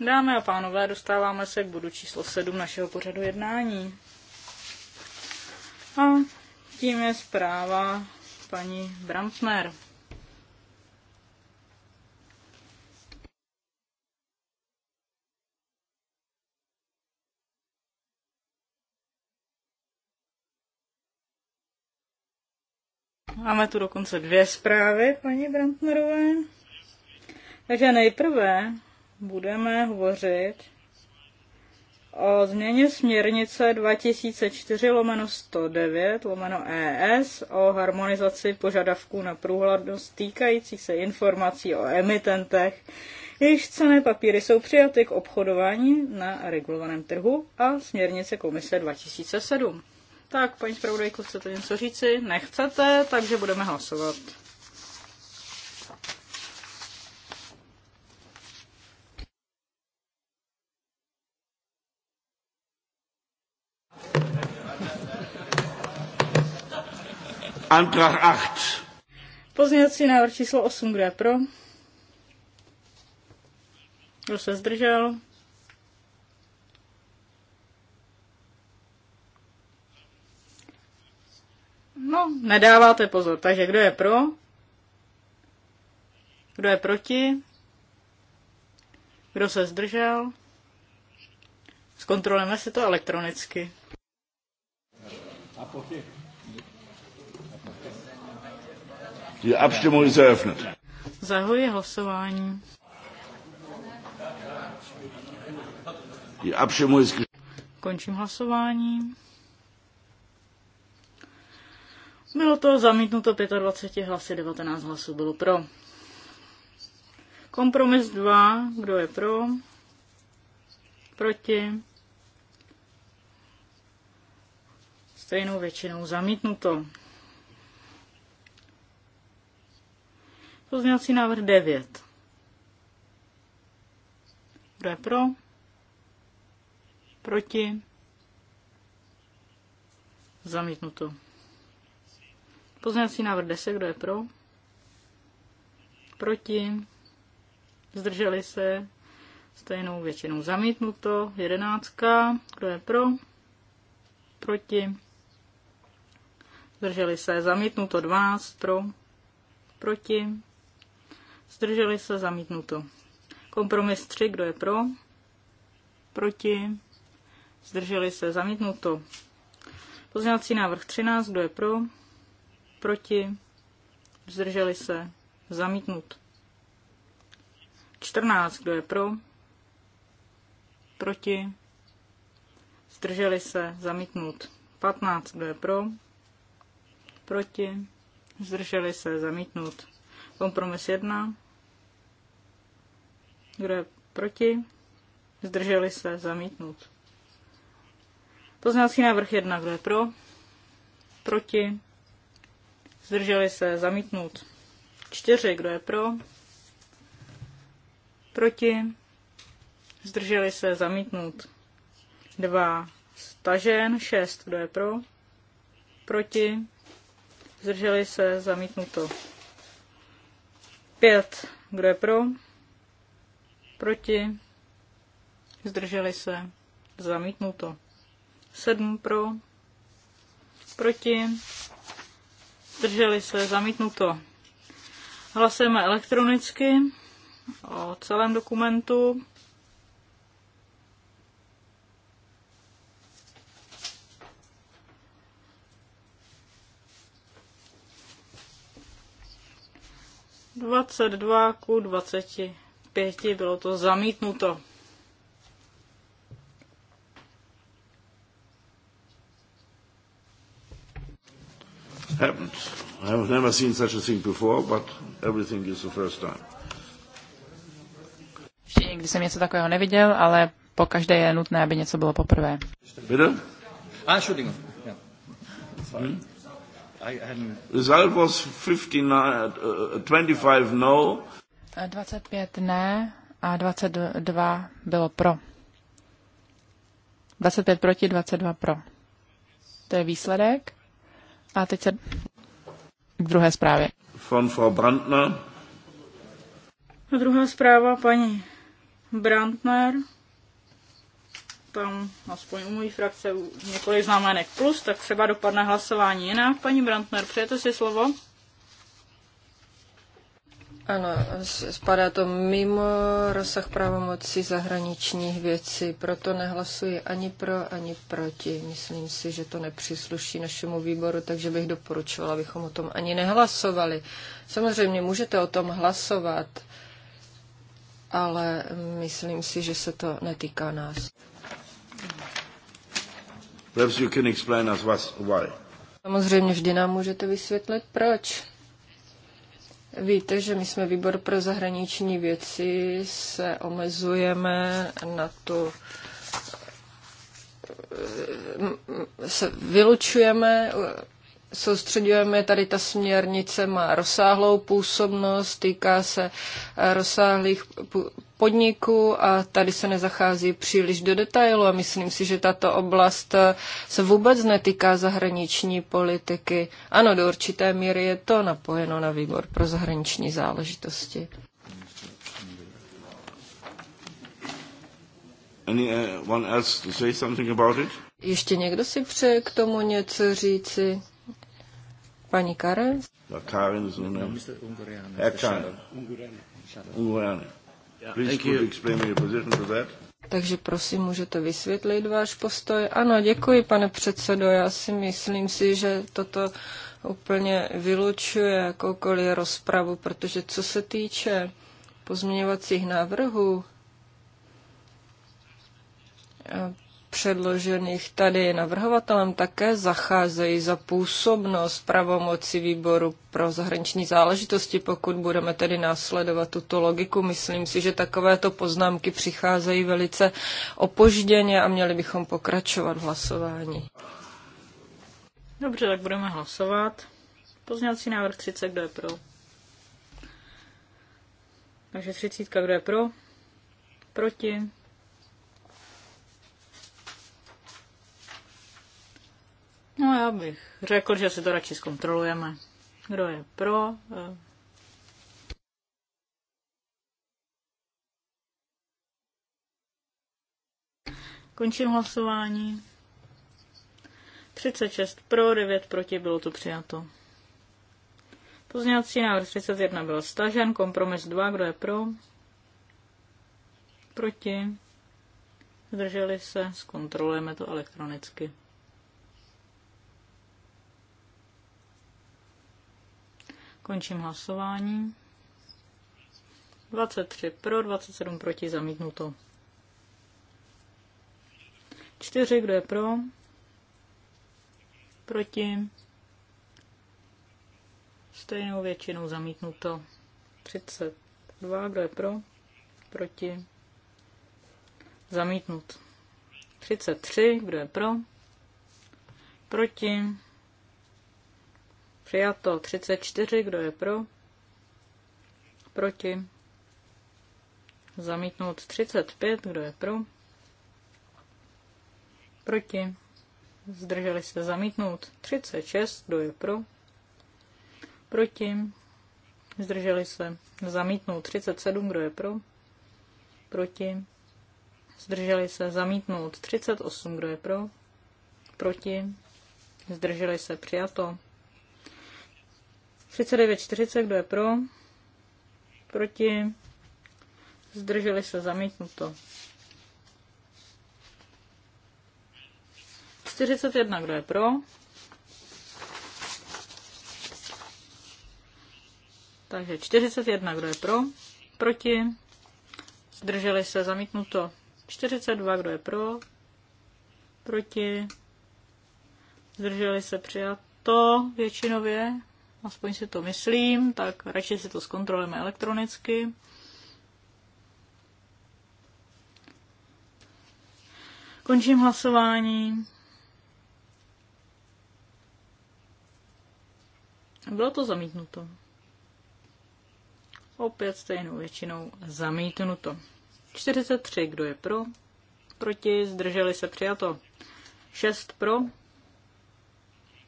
Dámy a pánové, dostáváme se k bodu číslo 7 našeho pořadu jednání. A tím je zpráva paní Brantner. Máme tu dokonce dvě zprávy paní Brantnerové. Takže nejprve budeme hovořit o změně směrnice 2004 lomeno 109 lomeno ES o harmonizaci požadavků na průhlednost týkajících se informací o emitentech, jejichž cené papíry jsou přijaty k obchodování na regulovaném trhu a směrnice komise 2007. Tak, paní zpravodajko, chcete něco říci? Nechcete, takže budeme hlasovat. Antrag 8. Pozměňovací návrh číslo 8, kdo je pro? Kdo se zdržel? No, nedáváte pozor. Takže kdo je pro? Kdo je proti? Kdo se zdržel? Zkontrolujeme si to elektronicky. A po těch Die Abstimmung ist eröffnet. Zahuji hlasování. Die Abstimmung ist Končím hlasování. Bylo to zamítnuto 25 hlasy, 19 hlasů bylo pro. Kompromis 2, kdo je pro? Proti? Stejnou většinou zamítnuto. Pozměňovací návrh 9. Kdo je pro? Proti? Zamítnuto. Pozměňovací návrh 10. Kdo je pro? Proti? Zdrželi se? Stejnou většinou zamítnuto. Jedenáctka. Kdo je pro? Proti? Zdrželi se? Zamítnuto 12. Pro? Proti? Zdrželi se zamítnuto. Kompromis 3, kdo je pro? Proti? Zdrželi se zamítnuto. Pozměňovací návrh 13, kdo je pro? Proti? Zdrželi se zamítnut. 14, kdo je pro? Proti? Zdrželi se zamítnut. 15, kdo je pro? Proti? Zdrželi se zamítnut. Kompromis 1. Kdo je proti? Zdrželi se zamítnout. Pozměňovací návrh 1. Kdo je pro? Proti? Zdrželi se zamítnout. 4. Kdo je pro? Proti? Zdrželi se zamítnout. 2. Stažen. 6. Kdo je pro? Proti? Zdrželi se zamítnout. 5. Kdo je pro? Proti? Zdrželi se. Zamítnuto. 7 pro. Proti? Zdrželi se. Zamítnuto. Hlasujeme elektronicky o celém dokumentu. 22 k 25 bylo to zamítnuto. Happened. I have never seen such a thing before, but everything is the first time. Ještě nikdy jsem něco takového neviděl, ale po každé je nutné, aby něco bylo poprvé. Bitte? Ah, Entschuldigung. Sorry. Hmm? Result was 59, uh, 25 no. 25 ne a 22 bylo pro. 25 proti, 22 pro. To je výsledek. A teď se k druhé zprávě. Von Frau Brandner. A druhá zpráva paní Brandner tam aspoň u mojí frakce několik známenek plus, tak třeba dopadne hlasování jinak. Paní Brantner, přejete si slovo? Ano, spadá to mimo rozsah pravomocí zahraničních věcí, proto nehlasuji ani pro, ani proti. Myslím si, že to nepřísluší našemu výboru, takže bych doporučovala, abychom o tom ani nehlasovali. Samozřejmě můžete o tom hlasovat, ale myslím si, že se to netýká nás. Perhaps you can explain us why. Samozřejmě vždy nám můžete vysvětlit, proč. Víte, že my jsme výbor pro zahraniční věci, se omezujeme na to, eh, se vylučujeme, soustředujeme, tady ta směrnice má rozsáhlou působnost, týká se rozsáhlých podniku a tady se nezachází příliš do detailu a myslím si, že tato oblast se vůbec netýká zahraniční politiky. Ano, do určité míry je to napojeno na výbor pro zahraniční záležitosti. Anyone uh, else to say something about it? Ještě někdo si přeje k tomu něco říci? Pani Karen? Karen is Herr Karen. Ungureane to Takže prosím, můžete vysvětlit váš postoj? Ano, děkuji, pane předsedo. Já si myslím si, že toto úplně vylučuje jakoukoliv rozpravu, protože co se týče pozměňovacích návrhů, předložených tady navrhovatelem také zacházejí za působnost pravomoci výboru pro zahraniční záležitosti, pokud budeme tedy následovat tuto logiku. Myslím si, že takovéto poznámky přicházejí velice opožděně a měli bychom pokračovat v hlasování. Dobře, tak budeme hlasovat. Pozněvací návrh 30, kdo je pro? Takže 30, kdo je pro? Proti? No já bych řekl, že si to radši zkontrolujeme. Kdo je pro? Končím hlasování. 36 pro, 9 proti, bylo to přijato. Pozměňovací návrh 31 byl stažen, kompromis 2, kdo je pro? Proti. Zdrželi se, zkontrolujeme to elektronicky. Končím hlasování. 23 pro, 27 proti, zamítnuto. 4, kdo je pro? Proti? Stejnou většinou zamítnuto. 32, kdo je pro? Proti? Zamítnut. 33, kdo je pro? Proti? Přijato 34, kdo je pro? Proti? Zamítnout 35, kdo je pro? Proti? Zdrželi se zamítnout 36, kdo je pro? Proti? Zdrželi se zamítnout 37, kdo je pro? Proti? Zdrželi se zamítnout 38, kdo je pro? Proti? Zdrželi se přijato 39.40, kdo je pro? Proti? Zdrželi se zamítnuto. 41, kdo je pro? Takže 41, kdo je pro? Proti? Zdrželi se zamítnuto. 42, kdo je pro? Proti? Zdrželi se přijato většinově aspoň si to myslím, tak radši si to zkontrolujeme elektronicky. Končím hlasování. Bylo to zamítnuto. Opět stejnou většinou zamítnuto. 43, kdo je pro? Proti, zdrželi se přijato. 6 pro,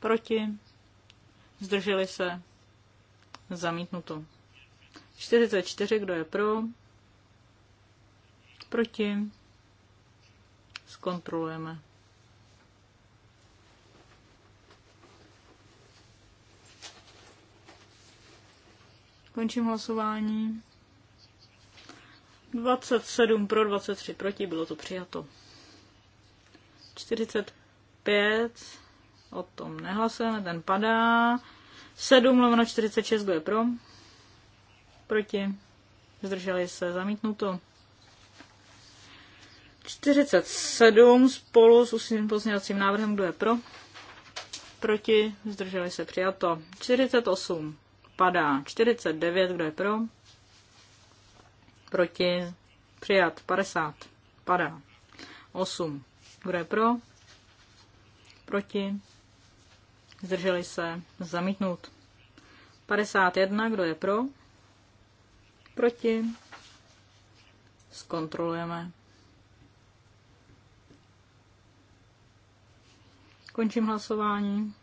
proti, Zdrželi se? Zamítnuto. 44, kdo je pro? Proti? Zkontrolujeme. Končím hlasování. 27 pro, 23 proti, bylo to přijato. 45 O tom nehlasujeme, ten padá. 7 lomeno 46, kdo je pro? Proti? Zdrželi se, zamítnuto. 47 spolu s ústním pozměňovacím návrhem, kdo je pro? Proti? Zdrželi se, přijato. 48 padá. 49, kdo je pro? Proti? Přijat. 50 padá. 8, kdo je pro? Proti? Zdrželi se. Zamítnout. 51. Kdo je pro? Proti. Zkontrolujeme. Končím hlasování.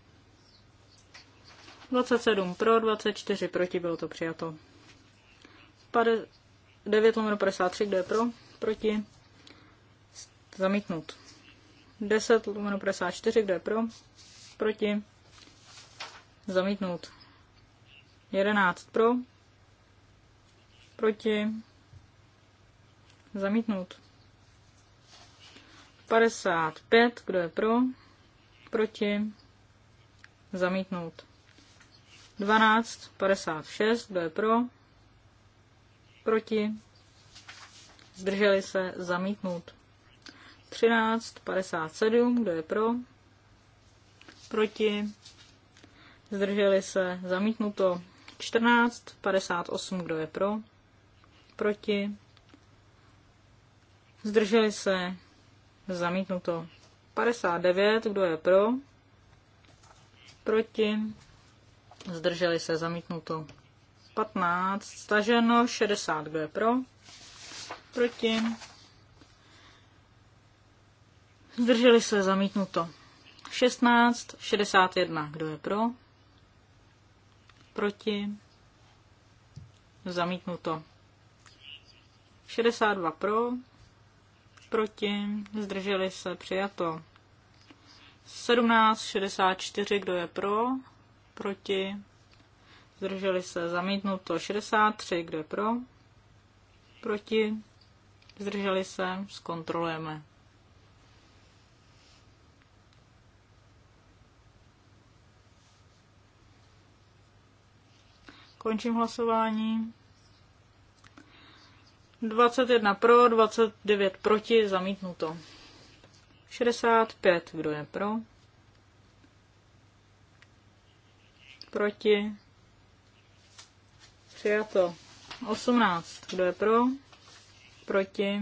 27 pro, 24 proti, bylo to přijato. 9 lomeno 53, kdo je pro, proti, zamítnut. 10 lomeno 54, kdo je pro, proti, Zamítnout. 11 pro. Proti. Zamítnout. 55, kdo je pro? Proti. Zamítnout. 12, 56, kdo je pro? Proti. Zdrželi se zamítnout. 13, 57, kdo je pro? Proti zdrželi se, zamítnuto 14, 58, kdo je pro, proti, zdrželi se, zamítnuto 59, kdo je pro, proti, zdrželi se, zamítnuto 15, staženo 60, kdo je pro, proti, zdrželi se, zamítnuto 16, 61, kdo je pro, proti, zamítnuto. 62 pro, proti, zdrželi se, přijato. 1764, kdo je pro, proti, zdrželi se, zamítnuto. 63, kdo je pro, proti, zdrželi se, zkontrolujeme. Končím hlasování. 21 pro, 29 proti, zamítnuto. 65, kdo je pro? Proti. Přijato. 18, kdo je pro? Proti.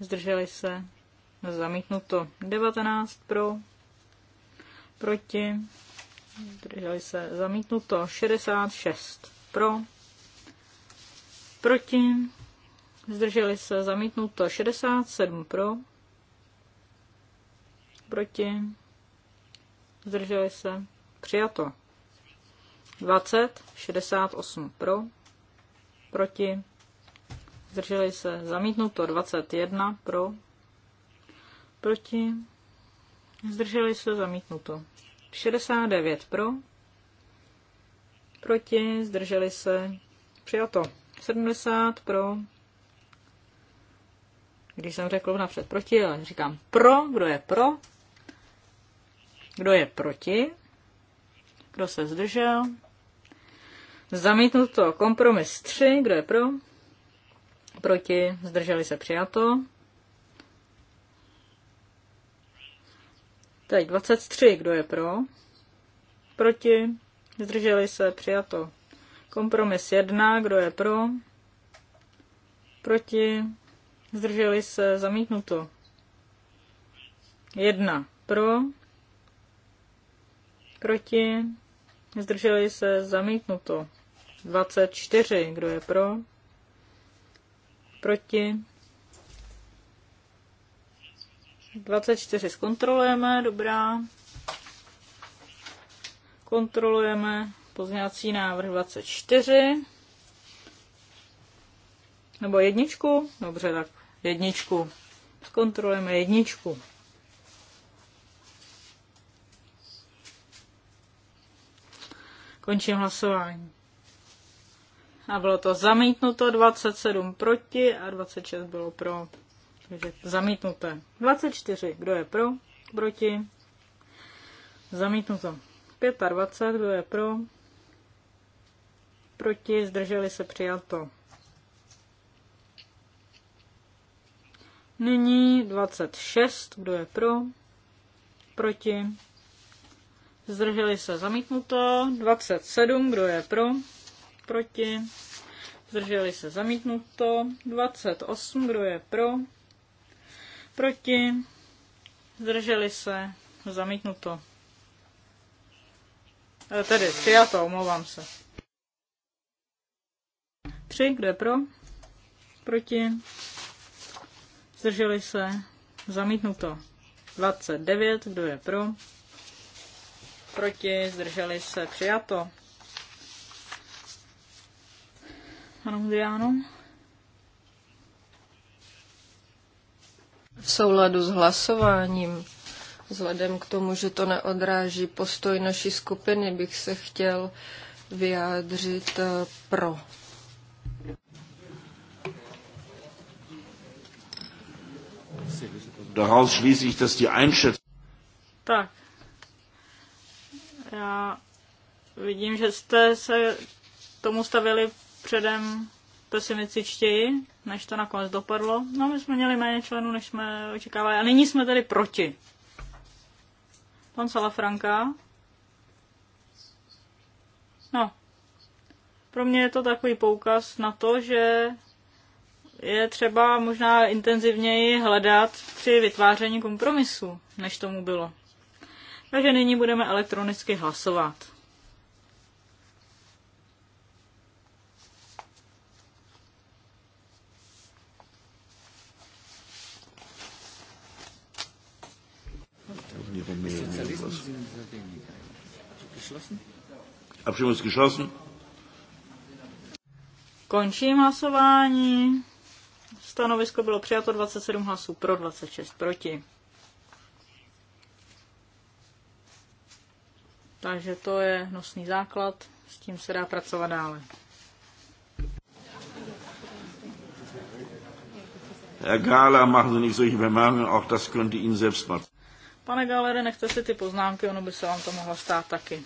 Zdrželi se. Zamítnuto. 19 pro. Proti zdrželi se zamítnuto 66 pro, proti, zdrželi se zamítnuto 67 pro, proti, zdrželi se přijato 20, 68 pro, proti, zdrželi se zamítnuto 21 pro, proti, zdrželi se zamítnuto 69 pro, proti, zdrželi se, přijato. 70 pro, když jsem řekl napřed proti, ale říkám pro, kdo je pro, kdo je proti, kdo se zdržel, zamítnuto kompromis 3, kdo je pro, proti, zdrželi se přijato, Teď 23, kdo je pro? Proti? Zdrželi se, přijato. Kompromis 1, kdo je pro? Proti? Zdrželi se, zamítnuto. 1 pro? Proti? Zdrželi se, zamítnuto. 24, kdo je pro? Proti? 24 zkontrolujeme, dobrá. Kontrolujeme pozměňovací návrh 24. Nebo jedničku? Dobře, tak jedničku. Zkontrolujeme jedničku. Končím hlasování. A bylo to zamítnuto 27 proti a 26 bylo pro. Takže zamítnuté. 24. Kdo je pro? Proti? Zamítnuto. 25. Kdo je pro? Proti? Zdrželi se přijato. Nyní 26. Kdo je pro? Proti? Zdrželi se zamítnuto. 27. Kdo je pro? Proti? Zdrželi se zamítnuto. 28. Kdo je pro? Proti. Zdrželi se. Zamítnuto. E, tedy přijato, omlouvám se. Tři, kdo je pro? Proti. Zdrželi se. Zamítnuto. 29, kdo je pro? Proti. Zdrželi se. Přijato. Ano, Adriano. v souladu s hlasováním. Vzhledem k tomu, že to neodráží postoj naší skupiny, bych se chtěl vyjádřit eh, pro. Daraus schließe ich, dass die Einschätzung. Tak. Já vidím, že jste se tomu stavili předem to si myslíčtěji, než to nakonec dopadlo. No, my jsme měli méně členů, než jsme očekávali. A nyní jsme tedy proti. Pan Salafranka. No. Pro mě je to takový poukaz na to, že je třeba možná intenzivněji hledat při vytváření kompromisu, než tomu bylo. Takže nyní budeme elektronicky hlasovat. Abstimmung ist geschlossen. Končím hlasování. Stanovisko bylo přijato 27 hlasů pro, 26 proti. Takže to je nosný základ, s tím se dá pracovat dále. Herr Gala, machen Sie nicht solche Bemerkungen, auch das könnte Ihnen selbst machen. Pane Galere, nechte si ty poznámky, ono by se vám to mohlo stát taky.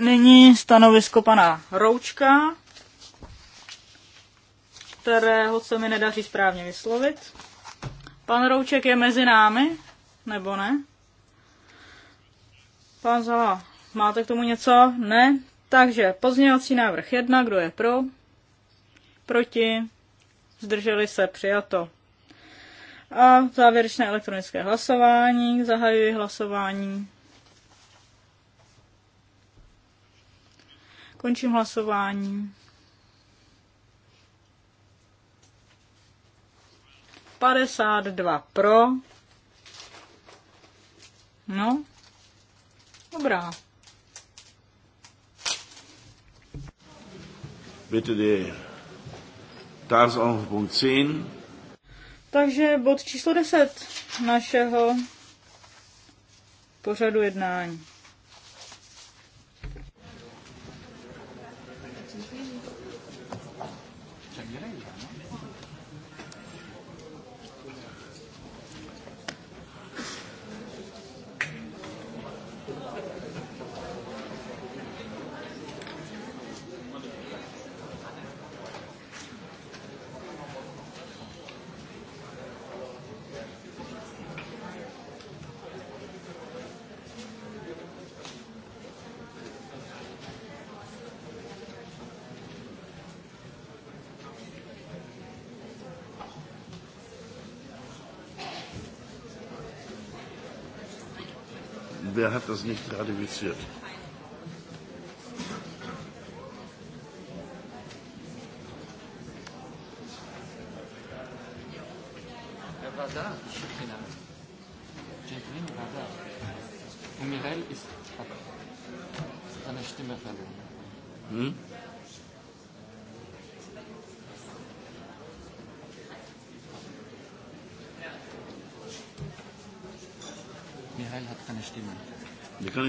Nyní stanovisko pana Roučka, kterého se mi nedaří správně vyslovit. Pan Rouček je mezi námi, nebo ne? Pan Zala, máte k tomu něco? Ne? Takže pozměňovací návrh 1, kdo je pro? Proti? Zdrželi se, přijato. A závěrečné elektronické hlasování. Zahajuji hlasování. Končím hlasování. 52 pro. No, dobrá. Bitte den Tagesordnungspunkt 10. Takže bod číslo 10 našeho pořadu jednání. der hat das nicht ratifiziert.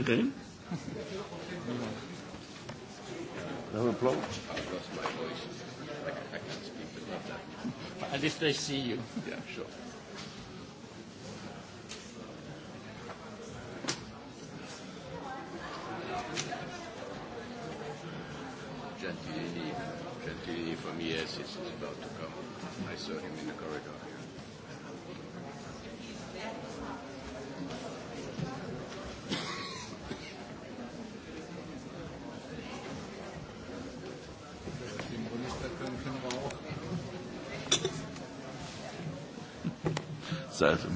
today? No applause? I've lost my voice. I, can't speak, but that. At least I see you. Yeah, sure.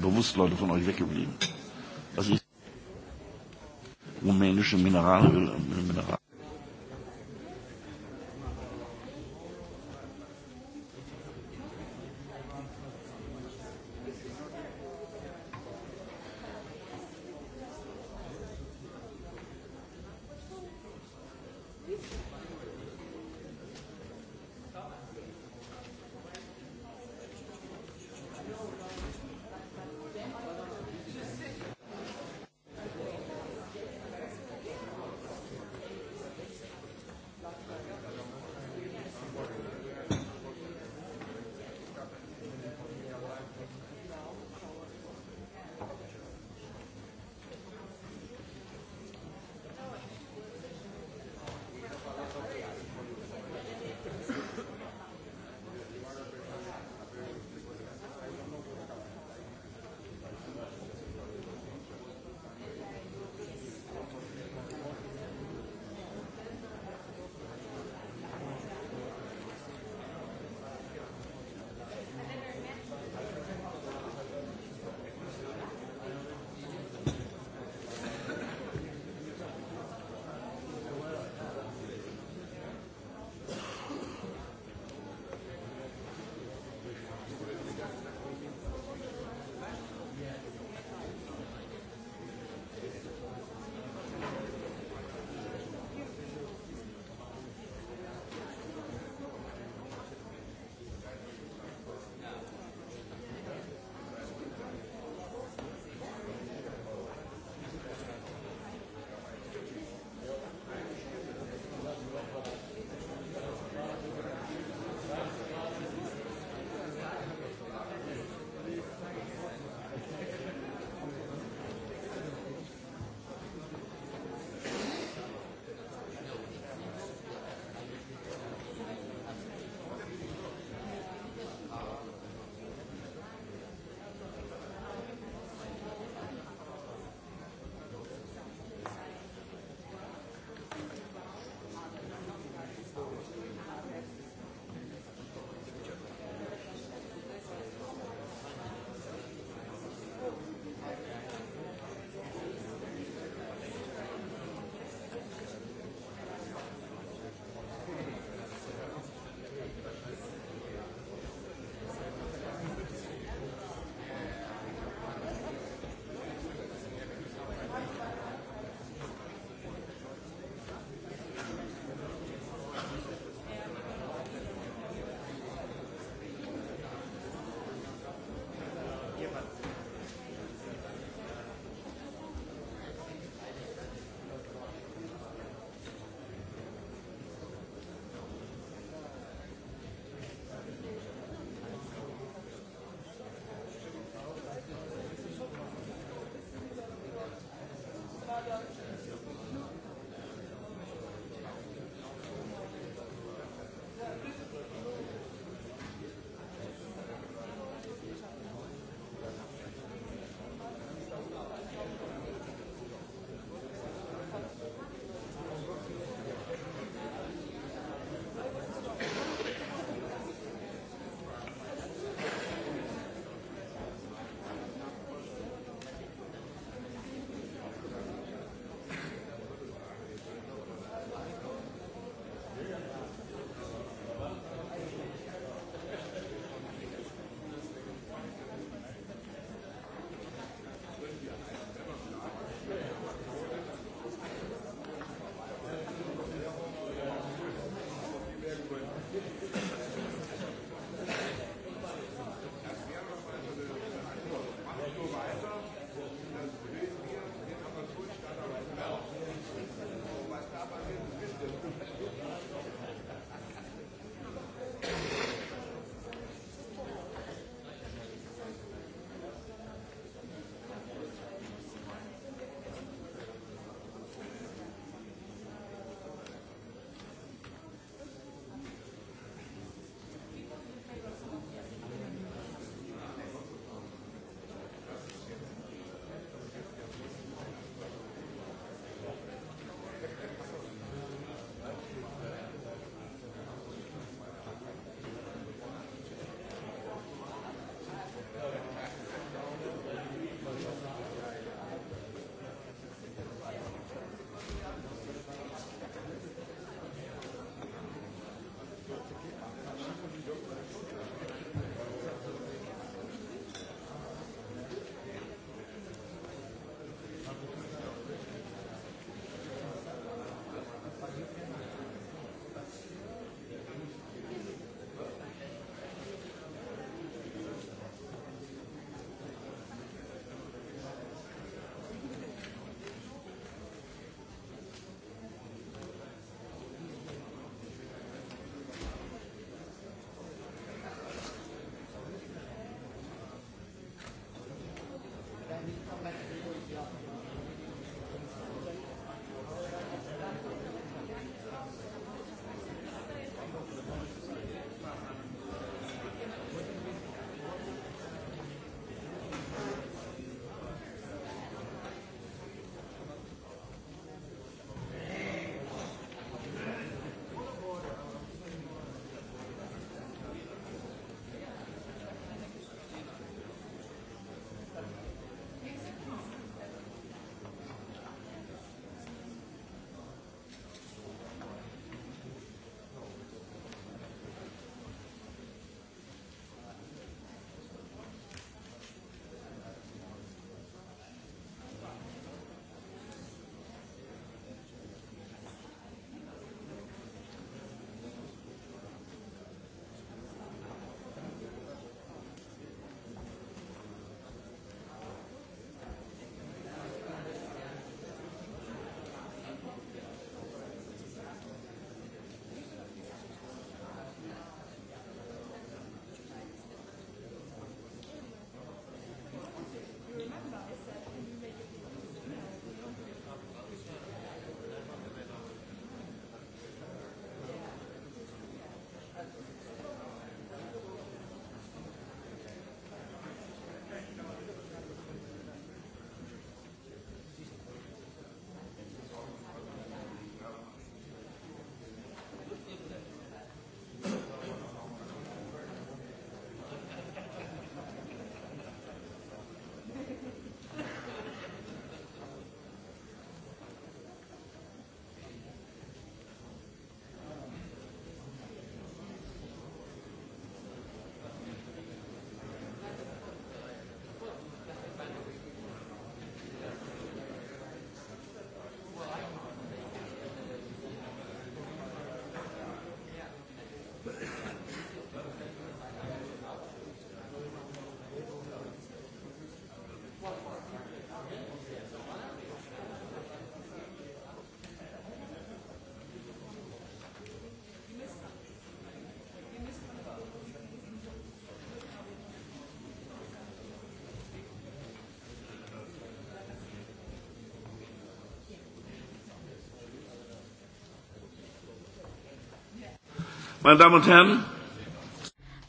bewusst Leute von euch weggeblieben. Also ich, rumänische Mineralöl, Mineral.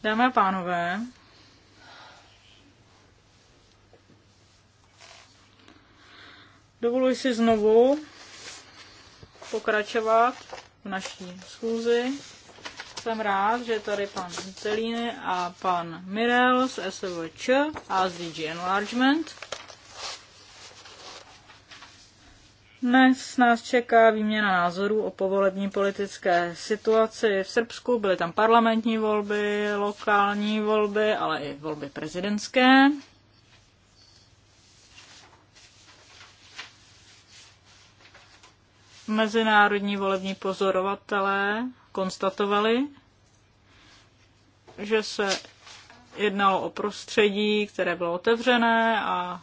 Dámy a pánové, dovoluji si znovu pokračovat v naší schůzi. Jsem rád, že tady pan Celíny a pan Mirel z SVČ a z DG Enlargement. Dnes nás čeká výměna názorů o povolební politické situaci v Srbsku. Byly tam parlamentní volby, lokální volby, ale i volby prezidentské. Mezinárodní volební pozorovatelé konstatovali, že se jednalo o prostředí, které bylo otevřené a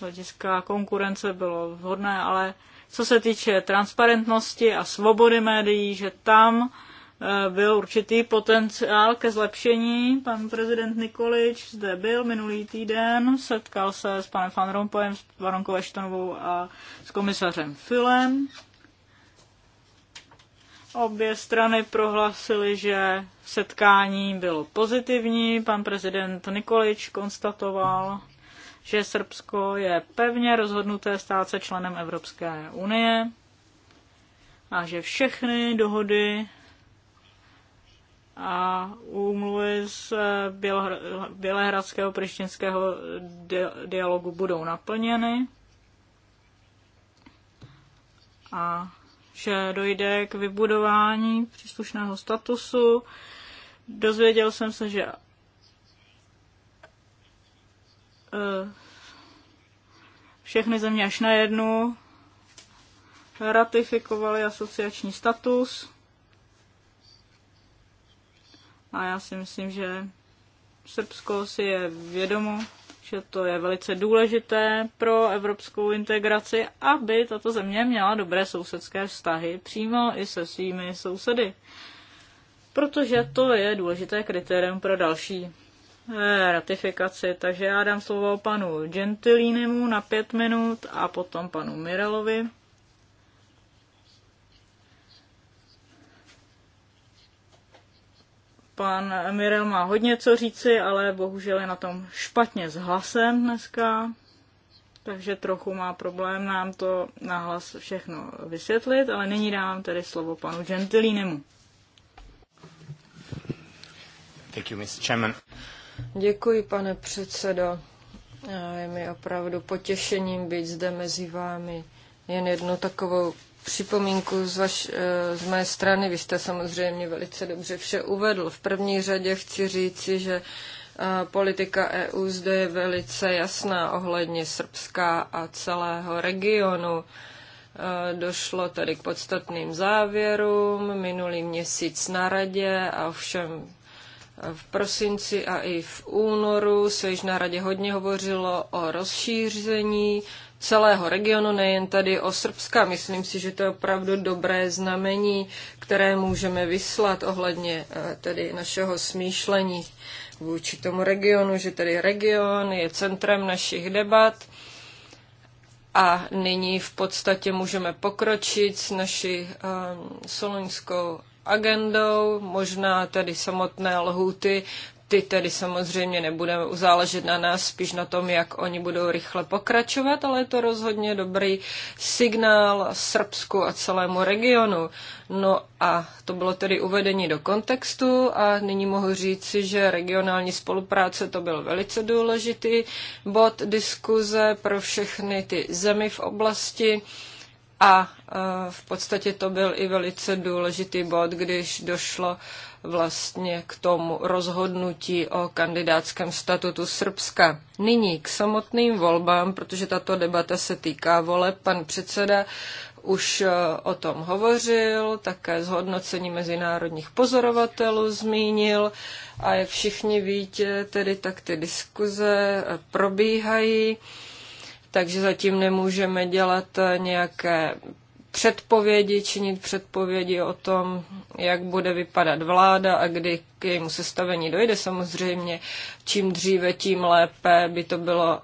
hlediska konkurence bylo vhodné, ale co se týče transparentnosti a svobody médií, že tam eh, byl určitý potenciál ke zlepšení. Pan prezident Nikolič zde byl minulý týden, setkal se s panem Van Rompuyem, s baronkou Eštonovou a s komisařem Filem. Obě strany prohlásily, že setkání bylo pozitivní. Pan prezident Nikolič konstatoval, že Srbsko je pevně rozhodnuté stát se členem Evropské unie a že všechny dohody a úmluvy z Bělehradského prištinského dialogu budou naplněny a že dojde k vybudování příslušného statusu. Dozvěděl jsem se, že Eh, všechny země až na jednu ratifikovaly asociační status. A já si myslím, že Srbsko si je vědomo, že to je velice důležité pro evropskou integraci, aby tato země měla dobré sousedské vztahy přímo i se svými sousedy. Protože to je důležité kritérium pro další Eh, ratifikaci, takže já dám slovo panu Gentilinemu na pět minut a potom panu Mirelovi. Pan Mirel má hodně co říci, ale bohužel je na tom špatně s hlasem dneska, takže trochu má problém nám to na hlas všechno vysvětlit, ale nyní dávám tedy slovo panu Gentilinemu. Thank you, Mr. Chairman. Děkuji, pane předsedo. Je mi opravdu potěšením být zde mezi vámi. Jen jednu takovou připomínku z, vaš, eh, z mé strany. Vy jste samozřejmě velice dobře vše uvedl. V první řadě chci říci, že eh, politika EU zde je velice jasná ohledně Srbska a celého regionu. Eh, došlo tedy k podstatným závěrům minulý měsíc na radě a ovšem v prosinci a i v únoru se již na radě hodně hovořilo o rozšíření celého regionu, nejen tady o Srbska. Myslím si, že to je opravdu dobré znamení, které můžeme vyslat ohledně eh, tedy našeho smýšlení vůči tomu regionu, že tedy region je centrem našich debat a nyní v podstatě můžeme pokročit s naší um, soloňskou agendou, možná tedy samotné lhuty, ty tedy samozřejmě nebudeme záležet na nás, spíš na tom, jak oni budou rychle pokračovat, ale je to rozhodně dobrý signál Srbsku a celému regionu. No a to bylo tedy uvedení do kontextu a nyní mohu říci, že regionální spolupráce to byl velice důležitý bod diskuze pro všechny ty zemi v oblasti a e, v podstatě to byl i velice důležitý bod, když došlo vlastně k tomu rozhodnutí o kandidátském statutu Srbska. Nyní k samotným volbám, protože tato debata se týká voleb. Pan předseda už e, o tom hovořil, také zhodnocení mezinárodních pozorovatelů zmínil a jak všichni víte, tedy tak ty diskuze probíhají takže zatím nemůžeme dělat eh, nějaké předpovědi, činit předpovědi o tom, jak bude vypadat vláda a kdy k jejímu sestavení dojde. Samozřejmě čím dříve, tím lépe by to bylo uh,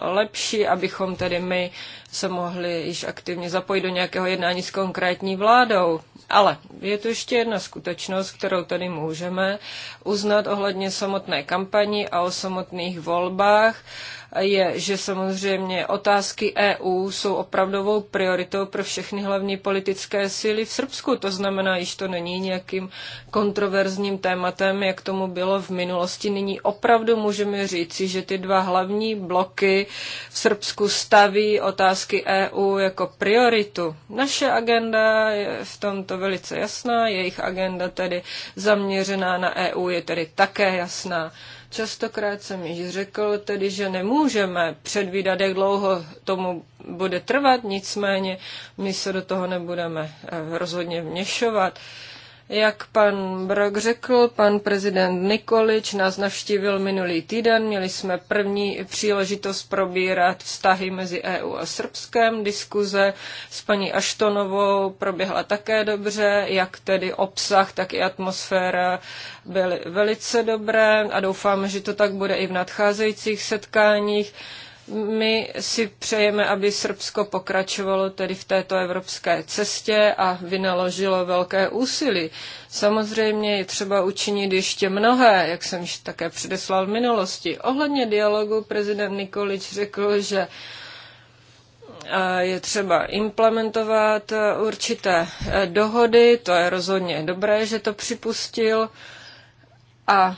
lepší, abychom tedy my se mohli již aktivně zapojit do nějakého jednání s konkrétní vládou. Ale je tu ještě jedna skutečnost, kterou tady můžeme uznat ohledně samotné kampani a o samotných volbách. Uh, je, že samozřejmě otázky EU jsou opravdovou prioritou pro všechny hlavní politické síly v Srbsku. To znamená, již to není nějakým kontroverzním tématem, jak tomu bylo v minulosti. Nyní opravdu můžeme říci, že ty dva hlavní bloky v Srbsku staví otázky EU jako prioritu. Naše agenda je v tomto velice jasná, jejich agenda tedy zaměřená na EU je tedy také jasná. Častokrát jsem již řekl tedy, že nemůžeme předvídat, jak dlouho tomu bude trvat, nicméně my se do toho nebudeme eh, rozhodně vněšovat. Jak pan Brok řekl, pan prezident Nikolič nás navštívil minulý týden. Měli jsme první příležitost probírat vztahy mezi EU a Srbskem. Diskuze s paní Aštonovou proběhla také dobře, jak tedy obsah, tak i atmosféra byly velice dobré a doufáme, že to tak bude i v nadcházejících setkáních. My si přejeme, aby Srbsko pokračovalo tedy v této evropské cestě a vynaložilo velké úsilí. Samozřejmě je třeba učinit ještě mnohé, jak jsem již také předeslal v minulosti. Ohledně dialogu prezident Nikolič řekl, že je třeba implementovat určité e, dohody, to je rozhodně dobré, že to připustil. A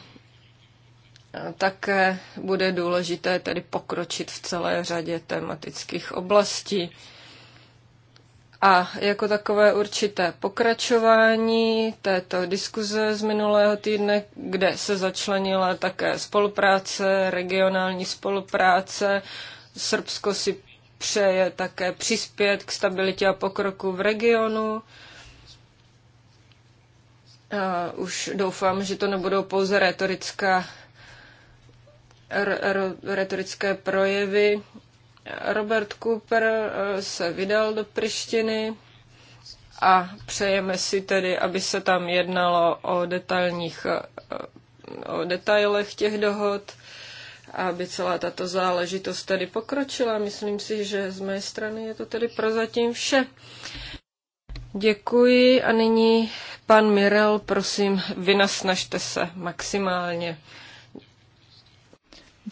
také bude důležité tedy pokročit v celé řadě tematických oblastí. A jako takové určité pokračování této diskuze z minulého týdne, kde se začlenila také spolupráce, regionální spolupráce. Srbsko si přeje také přispět k stabilitě a pokroku v regionu. A už doufám, že to nebudou pouze retorická retorické projevy. Robert Cooper eh, se vydal do Prištiny a přejeme si tedy, aby se tam jednalo o detailních eh, o detailech těch dohod, aby celá tato záležitost tedy pokročila. Myslím si, že z mé strany je to tedy prozatím vše. Děkuji a nyní pan Mirel, prosím, vynasnažte se maximálně.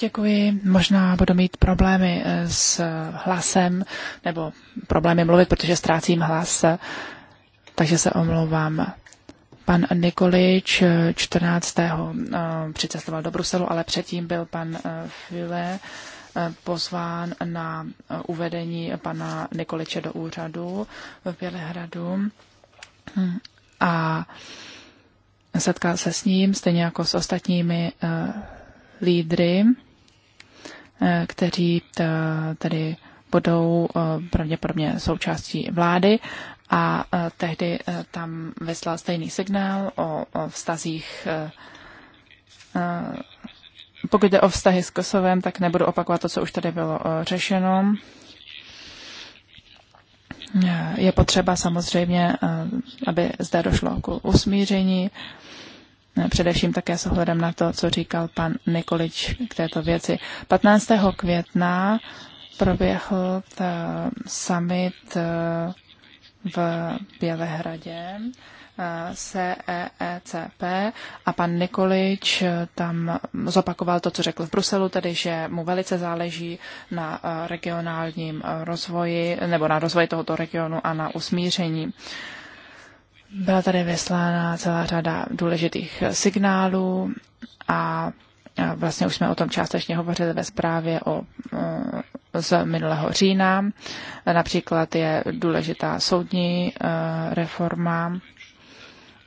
Děkuji. Možná budu mít problémy eh, s hlasem, nebo problémy mluvit, protože ztrácím hlas, takže se omlouvám. Pan Nikolič eh, 14. Eh, přicestoval do Bruselu, ale předtím byl pan File pozván na uvedení pana Nikoliče do úřadu v Bělehradu a setkal se s ním, stejně jako s ostatními lídry Eh, kteří eh, tedy budou eh, pravděpodobně součástí vlády a tehdy tam vyslal stejný signál o, o vztazích pokud jde o vztahy s Kosovem, tak nebudu opakovat to, co už tady bylo řešeno. Je potřeba samozřejmě, aby zde došlo k usmíření Eh, především také s ohledem na to, co říkal pan Nikolič k této věci. 15. května proběhl eh, summit eh, v Bělehradě CEECP a pan Nikolič tam zopakoval to, co řekl v Bruselu, tedy že mu velice záleží na regionálním rozvoji nebo na rozvoji tohoto regionu a na usmíření. Byla tady vyslána celá řada důležitých signálů a vlastně už jsme o tom částečně hovořili ve zprávě o, z minulého října. Například je důležitá soudní e, reforma,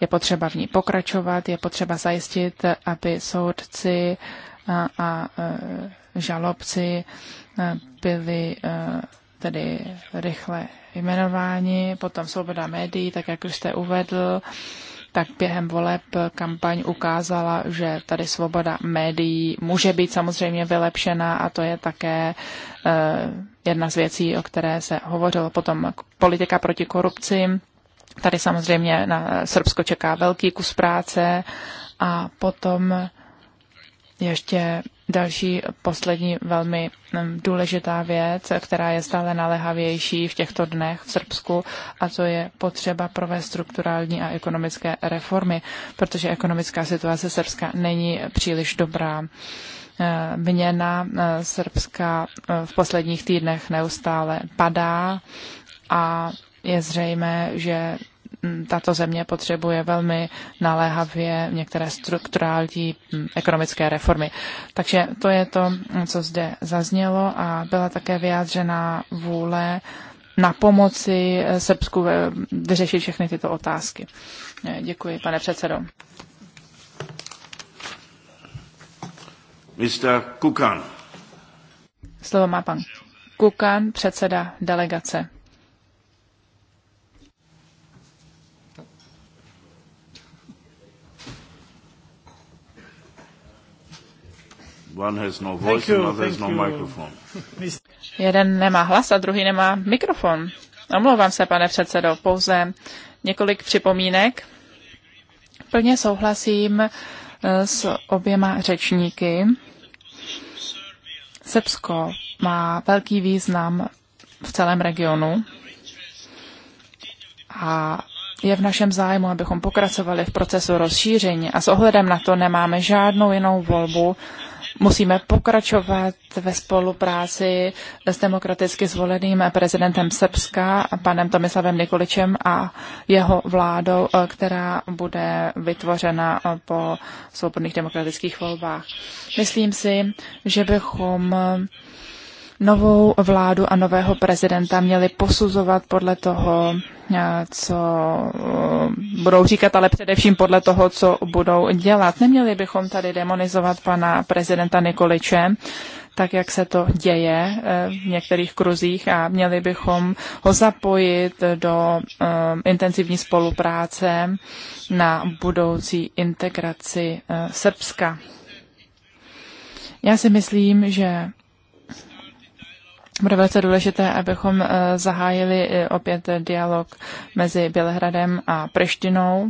je potřeba v ní pokračovat, je potřeba zajistit, aby soudci e, a, a e, žalobci byli tedy rychle jmenováni, potom svoboda médií, tak jak už jste uvedl, tak během voleb kampaň ukázala, že tady svoboda médií může být samozřejmě vylepšena a to je také eh, jedna z věcí, o které se hovořilo potom politika proti korupci. Tady samozřejmě na Srbsko čeká velký kus práce a potom ještě Další poslední velmi mm, důležitá věc, která je stále naléhavější v těchto dnech v Srbsku, a to je potřeba provést strukturální a ekonomické reformy, protože ekonomická situace Srbska není příliš dobrá. E, Měna e, Srbska e, v posledních týdnech neustále padá a je zřejmé, že Mm, tato země potřebuje velmi naléhavě některé strukturální mm, ekonomické reformy. Takže to je to, co zde zaznělo a byla také vyjádřena vůle na pomoci eh, Srbsku eh, vyřešit všechny tyto otázky. Eh, děkuji, pane předsedo. Mr. Kukan. Slovo má pan Kukan, předseda delegace. One has no voice, you, another has no microphone. Jeden nemá hlas a druhý nemá mikrofon. Omlouvám se, pane předsedo, pouze několik připomínek. Plně souhlasím eh, s oběma řečníky. Srbsko má velký význam v celém regionu a je v našem zájmu, abychom pokračovali v procesu rozšíření a s ohledem na to nemáme žádnou jinou volbu. Musíme pokračovat ve spolupráci s demokraticky zvoleným prezidentem Srbska, panem Tomislavem Nikoličem a jeho vládou, eh, která bude vytvořena eh, po svobodných demokratických volbách. Myslím si, že bychom novou vládu a nového prezidenta měli posuzovat podle toho, eh, co eh, budou říkat, ale především podle toho, co budou dělat. Neměli bychom tady demonizovat pana prezidenta Nikoliče, tak jak se to děje eh, v některých kruzích a měli bychom ho zapojit do intenzivní spolupráce na budoucí integraci Srbska. Já si myslím, že bude velice důležité, abychom eh, zahájili eh, opět eh, dialog mezi Bělehradem a Preštinou.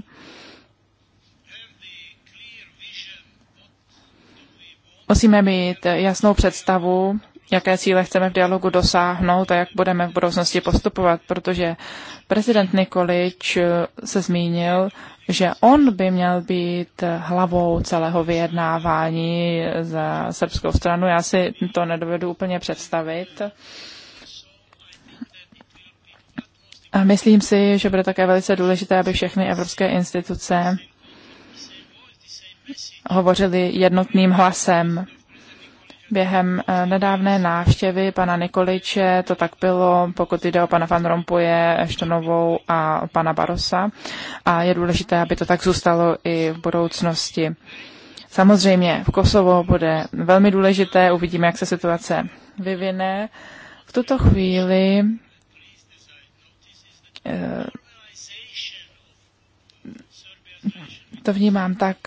Musíme mít jasnou představu, jaké cíle chceme v dialogu dosáhnout a jak budeme v budoucnosti postupovat, protože prezident Nikolič eh, se zmínil, že on by měl být hlavou celého vyjednávání za srbskou stranu. Já si to nedovedu úplně představit. A myslím si, že bude také velice důležité, aby všechny evropské instituce hovořili jednotným hlasem Během eh, nedávné návštěvy pana Nikoliče to tak bylo, pokud jde o pana Van Rompuje, Štonovou a pana Barosa. A je důležité, aby to tak zůstalo i v budoucnosti. Samozřejmě v Kosovo bude velmi důležité, uvidíme, jak se situace vyvine. V tuto chvíli eh, to vnímám tak,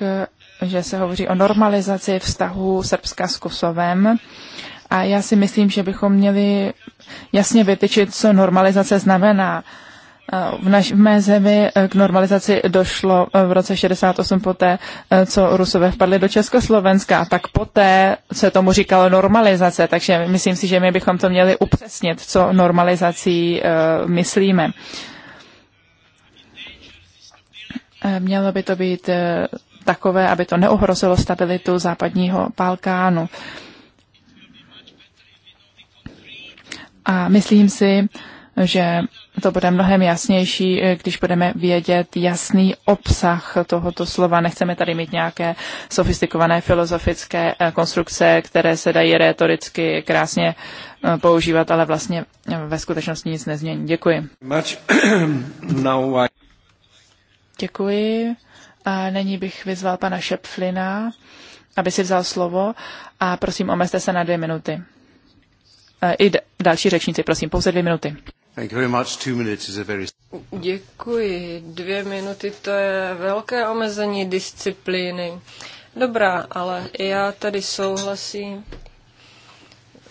že se hovoří o normalizaci vztahu Srbska s Kosovem. A já si myslím, že bychom měli jasně vytyčit, co normalizace znamená. Eh, v, naš, v mé zemi eh, k normalizaci došlo eh, v roce 68 poté, co Rusové vpadli do Československa, tak poté se tomu říkalo normalizace, takže myslím si, že my bychom to měli upřesnit, co normalizací uh, myslíme. Mělo by to být takové, aby to neohrozilo stabilitu západního Balkánu. A myslím si, že to bude mnohem jasnější, když budeme vědět jasný obsah tohoto slova. Nechceme tady mít nějaké sofistikované filozofické eh, konstrukce, které se dají retoricky krásně eh, používat, ale vlastně eh, ve skutečnosti nic nezmění. Děkuji. Děkuji. A nyní bych vyzval pana Šepflina, aby si vzal slovo a prosím, omezte se na dvě minuty. E, I další řečníci, prosím, pouze dvě minuty. Děkuji. Dvě minuty to je velké omezení disciplíny. Dobrá, ale já tady souhlasím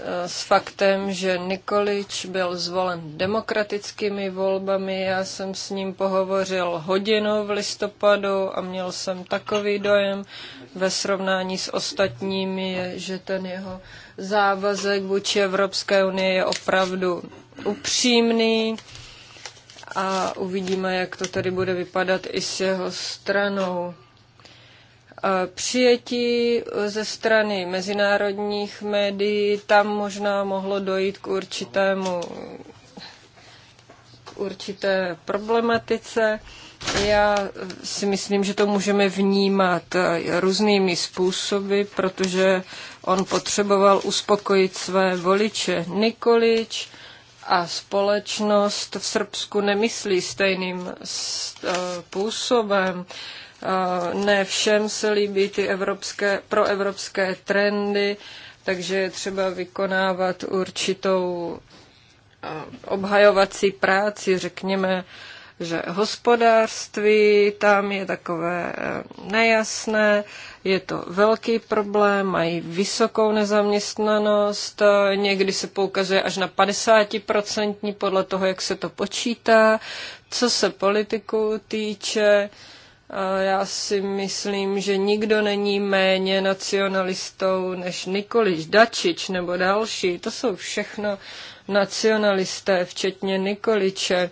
s faktem, že Nikolič byl zvolen demokratickými volbami. Já jsem s ním pohovořil hodinu v listopadu a měl jsem takový dojem ve srovnání s ostatními, že ten jeho závazek vůči Evropské unii je opravdu upřímný a uvidíme, jak to tady bude vypadat i s jeho stranou přijetí e, ze strany mezinárodních médií, tam možná mohlo dojít k určitému určité problematice. Já si myslím, že to můžeme vnímat e, různými způsoby, protože on potřeboval uspokojit své voliče. Nikolič a společnost v Srbsku nemyslí stejným způsobem. E, uh, ne všem se líbí ty evropské, proevropské trendy, takže je třeba vykonávat určitou obhajovací práci, řekněme, že hospodářství tam je takové e, nejasné, je to velký problém, mají vysokou nezaměstnanost, někdy se poukazuje až na 50% podle toho, jak se to počítá. Co se politiku týče, já si myslím, že nikdo není méně nacionalistou než Nikoliš Dačič nebo další. To jsou všechno nacionalisté, včetně Nikoliče.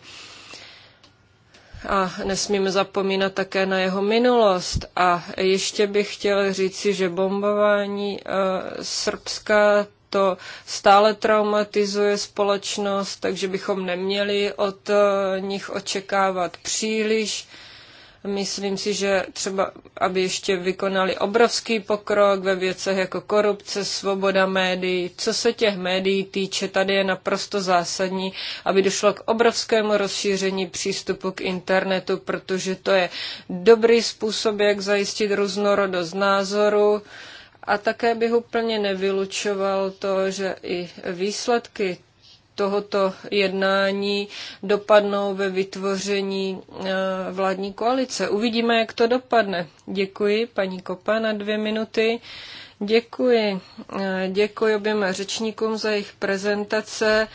A nesmíme zapomínat také na jeho minulost. A ještě bych chtěl říci, že bombování uh, Srbska to stále traumatizuje společnost, takže bychom neměli od uh, nich očekávat příliš. Uh, Myslím si, že třeba, aby ještě vykonali obrovský pokrok ve věcech jako korupce, svoboda médií. Co se těch médií týče, tady je naprosto zásadní, aby došlo k obrovskému rozšíření přístupu k internetu, protože to je dobrý způsob, jak zajistit různorodost názoru. A také bych úplně nevylučoval to, že i výsledky tohoto jednání dopadnou ve vytvoření eh, vládní koalice. Uvidíme, jak to dopadne. Děkuji, paní Kopa, na dvě minuty. Děkuji. Eh, děkuji oběma řečníkům za jejich prezentace.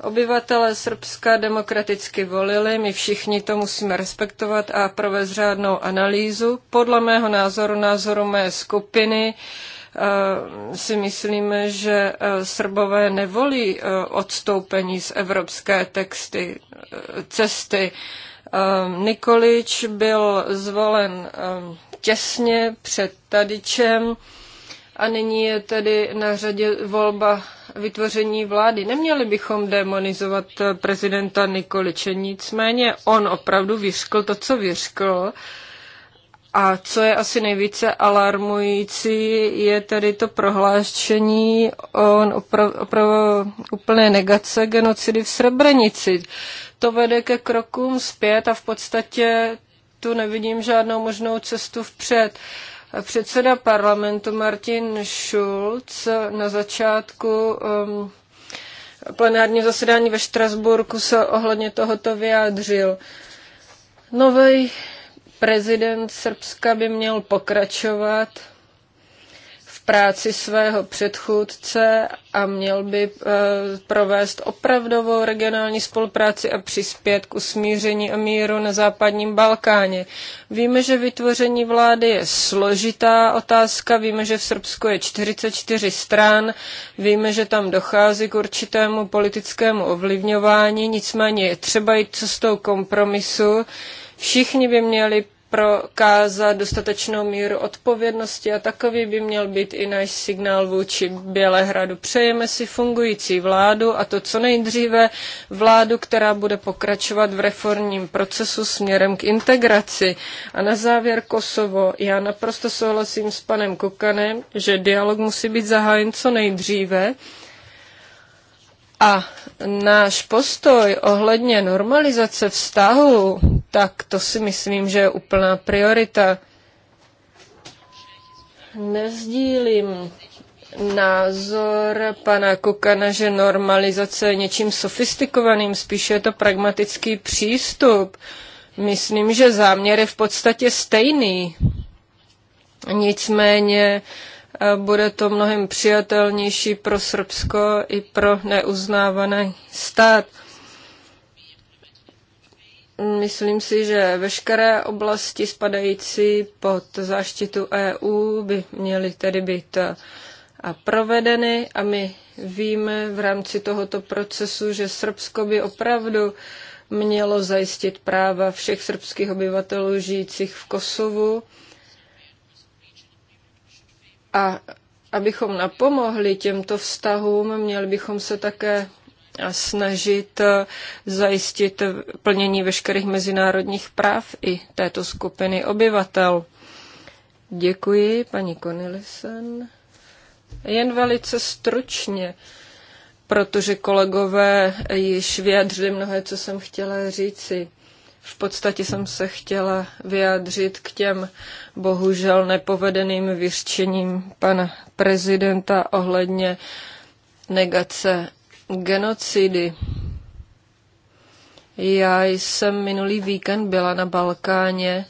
Obyvatelé Srbska demokraticky volili, my všichni to musíme respektovat a provést řádnou analýzu. Podle mého názoru, názoru mé skupiny, uh, Eh, si myslíme, že eh, Srbové nevolí eh, odstoupení z evropské texty, cesty. Nikolič byl zvolen těsně před Tadičem a nyní je tedy na řadě volba vytvoření vlády. Neměli bychom demonizovat prezidenta Nikoliče, nicméně on opravdu vyřkl to, co vyřkl. A co je asi nejvíce alarmující, je tedy to prohlášení o opravdu úplné negace genocidy v Srebrenici. To vede ke krokům zpět a v podstatě tu nevidím žádnou možnou cestu vpřed. Předseda parlamentu Martin Schulz na začátku um, plenárního zasedání ve Štrasburku se ohledně tohoto vyjádřil. Nový Prezident Srbska by měl pokračovat v práci svého předchůdce a měl by eh, provést opravdovou regionální spolupráci a přispět k usmíření a míru na západním Balkáně. Víme, že vytvoření vlády je složitá otázka, víme, že v Srbsku je 44 stran, víme, že tam dochází k určitému politickému ovlivňování, nicméně je třeba jít cestou kompromisu Všichni by měli prokázat dostatečnou míru odpovědnosti a takový by měl být i náš signál vůči Bělehradu. Přejeme si fungující vládu a to co nejdříve vládu, která bude pokračovat v reformním procesu směrem k integraci. A na závěr Kosovo. Já naprosto souhlasím s panem Kukanem, že dialog musí být zahájen co nejdříve a náš postoj ohledně normalizace vztahu, tak to si myslím, že je úplná priorita. Nezdílím názor pana Kukana, že normalizace je něčím sofistikovaným, spíše je to pragmatický přístup. Myslím, že záměr je v podstatě stejný. Nicméně uh, Eh, bude to mnohem přijatelnější pro Srbsko i pro neuznávaný stát. Myslím si, že veškeré oblasti spadající pod záštitu EU by měly tedy být eh, a provedeny a my víme v rámci tohoto procesu, že Srbsko by opravdu mělo zajistit práva všech srbských obyvatelů žijících v Kosovu a abychom napomohli těmto vztahům, měli bychom se také snažit zajistit plnění veškerých mezinárodních práv i této skupiny obyvatel. Děkuji, paní Konilisen. Jen velice stručně, protože kolegové již vyjadřili mnohé, co jsem chtěla říci. V podstatě jsem se chtěla vyjádřit k těm bohužel nepovedeným vyřčením pana prezidenta ohledně negace genocidy. Já jsem minulý víkend byla na Balkáně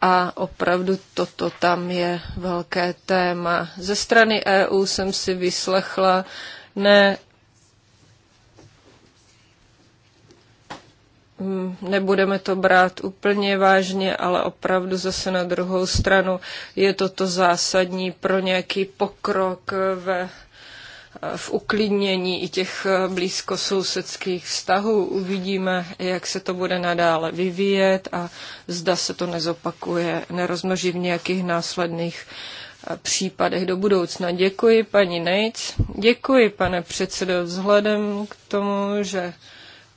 a opravdu toto tam je velké téma. Ze strany EU jsem si vyslechla ne Mm, nebudeme to brát úplně vážně, ale opravdu zase na druhou stranu je toto zásadní pro nějaký pokrok ve v uklidnění i těch eh, blízkosousedských vztahů. Uvidíme, jak se to bude nadále vyvíjet a zda se to nezopakuje, nerozmnoží v nějakých následných eh, případech do budoucna. Děkuji, paní Nejc. Děkuji, pane předsedo, vzhledem k tomu, že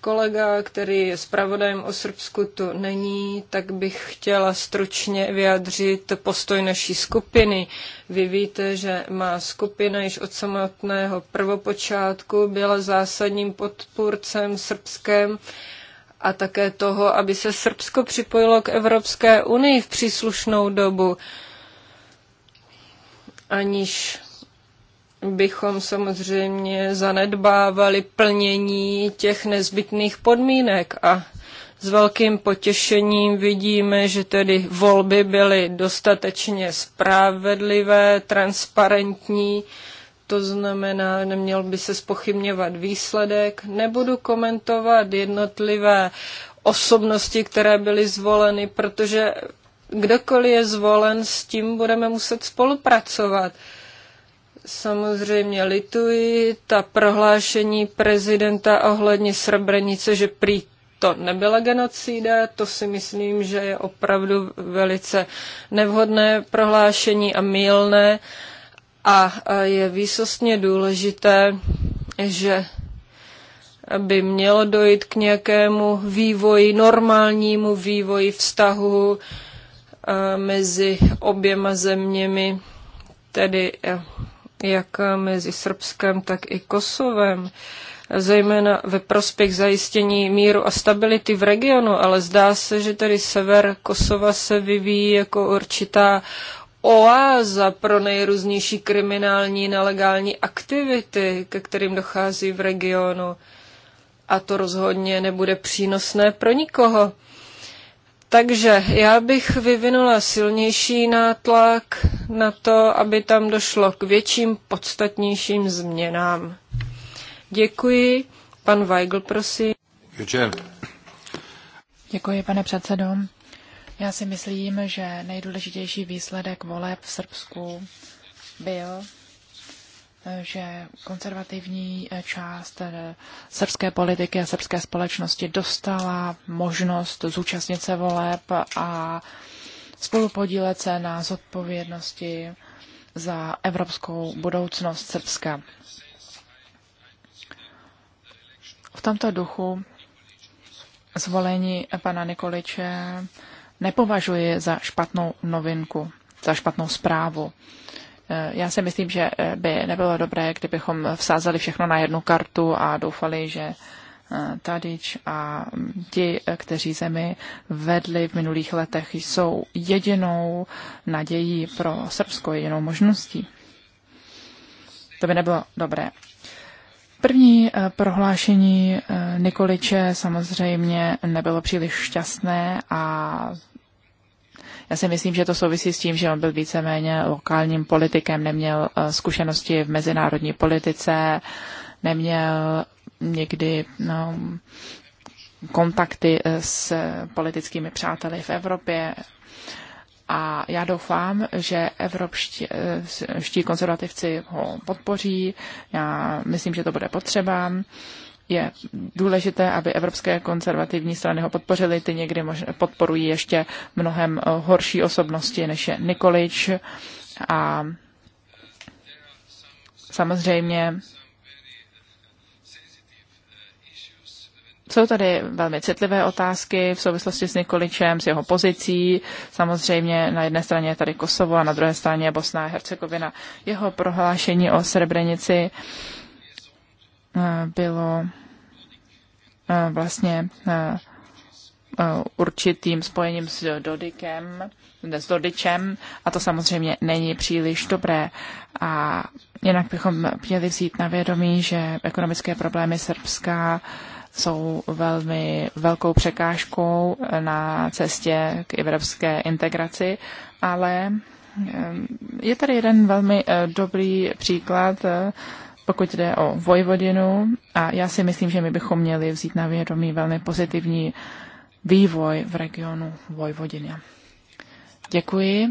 kolega, který je zpravodajem o Srbsku, tu není, tak bych chtěla stručně vyjádřit postoj naší skupiny. Vy víte, že má skupina již od samotného prvopočátku byla zásadním podpůrcem srbském a také toho, aby se Srbsko připojilo k Evropské unii v příslušnou dobu, aniž bychom samozřejmě zanedbávali plnění těch nezbytných podmínek a s velkým potěšením vidíme, že tedy volby byly dostatečně spravedlivé, transparentní, to znamená, neměl by se spochybňovat výsledek. Nebudu komentovat jednotlivé osobnosti, které byly zvoleny, protože kdokoliv je zvolen, s tím budeme muset spolupracovat. Samozřejmě lituji ta prohlášení prezidenta ohledně Srebrenice, že prý to nebyla genocída, to si myslím, že je opravdu velice nevhodné prohlášení a mílné a je výsostně důležité, že by mělo dojít k nějakému vývoji, normálnímu vývoji vztahu mezi oběma zeměmi, tedy jak mezi Srbskem, tak i Kosovem, zejména ve prospěch zajištění míru a stability v regionu, ale zdá se, že tedy sever Kosova se vyvíjí jako určitá oáza pro nejrůznější kriminální nelegální aktivity, ke kterým dochází v regionu. A to rozhodně nebude přínosné pro nikoho. Takže já bych vyvinula silnější nátlak na to, aby tam došlo k větším, podstatnějším změnám. Děkuji. Pan Weigl, prosím. Děkuji. Děkuji, pane předsedo. Já si myslím, že nejdůležitější výsledek voleb v Srbsku byl že konzervativní eh, část eh, srbské politiky a srbské společnosti dostala možnost zúčastnit se voleb a spolupodílet se na zodpovědnosti za evropskou budoucnost Srbska. V tomto duchu zvolení pana Nikoliče nepovažuji za špatnou novinku, za špatnou zprávu. Eh, já si myslím, že eh, by nebylo dobré, kdybychom vsázeli všechno na jednu kartu a doufali, že eh, Tadič a mm, ti, kteří zemi vedli v minulých letech, jsou jedinou nadějí pro Srbsko, jedinou možností. To by nebylo dobré. První prohlášení Nikoliče samozřejmě nebylo příliš šťastné a já si myslím, že to souvisí s tím, že on byl víceméně lokálním politikem, neměl eh, zkušenosti v mezinárodní politice, neměl někdy no, kontakty eh, s politickými přáteli v Evropě. A já doufám, že evropští eh, konzervativci ho podpoří. Já myslím, že to bude potřeba je důležité, aby evropské konzervativní strany ho podpořily. Ty někdy mož- podporují ještě mnohem eh, horší osobnosti, než je Nikolič. A samozřejmě Jsou tady velmi citlivé otázky v souvislosti s Nikoličem, s jeho pozicí. Samozřejmě na jedné straně je tady Kosovo a na druhé straně je Bosna a Hercegovina. Jeho prohlášení o Srebrenici bylo eh, vlastně eh, určitým spojením s Dodikem, s Dodičem a to samozřejmě není příliš dobré. A jinak bychom měli vzít na vědomí, že ekonomické problémy Srbska jsou velmi velkou překážkou na cestě k evropské integraci, ale eh, je tady jeden velmi dobrý příklad pokud jde o Vojvodinu. A já si myslím, že my bychom měli vzít na vědomí velmi pozitivní vývoj v regionu Vojvodina. Děkuji.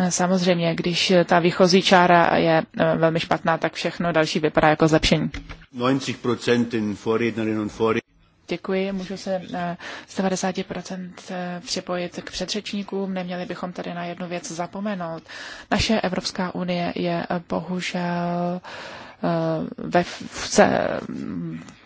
Eh, samozřejmě, když ta výchozí čára je eh, velmi špatná, tak všechno další vypadá jako zlepšení. 90% Děkuji, můžu se z eh, 90% eh, připojit k předřečníkům. Neměli bychom tady na jednu věc zapomenout. Naše Evropská unie je eh, bohužel Eh, ve, se,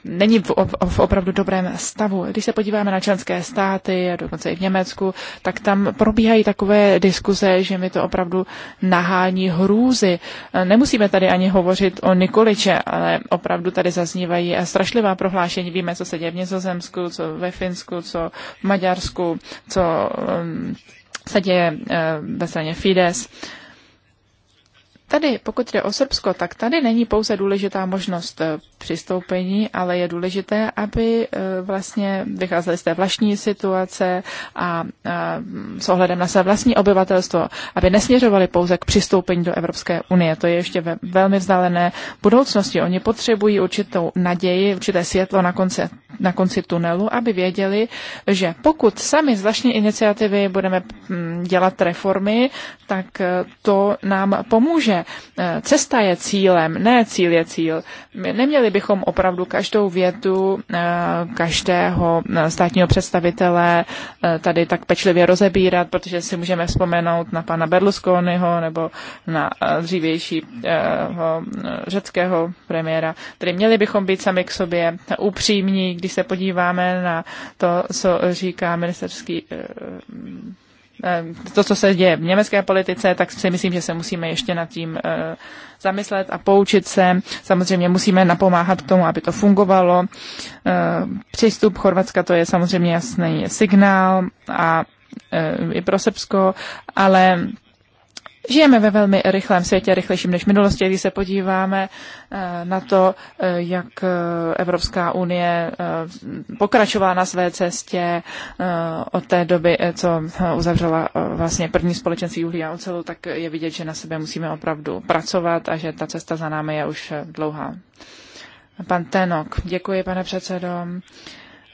není v, v opravdu dobrém stavu. Když se podíváme na členské státy, a dokonce i v Německu, tak tam probíhají takové diskuze, že mi to opravdu nahání hrůzy. Eh, nemusíme tady ani hovořit o Nikoliče, ale opravdu tady zaznívají strašlivá prohlášení. Víme, co se děje v Nizozemsku, co ve Finsku, co v Maďarsku, co ehm, se děje eh, ve straně Fides. Tady, pokud jde o Srbsko, tak tady není pouze důležitá možnost eh, přistoupení, ale je důležité, aby eh, vlastně vycházeli z té vlastní situace a, a eh, s ohledem na své vlastní obyvatelstvo, aby nesměřovali pouze k přistoupení do Evropské unie. To je ještě ve velmi vzdálené budoucnosti. Oni potřebují určitou naději, určité světlo na konci, na konci tunelu, aby věděli, že pokud sami z vlastní iniciativy budeme mm, dělat reformy, tak to nám pomůže Eh, cesta je cílem, ne cíl je cíl. Neměli bychom opravdu každou větu eh, každého eh, státního představitele tady tak pečlivě rozebírat, protože si můžeme vzpomenout na pana Berlusconiho nebo na dřívější řeckého premiéra. Tedy měli bychom být sami k sobě upřímní, když se podíváme na to, co říká ministerský Eh, to, co se děje v německé politice, tak si myslím, že se musíme ještě nad tím eh, zamyslet a poučit se. Samozřejmě musíme napomáhat k tomu, aby to fungovalo. Eh, přístup Chorvatska to je samozřejmě jasný signál a i pro Srbsko, ale Žijeme ve velmi rychlém světě, rychlejším než minulosti, když se podíváme eh, na to, eh, jak eh, Evropská unie pokračovala na své cestě od té doby, co uzavřela vlastně první společenství uhlí a ocelu, tak je vidět, že na sebe musíme opravdu pracovat a že ta cesta za námi je už dlouhá. Pan Tenok, děkuji, pane předsedo.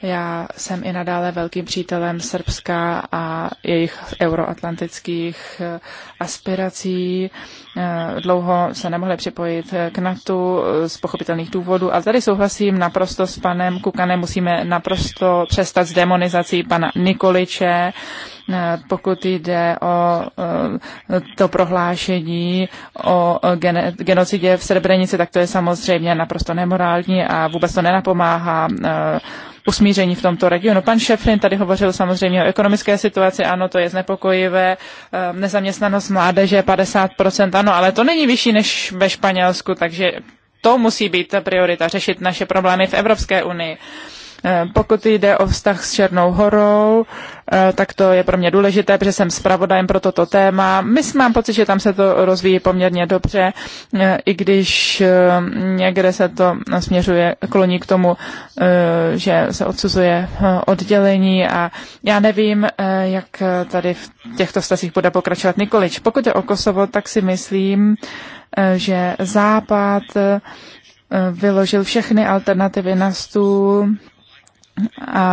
Já jsem i nadále velkým přítelem Srbska a jejich euroatlantických eh, aspirací. Eh, dlouho se nemohli připojit eh, k NATO z pochopitelných důvodů. A tady souhlasím naprosto s panem Kukanem. Musíme naprosto přestat s demonizací pana Nikoliče, pokud jde o to prohlášení o genocidě v Srebrenici, tak to je samozřejmě naprosto nemorální a vůbec to nenapomáhá usmíření v tomto regionu. Pan Šefrin tady hovořil samozřejmě o ekonomické situaci, ano, to je znepokojivé, ehm, nezaměstnanost mládeže 50%, ano, ale to není vyšší než ve Španělsku, takže to musí být priorita, řešit naše problémy v Evropské unii. Eh, pokud jde o vztah s Černou horou, eh, tak to je pro mě důležité, protože jsem zpravodajem pro toto téma. Myslím, mám pocit, že tam se to rozvíjí poměrně dobře, eh, i když někde se to směřuje kloní k tomu, že se odsuzuje oddělení a já nevím, jak tady v těchto stasích bude pokračovat Nikolič. Pokud je o Kosovo, tak si myslím, že Západ vyložil všechny alternativy na stůl a,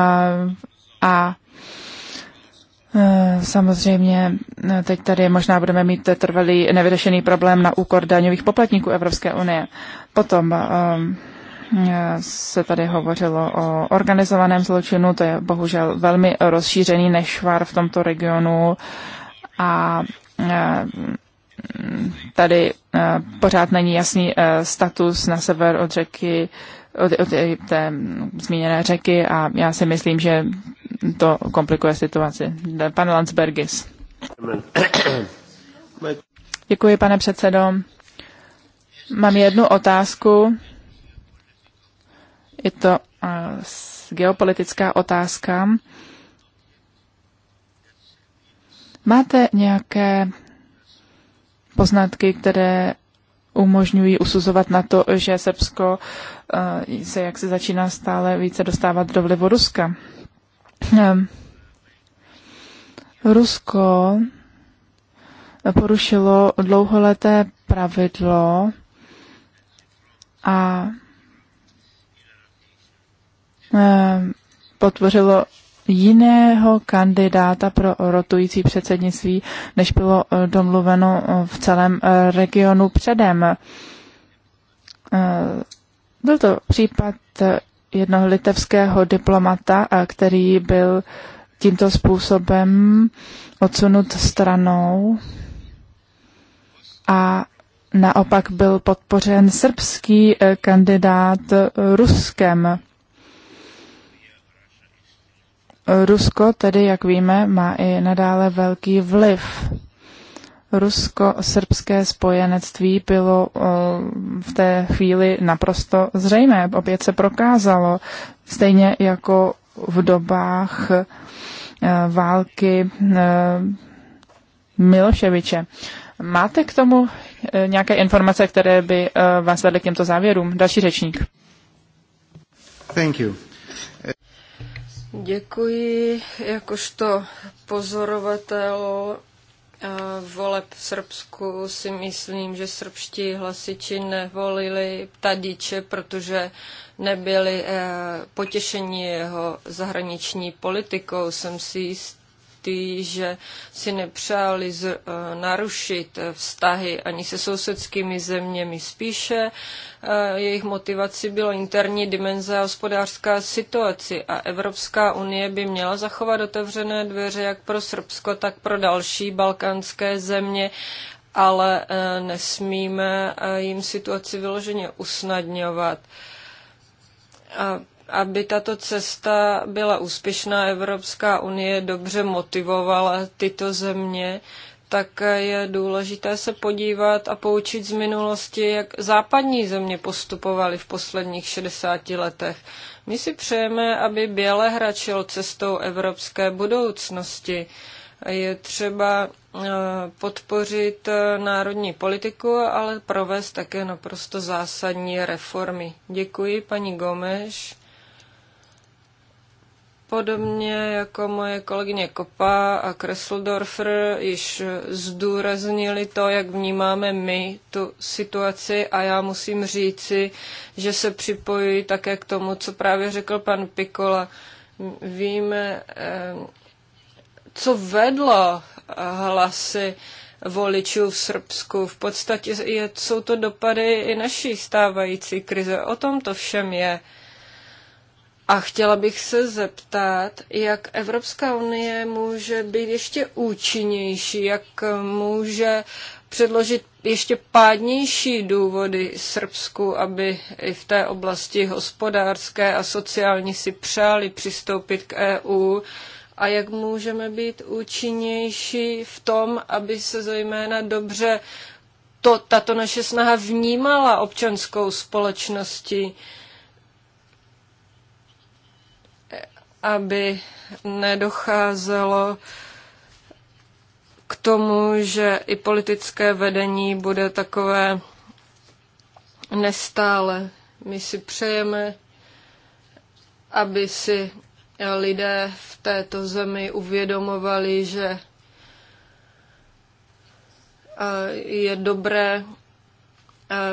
a e, Samozřejmě, e, teď tady možná budeme mít trvalý nevyřešený problém na úkor daňových poplatníků Evropské unie. Potom e, se tady hovořilo o organizovaném zločinu, to je bohužel velmi rozšířený nešvar v tomto regionu a tady pořád není jasný status na sever od řeky od, té, té zmíněné řeky a já si myslím, že to komplikuje situaci. Pan Landsbergis. Děkuji, pane předsedo. Mám jednu otázku. Je to uh, geopolitická otázka. Máte nějaké poznatky, které umožňují usuzovat na to, že Srbsko eh, se jak se začíná stále více dostávat do vlivu Ruska. Ehm, Rusko porušilo dlouholeté pravidlo a ehm, podpořilo jiného kandidáta pro rotující předsednictví, než bylo eh, domluveno eh, v celém eh, regionu předem. Byl to případ jednoho litevského diplomata, který byl tímto způsobem odsunut stranou a naopak byl podpořen srbský kandidát Ruskem. Rusko tedy, jak víme, má i nadále velký vliv. Rusko-srbské spojenectví bylo eh, v té chvíli naprosto zřejmé. Opět se prokázalo, stejně jako v dobách eh, války eh, Miloševiče. Máte k tomu nějaké informace, které by vás vedly k těmto závěrům? Další řečník. Thank you. Děkuji jakožto pozorovatel eh, voleb v Srbsku si myslím, že srbští hlasiči nevolili Tadiče, protože nebyli eh, potěšení jeho zahraniční politikou, jsem si jist důležitý, že si nepřáli z, eh, narušit eh, vztahy ani se sousedskými zeměmi. Spíše eh, jejich motivací bylo interní dimenze a hospodářská situace a Evropská unie by měla zachovat otevřené dveře jak pro Srbsko, tak pro další balkánské země, ale nesmíme jim situaci vyloženě usnadňovat aby tato cesta byla úspěšná, Evropská unie dobře motivovala tyto země, tak je důležité se podívat a poučit z minulosti, jak západní země postupovaly v posledních 60 letech. My si přejeme, aby Běle hračil cestou evropské budoucnosti. Je třeba eh, podpořit eh, národní politiku, ale provést také naprosto zásadní reformy. Děkuji, paní Gomeš. Podobně jako moje kolegyně Kopa a Kresseldorfer již zdůraznili to, jak vnímáme my tu situaci a já musím říci, že se připojuji také k tomu, co právě řekl pan Pikola. Víme, eh, co vedlo hlasy voličů v Srbsku. V podstatě je, jsou to dopady i naší stávající krize. O tom to všem je. A chtěla bych se zeptat, jak Evropská unie může být ještě účinnější, jak může předložit ještě pádnější důvody Srbsku, aby i v té oblasti hospodářské a sociální si přáli přistoupit k EU a jak můžeme být účinnější v tom, aby se zejména dobře to, tato naše snaha vnímala občanskou společností. aby nedocházelo k tomu, že i politické vedení bude takové nestále. My si přejeme, aby si lidé v této zemi uvědomovali, že eh, je dobré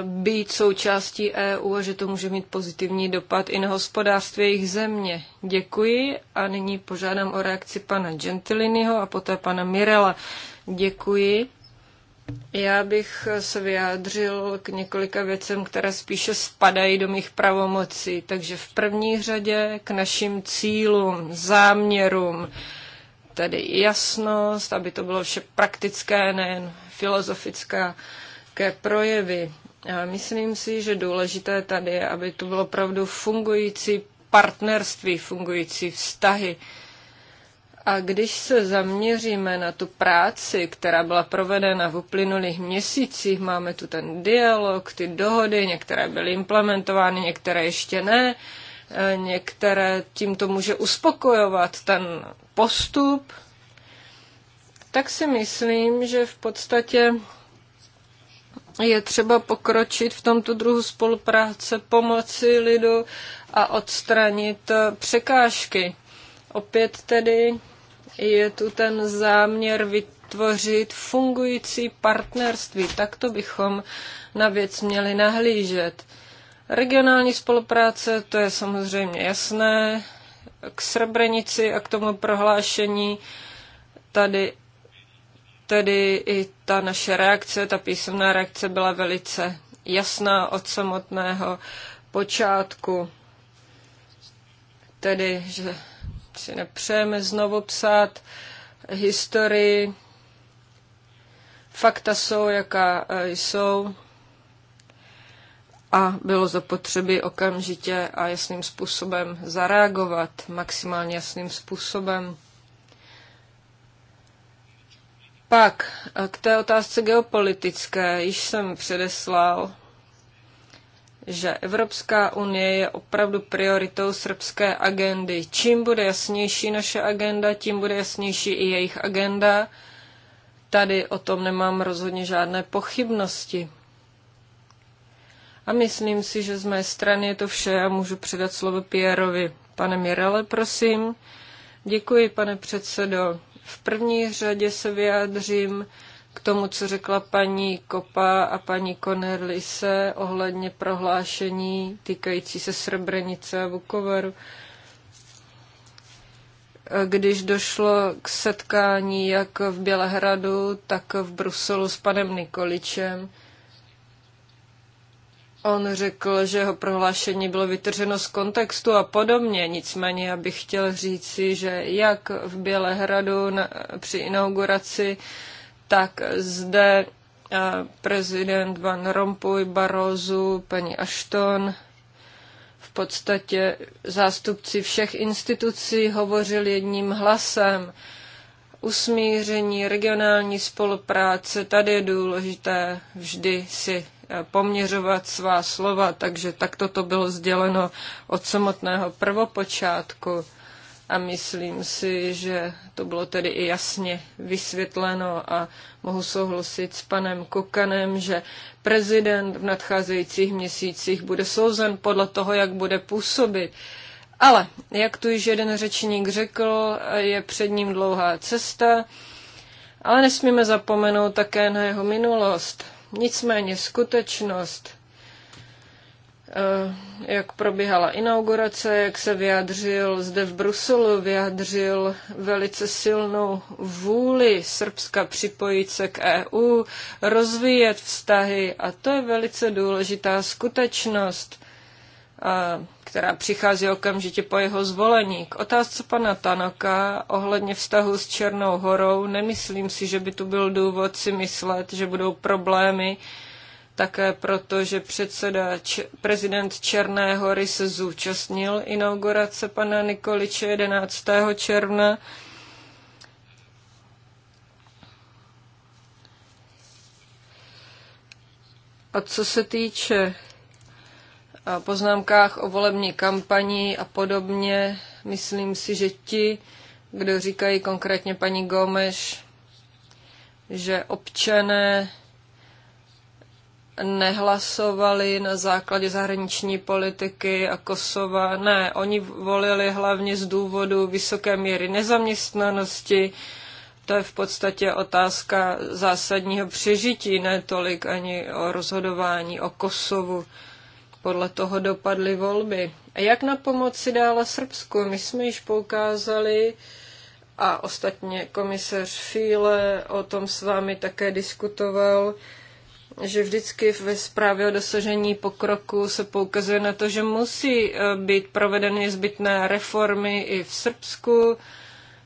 být součástí EU a že to může mít pozitivní dopad i na hospodářství jejich země. Děkuji a nyní požádám o reakci pana Gentiliniho a poté pana Mirela. Děkuji. Já bych se vyjádřil k několika věcem, které spíše spadají do mých pravomocí. Takže v první řadě k našim cílům, záměrům, tedy jasnost, aby to bylo vše praktické, nejen filozofické projevy. Myslím si, že důležité tady je, aby tu bylo opravdu fungující partnerství, fungující vztahy. A když se zaměříme na tu práci, která byla provedena v uplynulých měsících, máme tu ten dialog, ty dohody, některé byly implementovány, některé ještě ne, e, některé tímto může uspokojovat ten postup, tak si myslím, že v podstatě je třeba pokročit v tomto druhu spolupráce, pomoci lidu a odstranit eh, překážky. Opět tedy je tu ten záměr vytvořit fungující partnerství. Takto bychom na věc měli nahlížet. Regionální spolupráce, to je samozřejmě jasné. K Srebrenici a k tomu prohlášení tady tedy i ta naše reakce, ta písemná reakce byla velice jasná od samotného počátku. Tedy, že si nepřejeme znovu psát historii. Fakta jsou, jaká e, jsou. A bylo zapotřebí okamžitě a jasným způsobem zareagovat, maximálně jasným způsobem. Pak k té otázce geopolitické již jsem předeslal, že Evropská unie je opravdu prioritou srbské agendy. Čím bude jasnější naše agenda, tím bude jasnější i jejich agenda. Tady o tom nemám rozhodně žádné pochybnosti. A myslím si, že z mé strany je to vše a můžu předat slovo Pierovi. Pane Mirele, prosím. Děkuji, pane předsedo. V první řadě se vyjádřím k tomu, co řekla paní Kopa a paní Konerlise ohledně prohlášení týkající se Srebrenice a Vukovaru. Když došlo k setkání jak v Bělehradu, tak v Bruselu s panem Nikoličem, On řekl, že jeho prohlášení bylo vytrženo z kontextu a podobně. Nicméně já bych chtěl říci, že jak v Bělehradu na, při inauguraci, tak zde eh, prezident Van Rompuy, Barrozu, paní Ashton, v podstatě zástupci všech institucí hovořili jedním hlasem. Usmíření, regionální spolupráce, tady je důležité vždy si Eh, poměřovat svá slova, takže takto to bylo sděleno od samotného prvopočátku. A myslím si, že to bylo tedy i jasně vysvětleno a mohu souhlasit s panem Kukanem, že prezident v nadcházejících měsících bude souzen podle toho, jak bude působit. Ale, jak tu již jeden řečník řekl, je před ním dlouhá cesta, ale nesmíme zapomenout také na jeho minulost. Nicméně skutečnost, eh, jak probíhala inaugurace, jak se vyjadřil zde v Bruselu, vyjadřil velice silnou vůli Srbska připojit se k EU, rozvíjet vztahy a to je velice důležitá skutečnost která přichází okamžitě po jeho zvolení. K otázce pana Tanaka ohledně vztahu s Černou horou, nemyslím si, že by tu byl důvod si myslet, že budou problémy, také proto, že předseda, č- prezident Černé hory se zúčastnil inaugurace pana Nikoliče 11. června. A co se týče poznámkách o volební kampani a podobně. Myslím si, že ti, kdo říkají konkrétně paní Gomeš, že občané nehlasovali na základě zahraniční politiky a Kosova. Ne, oni volili hlavně z důvodu vysoké míry nezaměstnanosti. To je v podstatě otázka zásadního přežití, ne tolik ani o rozhodování o Kosovu podle toho dopadly volby. A jak na pomoci dále Srbsku? My jsme již poukázali, a ostatně komisař Fíle o tom s vámi také diskutoval, že vždycky ve zprávě o dosažení pokroku se poukazuje na to, že musí eh, být provedeny zbytné reformy i v Srbsku,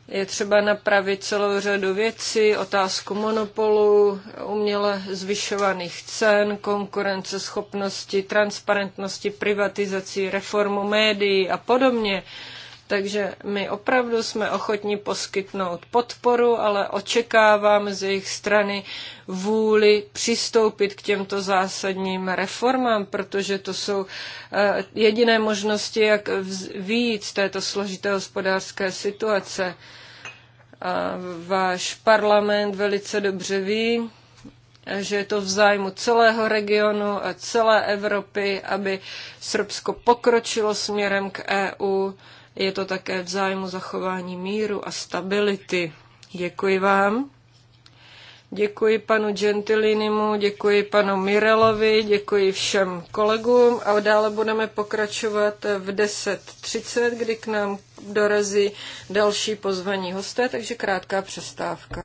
je třeba napravit celou řadu věcí, otázku monopolu, uměle zvyšovaných cen, konkurenceschopnosti, transparentnosti, privatizací, reformu médií a podobně. Uh, takže my opravdu jsme ochotní poskytnout podporu, ale očekávám z jejich strany vůli přistoupit k těmto zásadním reformám, protože to jsou eh, jediné možnosti, jak výjít z této složité hospodářské situace. A váš parlament velice dobře ví, že je to v zájmu celého regionu a celé Evropy, aby Srbsko pokročilo směrem k EU je to také v zájmu zachování míru a stability. Děkuji vám. Děkuji panu Gentilinimu, děkuji panu Mirelovi, děkuji všem kolegům a dále budeme pokračovat v 10.30, kdy k nám dorazí další pozvaní hosté, takže krátká přestávka.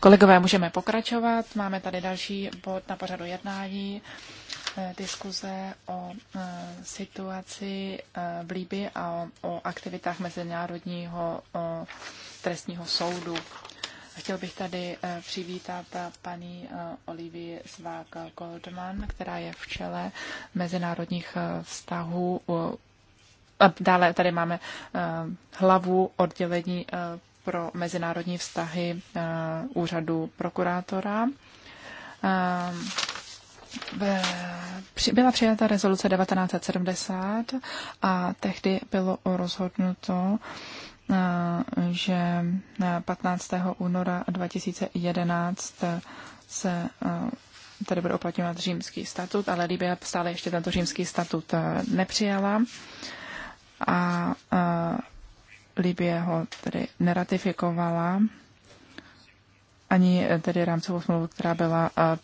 Kolegové, můžeme pokračovat. Máme tady další bod na pořadu jednání. Eh, diskuze o eh, situaci eh, v Líbi a o aktivitách Mezinárodního trestního soudu. Chtěl bych tady přivítat paní Olivie Svák Goldman, která je v čele mezinárodních vztahů a dále tady máme eh, hlavu oddělení eh, pro mezinárodní vztahy eh, úřadu prokurátora. Byla přijata rezoluce 1970 a tehdy bylo rozhodnuto, že 15. února 2011 se tady bude uplatňovat římský statut, ale Libia stále ještě tento římský statut nepřijala a e, Libie ho tedy neratifikovala ani e, tedy rámcovou smlouvu, která byla e,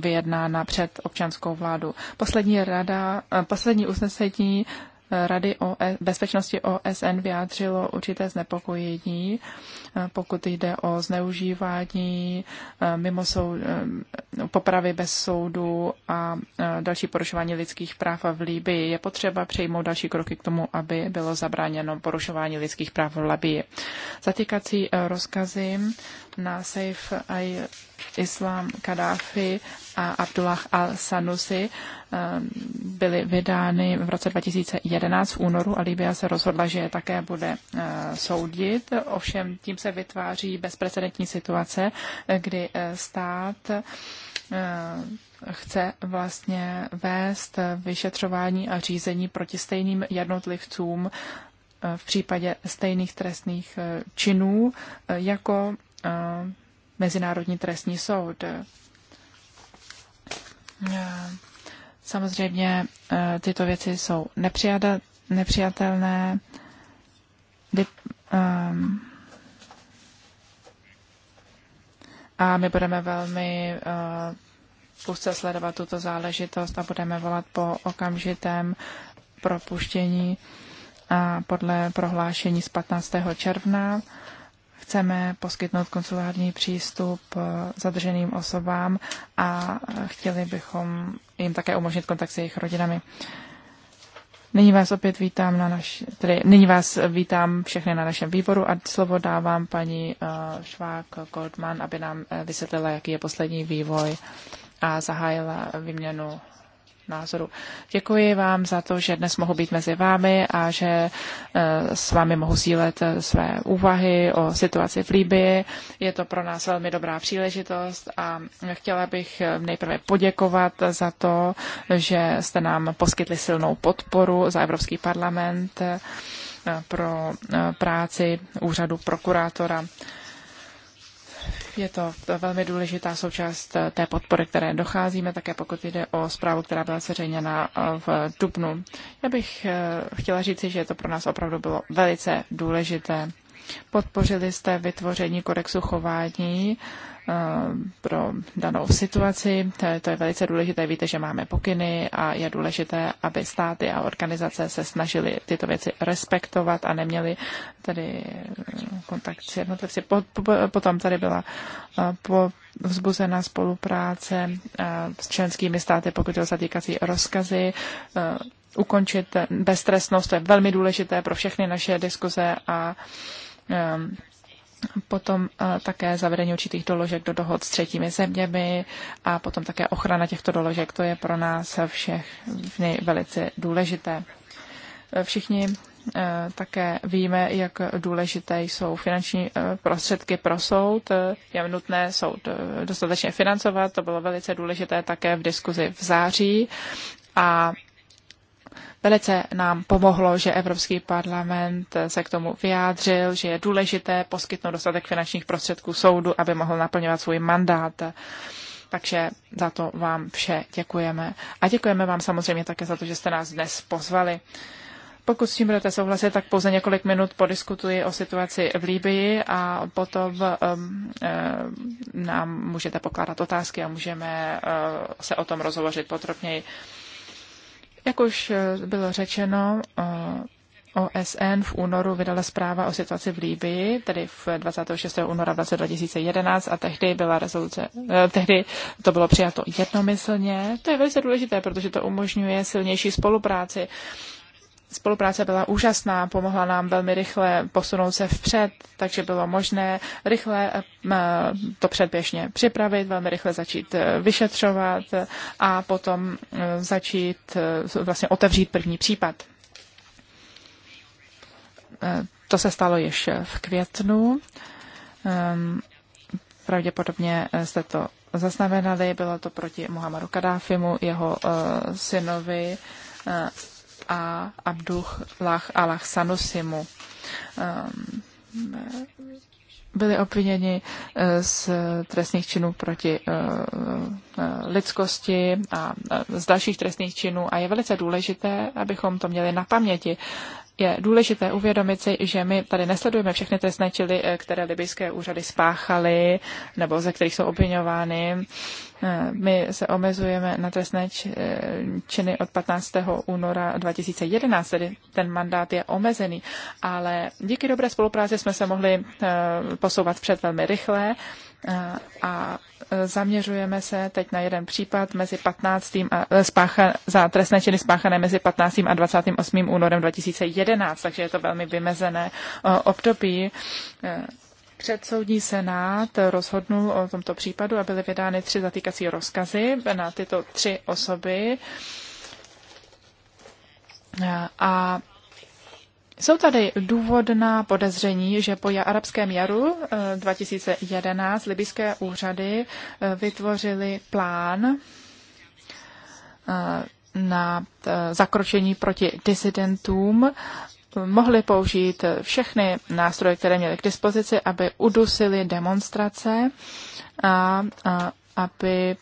vyjednána před občanskou vládu. Poslední rada, poslední usnesení Rady o e- bezpečnosti OSN vyjádřilo určité znepokojení, eh, pokud jde o zneužívání eh, mimo sou, eh, popravy bez soudu a další porušování lidských práv v Líbii. Je potřeba přejmout další kroky k tomu, aby bylo zabráněno porušování lidských práv v labii. Zatýkací rozkazy na Saif Islam Kadáfi a Abdullah al-Sanusi eh, byly vydány v roce 2011 v únoru a Libia se rozhodla, že je také bude eh, soudit. Ovšem tím se vytváří bezprecedentní situace, eh, kdy stát chce vlastně vést vyšetřování a řízení proti stejným jednotlivcům v případě stejných trestných činů, jako Mezinárodní trestní soud. Samozřejmě tyto věci jsou nepřijatelné. A my budeme velmi úzce sledovat tuto záležitost a budeme volat po okamžitém propuštění a podle prohlášení z 15. června chceme poskytnout konsulární přístup eh, zadrženým osobám a eh, chtěli bychom jim také umožnit kontakt s jejich rodinami. Nyní vás opět vítám na naš, tedy, nyní vás vítám všechny na našem výboru a slovo dávám paní eh, Švák Goldman, aby nám vysvětlila, jaký je poslední vývoj a zahájila výměnu názoru. Děkuji vám za to, že dnes mohu být mezi vámi a že eh, s vámi mohu sílet eh, své úvahy o situaci v Líbii. Je to pro nás velmi dobrá příležitost a chtěla bych eh, nejprve poděkovat za to, že jste nám poskytli silnou podporu za Evropský parlament pro práci úřadu prokurátora. Je to velmi důležitá součást eh, té podpory, které docházíme, také pokud jde o zprávu, která byla zveřejněna eh, v Dubnu. Já bych eh, chtěla říci, že to pro nás opravdu bylo velice důležité. Podpořili jste vytvoření kodexu chování Eh, pro danou situaci. To je, to je velice důležité. Víte, že máme pokyny a je důležité, aby státy a organizace se snažily tyto věci respektovat a neměly tady eh, kontakt s jednotlivci. Potom tady byla eh, po vzbuzená spolupráce s členskými státy, pokud to zatýkací rozkazy, ukončit beztrestnost, to je velmi důležité pro všechny naše diskuze a potom eh, také zavedení určitých doložek do dohod s třetími zeměmi a potom také ochrana těchto doložek. To je pro nás všech velice důležité. Eh, všichni eh, také víme, jak důležité jsou finanční prostředky pro soud. Je nutné soud dostatečně financovat. To bylo velice důležité také v diskuzi v září. A Velice nám pomohlo, že Evropský parlament se k tomu vyjádřil, že je důležité poskytnout dostatek finančních prostředků soudu, aby mohl naplňovat svůj mandát. Takže za to vám vše děkujeme. A děkujeme vám samozřejmě také za to, že jste nás dnes pozvali. Pokud s tím budete souhlasit, tak pouze několik minut podiskutuji o situaci v Líbii a potom um, um, nám můžete pokládat otázky a můžeme uh, se o tom rozhovořit Uh, jak už eh, bylo řečeno, eh, OSN v únoru vydala zpráva o situaci v Líbii, tedy v 26. února 2011 a tehdy byla rezoluce, eh, tehdy to bylo přijato jednomyslně. To je velice důležité, protože to umožňuje silnější spolupráci Spolupráce byla úžasná, pomohla nám velmi rychle posunout se vpřed, takže bylo možné rychle eh, to předběžně připravit, velmi rychle začít eh, vyšetřovat a potom eh, začít vlastně otevřít první případ. To se stalo již v květnu. Ehm, pravděpodobně jste to zaznamenali, bylo to proti Muhammadu Kadáfimu, jeho synovi a Abduch Lach Alach Sanusimu. Um, byli obviněni uh, z trestných činů proti uh, uh, lidskosti a z dalších trestných činů a je velice důležité, abychom to měli na paměti je důležité uvědomit si, že my tady nesledujeme všechny trestné čily, eh, které libyjské úřady spáchaly nebo ze kterých jsou obvinovány. Eh, my se omezujeme na trestné eh, činy od 15. února 2011, tedy ten mandát je omezený, ale díky dobré spolupráci jsme se mohli posouvat před velmi rychle a zaměřujeme se teď na jeden případ mezi 15. A, e, spácha, za trestné činy spáchané mezi 15. a 28. únorem 2011, takže je to velmi vymezené e, období. E, předsoudní senát rozhodnul o tomto případu a byly vydány tři zatýkací rozkazy na tyto tři osoby. A jsou tady důvodná podezření, že po arabském jaru 2011 eh, libyské úřady eh, vytvořily plán eh, na zakročení proti disidentům mohli použít všechny nástroje, které měli k dispozici, aby udusili demonstrace a, aby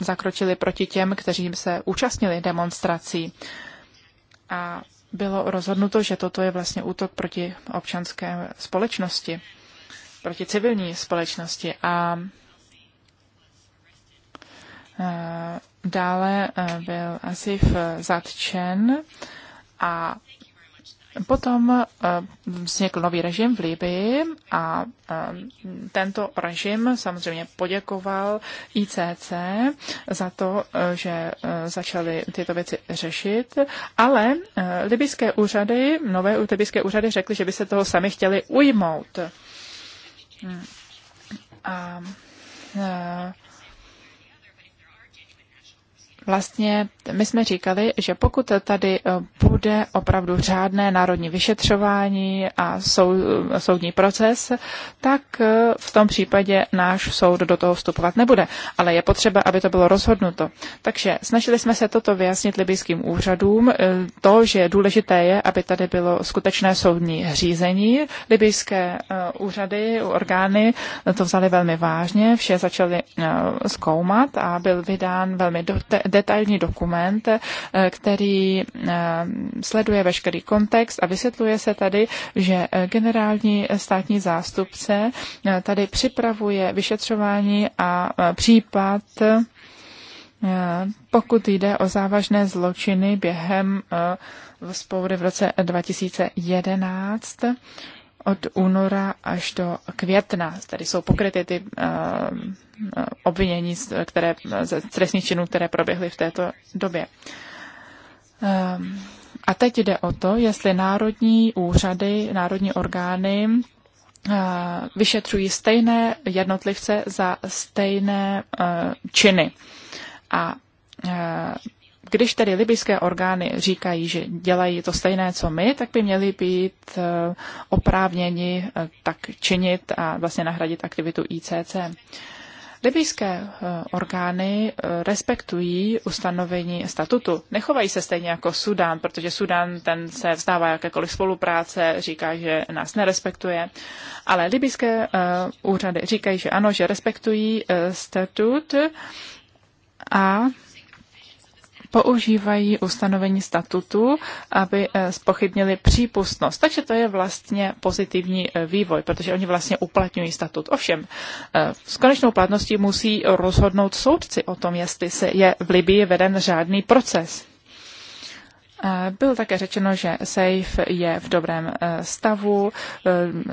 zakročili proti těm, kteří se účastnili demonstrací. A bylo rozhodnuto, že toto je vlastně útok proti občanské společnosti, proti civilní společnosti. A e, dále e, byl Asif e, zatčen a Potom eh, vznikl nový režim v Libii a eh, tento režim samozřejmě poděkoval ICC za to, eh, že začali tyto věci řešit, ale libyské úřady, nové libyské úřady řekly, že by se toho sami chtěli ujmout. Hmm. A, a Vlastně my jsme říkali, že pokud tady eh, bude opravdu řádné národní vyšetřování a sou, soudní proces, tak eh, v tom případě náš soud do toho vstupovat nebude. Ale je potřeba, aby to bylo rozhodnuto. Takže snažili jsme se toto vyjasnit libijským úřadům. Eh, to, že důležité je, aby tady bylo skutečné soudní řízení. Libijské úřady, orgány to vzali velmi vážně, vše začaly zkoumat a byl vydán velmi do detailní dokument, eh, který eh, sleduje veškerý kontext a vysvětluje se tady, že eh, generální státní zástupce tady připravuje vyšetřování a případ pokud jde o závažné zločiny během spoury v roce 2011, od února až do května. Tady jsou pokryty ty eh, obvinění které, ze trestných činů, které proběhly v této době. Eh, a teď jde o to, jestli národní úřady, národní orgány eh, vyšetřují stejné jednotlivce za stejné činy. A když tedy libyské orgány říkají, že dělají to stejné, co my, tak by měli být eh, oprávněni eh, tak činit a vlastně nahradit aktivitu ICC. Libijské eh, orgány respektují ustanovení statutu. Nechovají se stejně jako Sudán, protože Sudán ten se vzdává jakékoliv spolupráce, říká, že nás nerespektuje. Ale libijské úřady říkají, že ano, že respektují statut a používají ustanovení statutu, aby eh, spochybnili přípustnost. Takže to je vlastně pozitivní eh, vývoj, protože oni vlastně uplatňují statut. Ovšem, eh, s konečnou platností musí rozhodnout soudci o tom, jestli se je v Libii veden řádný proces. Bylo také řečeno, že SAFE je v dobrém e, stavu,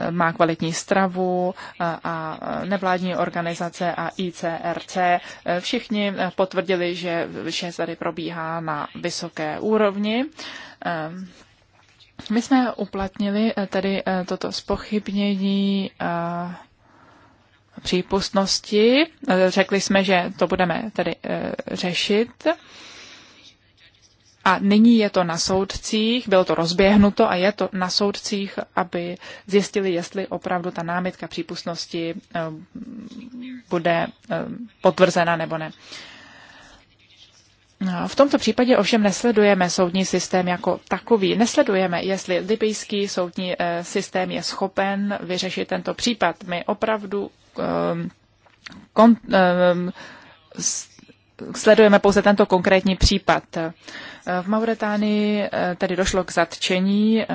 e, má kvalitní stravu e, a nevládní organizace a ICRC všichni potvrdili, že vše tady probíhá na vysoké úrovni. My jsme uplatnili tady toto spochybnění přípustnosti. Řekli jsme, že to budeme tedy řešit a nyní je to na soudcích, bylo to rozběhnuto a je to na soudcích, aby zjistili, jestli opravdu ta námitka přípustnosti eh, bude eh, potvrzena nebo ne. No v tomto případě ovšem nesledujeme soudní systém jako takový. Nesledujeme, jestli libijský soudní eh, systém je schopen vyřešit tento případ. My opravdu kon, sledujeme pouze tento konkrétní případ. V Mauretánii eh, tady došlo k zatčení eh,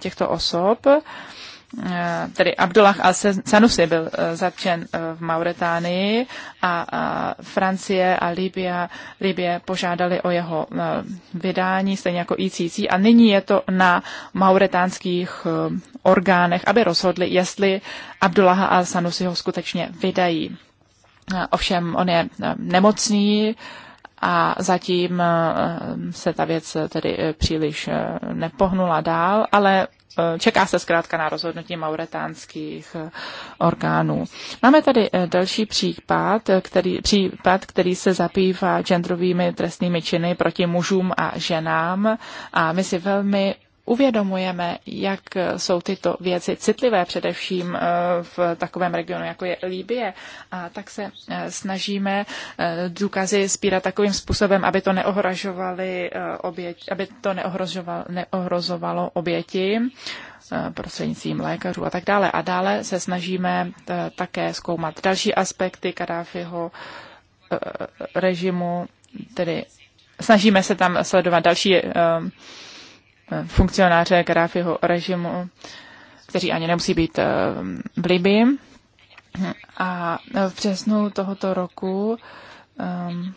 těchto osob. Eh, tedy Abdullah al-Sanusi byl zatčen v Mauretánii a Francie a Libie, Libie požádali o jeho vydání, stejně jako ICC. A nyní je to na mauretánských orgánech, aby rozhodli, jestli Abdullah al-Sanusi ho skutečně vydají. Ovšem, on je nemocný, a zatím eh, se ta věc eh, tedy eh, příliš nepohnula dál, ale čeká se zkrátka na rozhodnutí mauretánských orgánů. Máme tady další případ, který, případ, který se zabývá genderovými trestnými činy proti mužům a ženám a my si velmi uvědomujeme, jak jsou tyto věci citlivé, především eh, v takovém regionu, jako je Líbie. A tak se eh, snažíme eh, důkazy spírat takovým způsobem, aby to, neohrožovali oběti, aby to neohrožovalo, neohrozovalo oběti prostřednictvím lékařů a tak dále. A dále se snažíme také zkoumat další aspekty Kadáfiho režimu, tedy snažíme se tam sledovat další Eh, funkcionáře Gaddafiho režimu, kteří ani nemusí být eh, v Libii. A v přesnu tohoto roku ehm,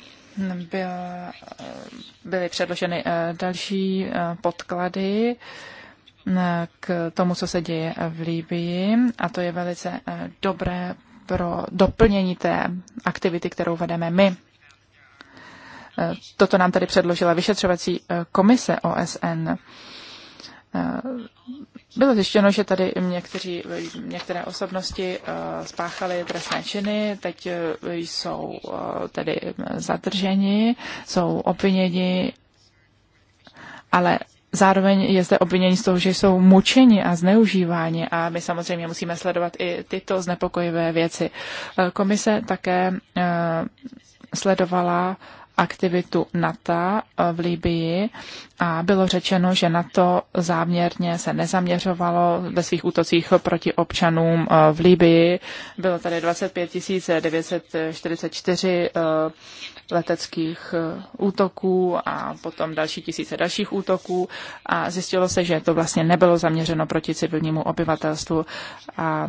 byl, eh, byly předloženy další podklady k tomu, co se děje v Libii. a to je velice dobré pro doplnění té aktivity, kterou vedeme my. Toto nám tady předložila vyšetřovací eh, komise OSN. Eh, bylo zjištěno, že tady někteří, některé osobnosti eh, spáchaly trestné činy, teď jsou tedy zadrženi, jsou obviněni, ale Zároveň je zde obvinění z toho, že jsou mučeni a zneužíváni a my samozřejmě musíme sledovat i tyto znepokojivé věci. Komise také sledovala aktivitu NATO eh, v Libii a bylo řečeno, že NATO záměrně se nezaměřovalo ve svých útocích proti občanům eh, v Libii. Bylo tady 25 944 eh, leteckých útoků a potom další tisíce dalších útoků a zjistilo se, že to vlastně nebylo zaměřeno proti civilnímu obyvatelstvu a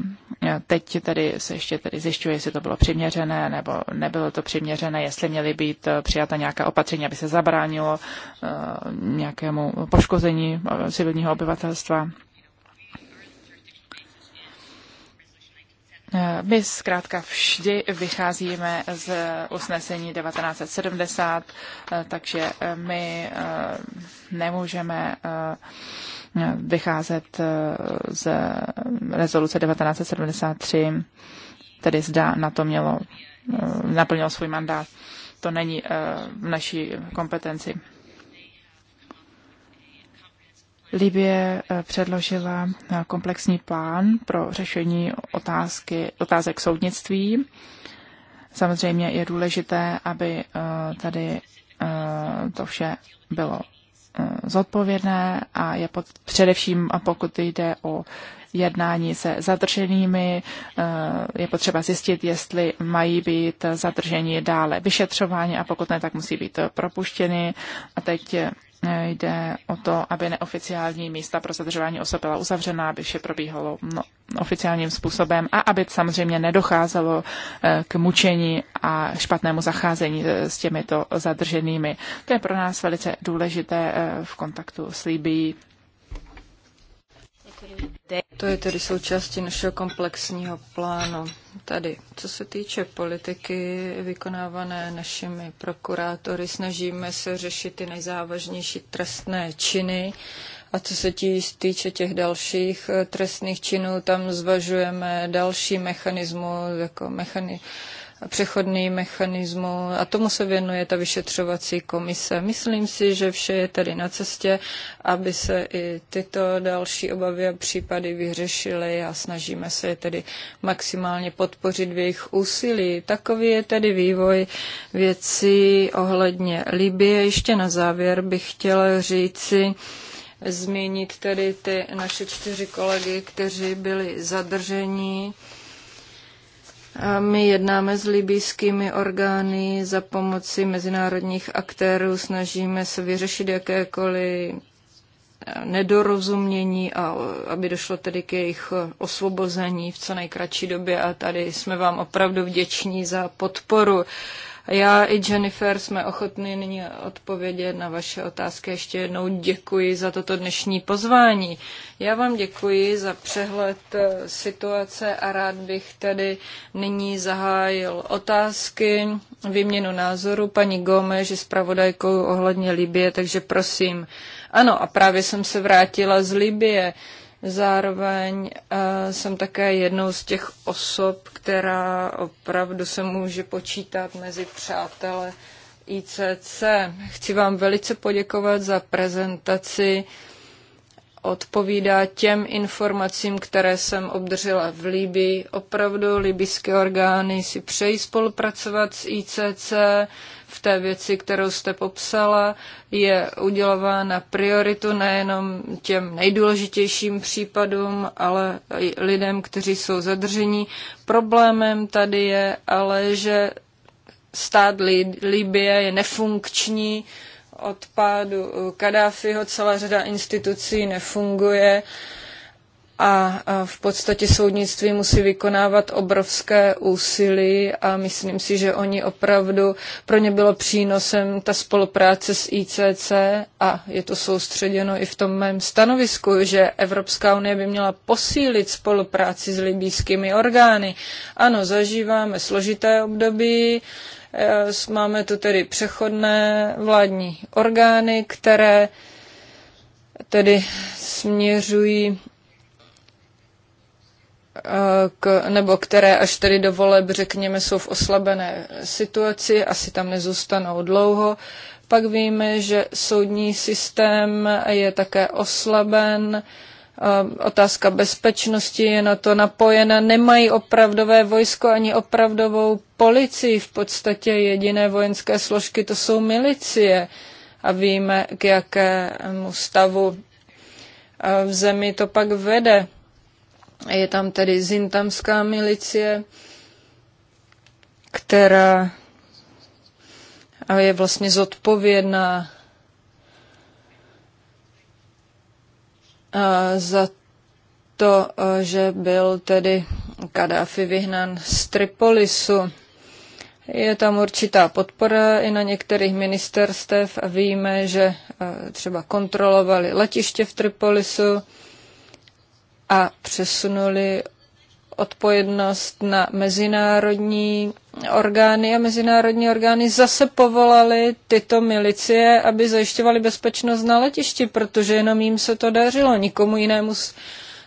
teď tady se ještě tady zjišťuje, jestli to bylo přiměřené nebo nebylo to přiměřené, jestli měly být přiměřené přijata nějaká opatření, aby se zabránilo eh, nějakému poškození eh, civilního obyvatelstva. Eh, my zkrátka vždy vycházíme z usnesení 1970, takže my nemůžeme vycházet z rezoluce 1973, tedy zda na to mělo, naplnilo svůj mandát to není eh, v naší kompetenci. Libie eh, předložila eh, komplexní plán pro řešení otázky, otázek soudnictví. Samozřejmě je důležité, aby tady to vše bylo zodpovědné a je pod, především, pokud jde o jednání se zadrženými. Eh, je potřeba zjistit, jestli mají být zadrženi dále vyšetřování a pokud ne, tak musí být propuštěny. A teď eh, jde o to, aby neoficiální místa pro zadržování osob byla uzavřena, aby vše probíhalo no, oficiálním způsobem a aby samozřejmě nedocházelo eh, k mučení a špatnému zacházení s těmito zadrženými. To je pro nás velice důležité v kontaktu s Libií to je tedy součástí našeho komplexního plánu. Tady, co se týče politiky vykonávané našimi prokurátory, snažíme se řešit ty nejzávažnější trestné činy. A co se týče těch dalších eh, trestných činů, tam zvažujeme další mechanismus, jako mechanismus přechodný mechanismus a tomu se věnuje ta vyšetřovací komise. Myslím si, že vše je tady na cestě, aby se i tyto další obavy a případy vyřešily a snažíme se je tedy maximálně podpořit v jejich úsilí. Takový je tedy vývoj věcí ohledně Libie. Ještě na závěr bych chtěla říci, zmínit tedy ty naše čtyři kolegy, kteří byli zadrženi my jednáme s libýskými orgány za pomoci mezinárodních aktérů, snažíme se vyřešit jakékoliv eh, nedorozumění a aby došlo tedy k jejich osvobození v co nejkratší době a tady jsme vám opravdu vděční za podporu. Já i Jennifer jsme ochotni nyní odpovědět na vaše otázky. Ještě jednou děkuji za toto dnešní pozvání. Já vám děkuji za přehled eh, situace a rád bych tady nyní zahájil otázky, výměnu názoru paní Gome, že pravodajkou ohledně Libie, takže prosím. Ano, a právě jsem se vrátila z Libie. Zároveň eh, jsem také jednou z těch osob, která opravdu se může počítat mezi přátele ICC. Chci vám velice poděkovat za prezentaci. Odpovídá těm informacím, které jsem obdržela v Libii. Opravdu libyské orgány si přejí spolupracovat s ICC v té věci, kterou jste popsala, je udělována prioritu nejenom těm nejdůležitějším případům, ale i lidem, kteří jsou zadržení. Problémem tady je ale, že stát Libie je nefunkční, odpadu Kadáfiho celá řada institucí nefunguje a v podstatě soudnictví musí vykonávat obrovské úsilí a myslím si, že oni opravdu, pro ně bylo přínosem ta spolupráce s ICC a je to soustředěno i v tom mém stanovisku, že Evropská unie by měla posílit spolupráci s libýskými orgány. Ano, zažíváme složité období, eh, máme tu tedy přechodné vládní orgány, které tedy směřují k, nebo které až tedy do voleb, řekněme, jsou v oslabené situaci, asi tam nezůstanou dlouho. Pak víme, že soudní systém je také oslaben, eh, otázka bezpečnosti je na to napojena, nemají opravdové vojsko ani opravdovou policii, v podstatě jediné vojenské složky to jsou milicie a víme, k jakému stavu eh, v zemi to pak vede. Je tam tedy zintamská milicie, která je vlastně zodpovědná eh, za to, eh, že byl tedy Kadáfi vyhnán z Tripolisu. Je tam určitá podpora i na některých ministerstev a víme, že eh, třeba kontrolovali letiště v Tripolisu a přesunuli odpovědnost na mezinárodní orgány a mezinárodní orgány zase povolali tyto milicie, aby zajišťovali bezpečnost na letišti, protože jenom jim se to dařilo, nikomu jinému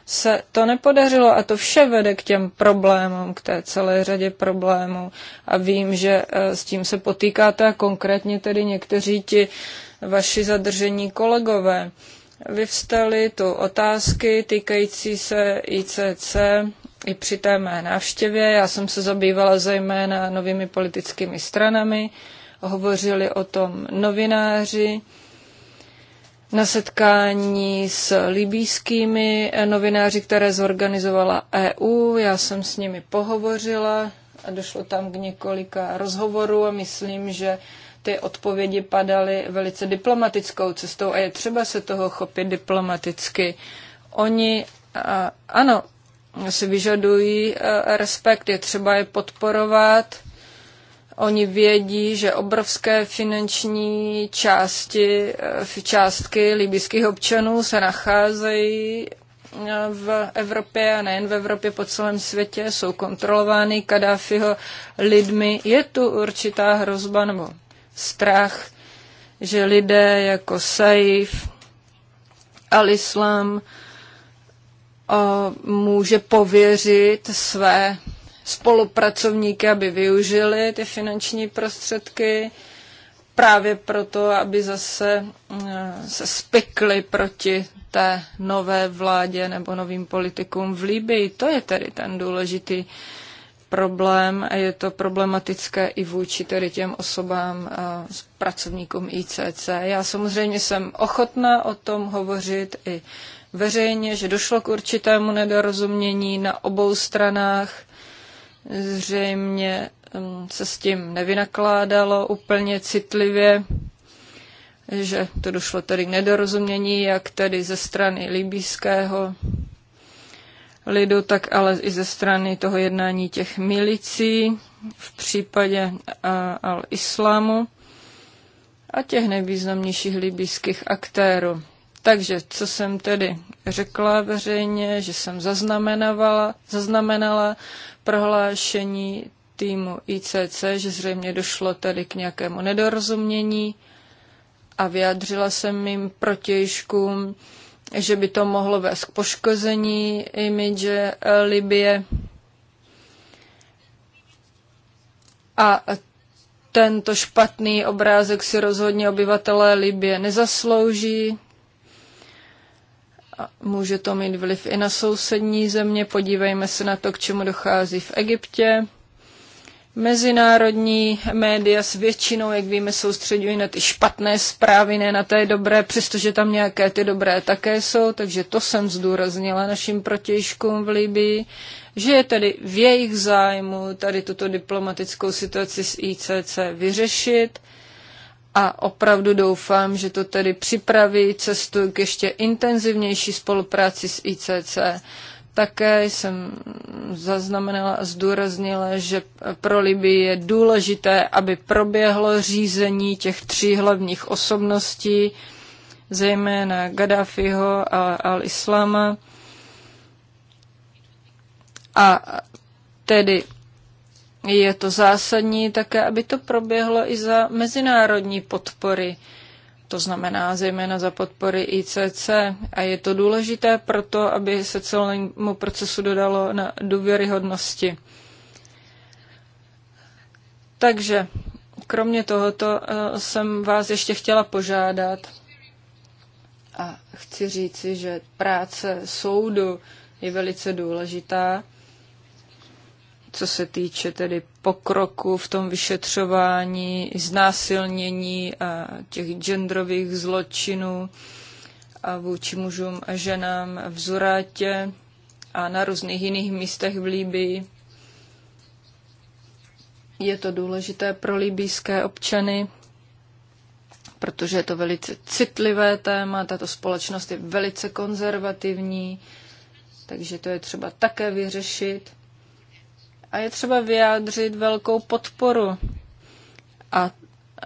se to nepodařilo a to vše vede k těm problémům, k té celé řadě problémů a vím, že eh, s tím se potýkáte a konkrétně tedy někteří ti vaši zadržení kolegové. Vyvstaly tu otázky týkající se ICC i při té mé návštěvě. Já jsem se zabývala zejména novými politickými stranami, hovořili o tom novináři na setkání s libýskými novináři, které zorganizovala EU. Já jsem s nimi pohovořila a došlo tam k několika rozhovorů a myslím, že ty odpovědi padaly velice diplomatickou cestou a je třeba se toho chopit diplomaticky. Oni, ano, si vyžadují e, respekt, je třeba je podporovat. Oni vědí, že obrovské finanční části, e, částky libyských občanů se nacházejí e, v Evropě a nejen v Evropě, po celém světě, jsou kontrolovány Kadáfiho lidmi. Je tu určitá hrozba, nebo strach, že lidé jako Saif, Al-Islam může pověřit své spolupracovníky, aby využili ty finanční prostředky právě proto, aby zase e, se spikli proti té nové vládě nebo novým politikům v Líbii. To je tedy ten důležitý problém a je to problematické i vůči tedy těm osobám, eh, s pracovníkům ICC. Já samozřejmě jsem ochotná o tom hovořit i veřejně, že došlo k určitému nedorozumění na obou stranách. Zřejmě hm, se s tím nevynakládalo úplně citlivě, že to došlo tedy k nedorozumění, jak tedy ze strany libýského lidu, tak ale i ze strany toho jednání těch milicí v případě al-Islámu a těch nejvýznamnějších libijských aktérů. Takže, co jsem tedy řekla veřejně, že jsem zaznamenala, zaznamenala prohlášení týmu ICC, že zřejmě došlo tedy k nějakému nedorozumění a vyjádřila jsem jim protějškům že by to mohlo vést k poškození imidže eh, Libie. A tento špatný obrázek si rozhodně obyvatelé Libie nezaslouží. A může to mít vliv i na sousední země. Podívejme se na to, k čemu dochází v Egyptě. Mezinárodní média s většinou, jak víme, soustředují na ty špatné zprávy, ne na té dobré, přestože tam nějaké ty dobré také jsou, takže to jsem zdůraznila našim protějškům v Libii, že je tedy v jejich zájmu tady tuto diplomatickou situaci s ICC vyřešit a opravdu doufám, že to tedy připraví cestu k ještě intenzivnější spolupráci s ICC také jsem zaznamenala a zdůraznila, že pro Libii je důležité, aby proběhlo řízení těch tří hlavních osobností, zejména Gaddafiho a al-Islama. A tedy je to zásadní také, aby to proběhlo i za mezinárodní podpory to znamená zejména za podpory ICC. A je to důležité proto, aby se celému procesu dodalo na důvěryhodnosti. Takže kromě tohoto eh, jsem vás ještě chtěla požádat a chci říci, že práce soudu je velice důležitá co se týče tedy pokroku v tom vyšetřování, znásilnění a těch genderových zločinů a vůči mužům a ženám v Zurátě a na různých jiných místech v Líbii. Je to důležité pro libijské občany, protože je to velice citlivé téma, tato společnost je velice konzervativní, takže to je třeba také vyřešit. A je třeba vyjádřit velkou podporu, a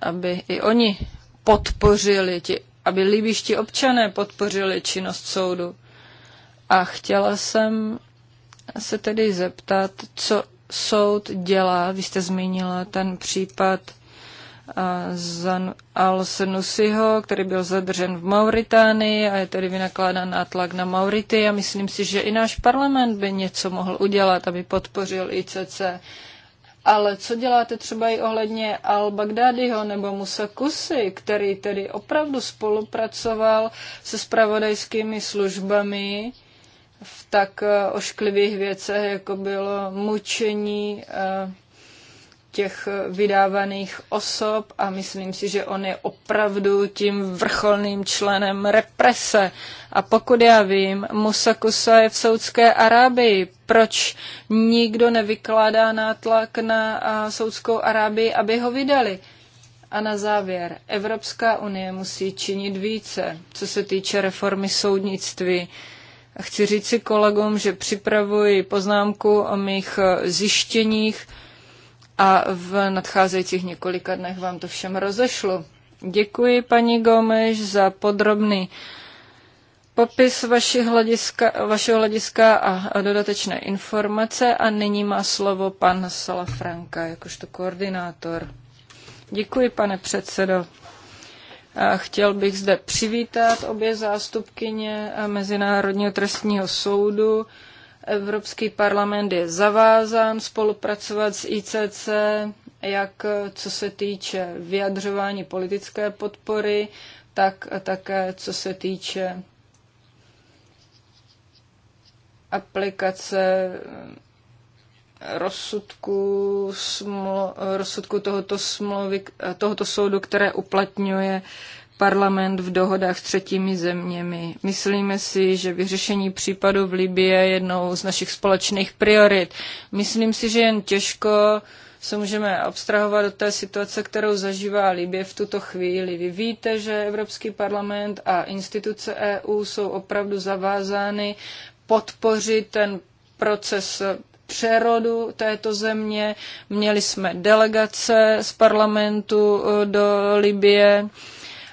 aby i oni podpořili, ti, aby líbiští občané podpořili činnost soudu. A chtěla jsem se tedy zeptat, co soud dělá. Vy jste zmínila ten případ Zan al-Senusiho, který byl zadržen v Mauritánii a je tedy vynakládán nátlak na Maurity a myslím si, že i náš parlament by něco mohl udělat, aby podpořil ICC. Ale co děláte třeba i ohledně al-Baghdadiho nebo Musa Kusy, který tedy opravdu spolupracoval se spravodajskými službami v tak ošklivých věcech, jako bylo mučení eh, těch vydávaných osob a myslím si, že on je opravdu tím vrcholným členem represe. A pokud já vím, Musakusa je v Saudské Arábii. Proč nikdo nevykládá nátlak na Saudskou Arábii, aby ho vydali? A na závěr, Evropská unie musí činit více, co se týče reformy soudnictví. chci říci kolegům, že připravuji poznámku o mých e, zjištěních, a v nadcházejících několika dnech vám to všem rozešlu. Děkuji paní Gomeš za podrobný popis vaši hlediska, vašeho hlediska a dodatečné informace a nyní má slovo pan Salafranka jakožto koordinátor. Děkuji, pane předsedo. A chtěl bych zde přivítat obě zástupkyně Mezinárodního trestního soudu Evropský parlament je zavázán spolupracovat s ICC, jak co se týče vyjadřování politické podpory, tak a také co se týče aplikace rozsudku, smlu, rozsudku tohoto, smlouvy, tohoto soudu, které uplatňuje parlament v dohodách s třetími zeměmi. Myslíme si, že vyřešení případu v Libii je jednou z našich společných priorit. Myslím si, že jen těžko se můžeme abstrahovat od té situace, kterou zažívá Libie v tuto chvíli. Vy víte, že Evropský parlament a instituce EU jsou opravdu zavázány podpořit ten proces přerodu této země. Měli jsme delegace z parlamentu eh, do Libie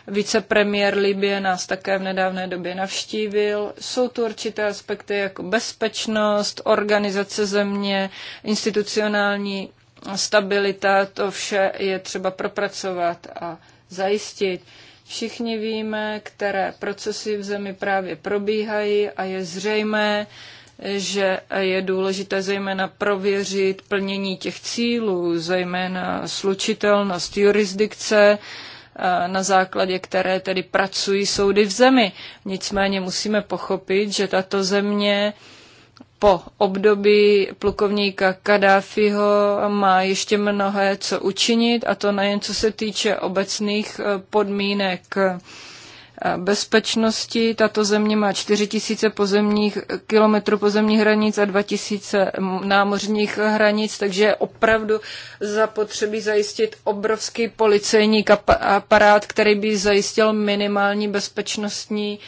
Vicepremiér Libie nás také v nedávné době navštívil. Jsou tu určité aspekty jako bezpečnost, organizace země, institucionální stabilita, to vše je třeba propracovat a zajistit. Všichni víme, které procesy v zemi právě probíhají a je zřejmé, že je důležité zejména prověřit plnění těch cílů, zejména slučitelnost jurisdikce, na základě které tedy pracují soudy v zemi. Nicméně musíme pochopit, že tato země po období plukovníka Kadáfiho má ještě mnohé co učinit, a to nejen co se týče obecných e, podmínek bezpečnosti. Tato země má 4 000 pozemních, kilometrů pozemních hranic a 2 000 námořních hranic, takže je opravdu zapotřebí zajistit obrovský policejní aparát, který by zajistil minimální bezpečnostní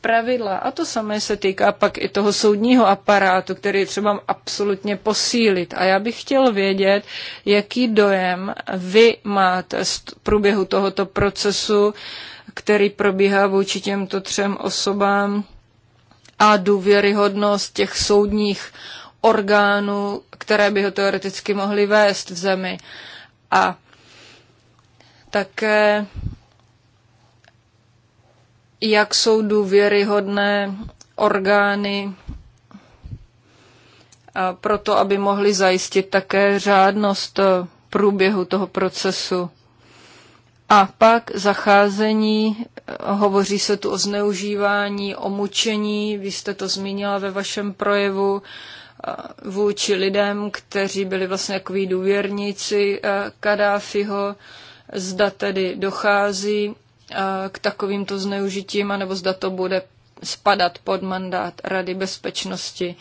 pravidla. A to samé se týká pak i toho soudního aparátu, který je třeba absolutně posílit. A já bych chtěl vědět, jaký dojem vy máte z průběhu tohoto procesu který probíhá vůči těmto třem osobám a důvěryhodnost těch soudních orgánů, které by ho teoreticky mohly vést v zemi. A také jak jsou důvěryhodné orgány proto, aby mohli zajistit také řádnost průběhu toho procesu. A pak zacházení, hovoří se tu o zneužívání, o mučení, vy jste to zmínila ve vašem projevu, eh, vůči lidem, kteří byli vlastně takový důvěrníci eh, Kadáfiho, zda tedy dochází eh, k takovýmto zneužitím, anebo zda to bude spadat pod mandát Rady bezpečnosti.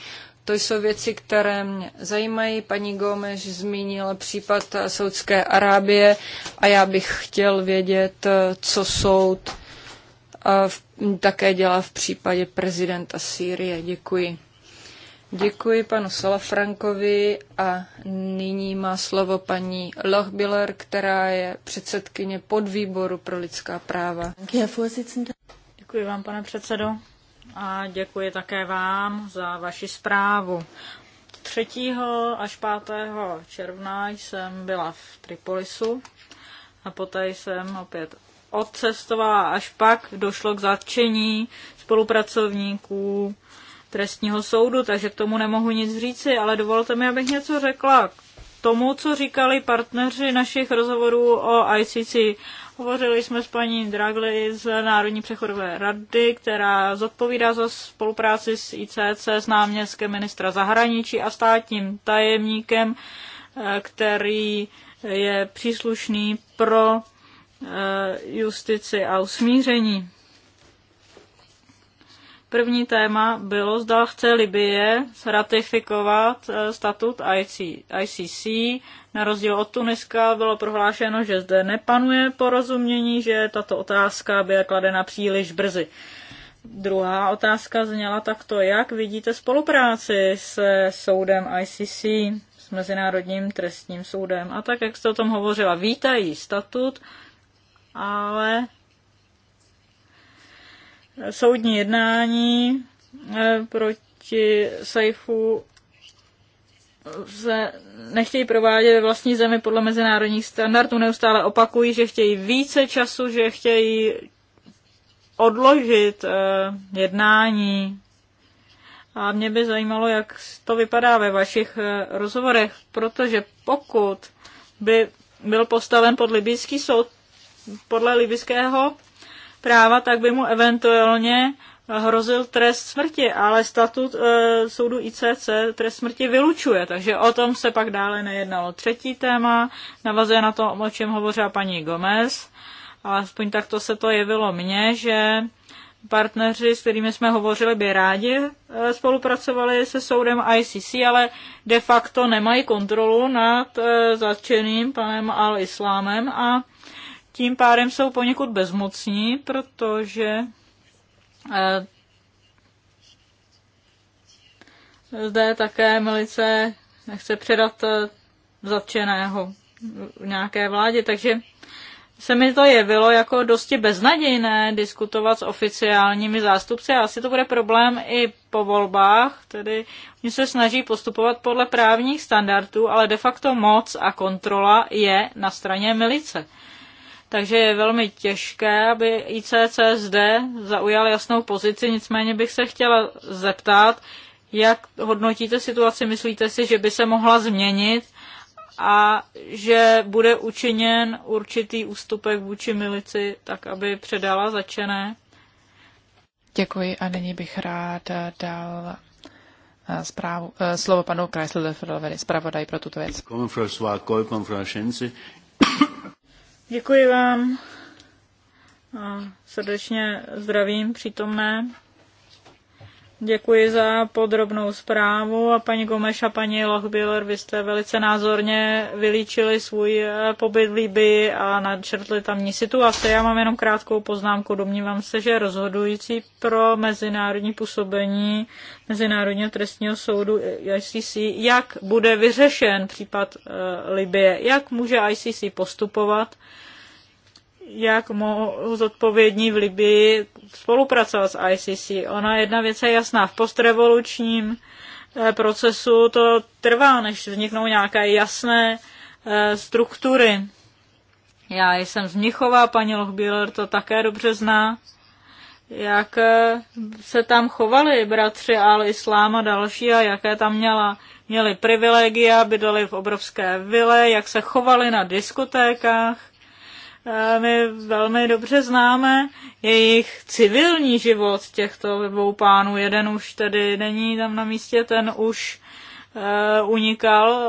To jsou věci, které mě zajímají. Paní Gomeš zmínila případ Saudské Arábie a já bych chtěl vědět, co soud v, také dělá v případě prezidenta Sýrie. Děkuji. Děkuji panu Salafrankovi a nyní má slovo paní Lochbiller, která je předsedkyně podvýboru pro lidská práva. Děkuji vám, pane předsedo a děkuji také vám za vaši zprávu. 3. až 5. června jsem byla v Tripolisu a poté jsem opět odcestovala, až pak došlo k zatčení spolupracovníků trestního soudu, takže k tomu nemohu nic říci, ale dovolte mi, abych něco řekla k tomu, co říkali partneři našich rozhovorů o ICC Hovořili jsme s paní Dragli z Národní přechodové rady, která zodpovídá za spolupráci s ICC, s náměstkem ministra zahraničí a státním tajemníkem, eh, který je příslušný pro eh, justici a usmíření. První téma bylo, zda chce Libie ratifikovat eh, statut ICC. Na rozdíl od Tuniska bylo prohlášeno, že zde nepanuje porozumění, že tato otázka byla kladena příliš brzy. Druhá otázka zněla takto, jak vidíte spolupráci se soudem ICC, s Mezinárodním trestním soudem. A tak, jak jste o tom hovořila, vítají statut, ale soudní jednání eh, proti Sejfu se nechtějí provádět ve vlastní zemi podle mezinárodních standardů, neustále opakují, že chtějí více času, že chtějí odložit eh, jednání. A mě by zajímalo, jak to vypadá ve vašich eh, rozhovorech, protože pokud by byl postaven pod libýský soud, podle libyského práva, tak by mu eventuálně hrozil trest smrti, ale statut e, soudu ICC trest smrti vylučuje, takže o tom se pak dále nejednalo. Třetí téma navazuje na to, o čem hovořila paní Gomez, alespoň takto se to jevilo mně, že partneři, s kterými jsme hovořili, by rádi e, spolupracovali se soudem ICC, ale de facto nemají kontrolu nad e, zatčeným panem Al-Islámem a tím pádem jsou poněkud bezmocní, protože eh, zde také milice nechce předat eh, zatčeného nějaké vládě, takže se mi to jevilo jako dosti beznadějné diskutovat s oficiálními zástupci a asi to bude problém i po volbách, tedy oni se snaží postupovat podle právních standardů, ale de facto moc a kontrola je na straně milice takže je velmi těžké, aby ICC zde zaujal jasnou pozici, nicméně bych se chtěla zeptat, jak hodnotíte situaci, myslíte si, že by se mohla změnit a že bude učiněn určitý ústupek vůči milici, tak aby předala začené? Děkuji a nyní bych rád dal eh, zprávu, eh, slovo panu Kreislerovi, zpravodaj pro tuto věc. Děkuji vám a srdečně zdravím přítomné. Děkuji za podrobnou zprávu a paní Gomeš a paní Lochbiller, vy jste velice názorně vylíčili svůj eh, pobyt v Libii a nadčrtli tamní situaci. Já mám jenom krátkou poznámku. Domnívám se, že rozhodující pro mezinárodní působení Mezinárodního trestního soudu ICC, jak bude vyřešen případ eh, Libie, jak může ICC postupovat, jak mohou zodpovědní v Libii spolupracovat s ICC. Ona jedna věc je jasná, v postrevolučním eh, procesu to trvá, než vzniknou nějaké jasné eh, struktury. Já jsem z Mnichova, paní Lochbiller, to také dobře zná, jak eh, se tam chovali bratři al-Islám a další a jaké tam měla, měli privilegia, bydleli v obrovské vile, jak se chovali na diskotékách, my velmi dobře známe jejich civilní život těchto dvou pánů. Jeden už tedy není tam na místě, ten už eh, unikal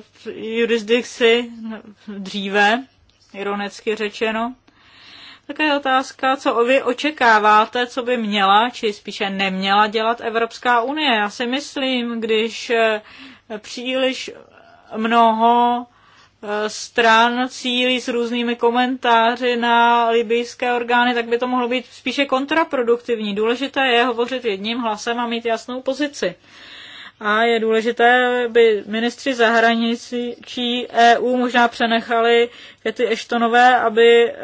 v eh, jurisdikci dříve, ironicky řečeno. Také je otázka, co vy očekáváte, co by měla, či spíše neměla dělat Evropská unie. Já si myslím, když eh, příliš mnoho Eh, stran cílí s různými komentáři na libijské orgány, tak by to mohlo být spíše kontraproduktivní. Důležité je hovořit jedním hlasem a mít jasnou pozici a je důležité, aby ministři zahraničí EU možná přenechali Kety Eštonové, aby eh,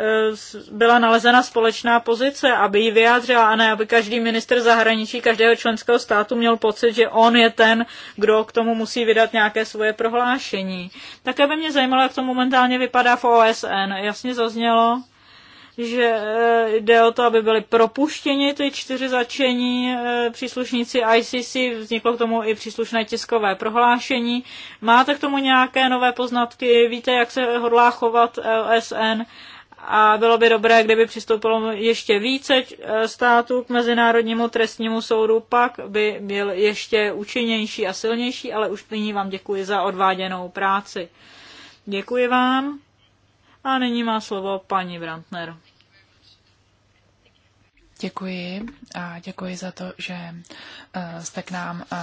byla nalezena společná pozice, aby ji vyjádřila, a ne aby každý minister zahraničí každého členského státu měl pocit, že on je ten, kdo k tomu musí vydat nějaké svoje prohlášení. Také by mě zajímalo, jak to momentálně vypadá v OSN. Jasně zaznělo, že eh, jde o to, aby byly propuštěni ty čtyři začení eh, příslušníci ICC, vzniklo k tomu i příslušné tiskové prohlášení. Máte k tomu nějaké nové poznatky? Víte, jak se hodlá chovat OSN? A bylo by dobré, kdyby přistoupilo ještě více eh, států k Mezinárodnímu trestnímu soudu, pak by byl ještě účinnější a silnější, ale už nyní vám děkuji za odváděnou práci. Děkuji vám. A nyní má slovo paní Brantner. Děkuji a děkuji za to, že eh, jste k nám eh,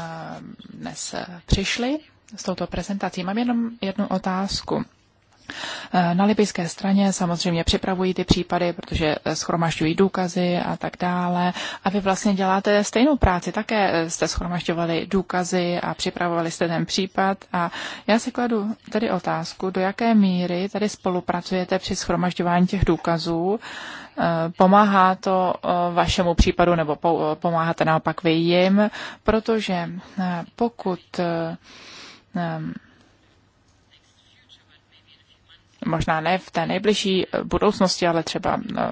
dnes eh, přišli s touto prezentací. Mám jenom jednu otázku. Eh, na libyské straně samozřejmě připravují ty případy, protože eh, schromažďují důkazy a tak dále. A vy vlastně děláte stejnou práci. Také eh, jste schromažďovali důkazy a připravovali jste ten případ. A já si kladu tedy otázku, do jaké míry tady spolupracujete při schromažďování těch důkazů. Pomáhá to vašemu případu nebo pomáháte naopak vy jim, protože pokud možná ne v té nejbližší eh, budoucnosti, ale třeba eh,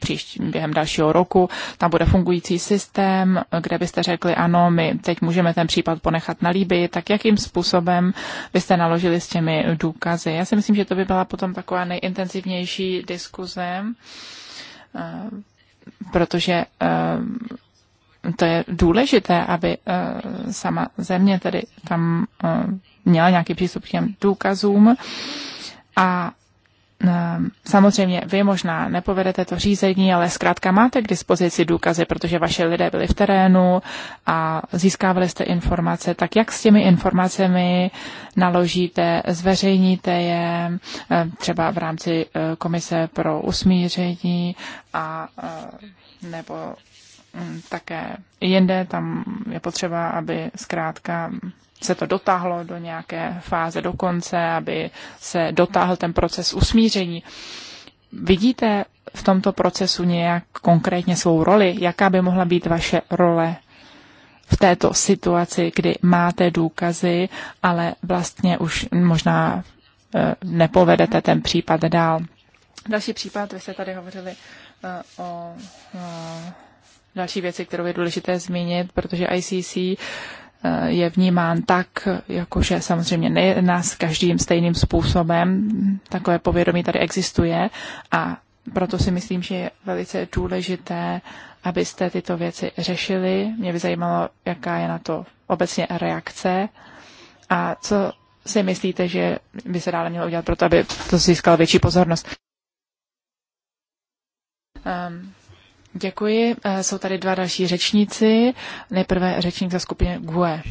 příští, během dalšího roku, tam bude fungující systém, kde byste řekli, ano, my teď můžeme ten případ ponechat na líby, tak jakým způsobem byste naložili s těmi důkazy. Já si myslím, že to by byla potom taková nejintenzivnější diskuze, eh, protože to je důležité, aby sama země tedy tam měla nějaký přístup k těm důkazům. A e, Samozřejmě vy možná nepovedete to řízení, ale zkrátka máte k dispozici důkazy, protože vaše lidé byli v terénu a získávali jste informace. Tak jak s těmi informacemi naložíte, zveřejníte je e, třeba v rámci e, komise pro usmíření a nebo mm, také jinde, tam je potřeba, aby zkrátka se to dotáhlo do nějaké fáze do konce, aby se dotáhl ten proces usmíření. Vidíte v tomto procesu nějak konkrétně svou roli? Jaká by mohla být vaše role v této situaci, kdy máte důkazy, ale vlastně už možná eh, nepovedete ten případ dál? Další případ, vy jste tady hovořili eh, o eh, další věci, kterou je důležité zmínit, protože ICC Eh, je vnímán tak, jakože samozřejmě nejedná s každým stejným způsobem, takové povědomí tady existuje a proto si myslím, že je velice důležité, abyste tyto věci řešili. Mě by zajímalo, jaká je na to obecně reakce a co si myslíte, že by se dále mělo udělat pro to, aby to získalo větší pozornost. Um, Děkuji. Eh, jsou tady dva další řečníci. Nejprve řečník za skupině GUE.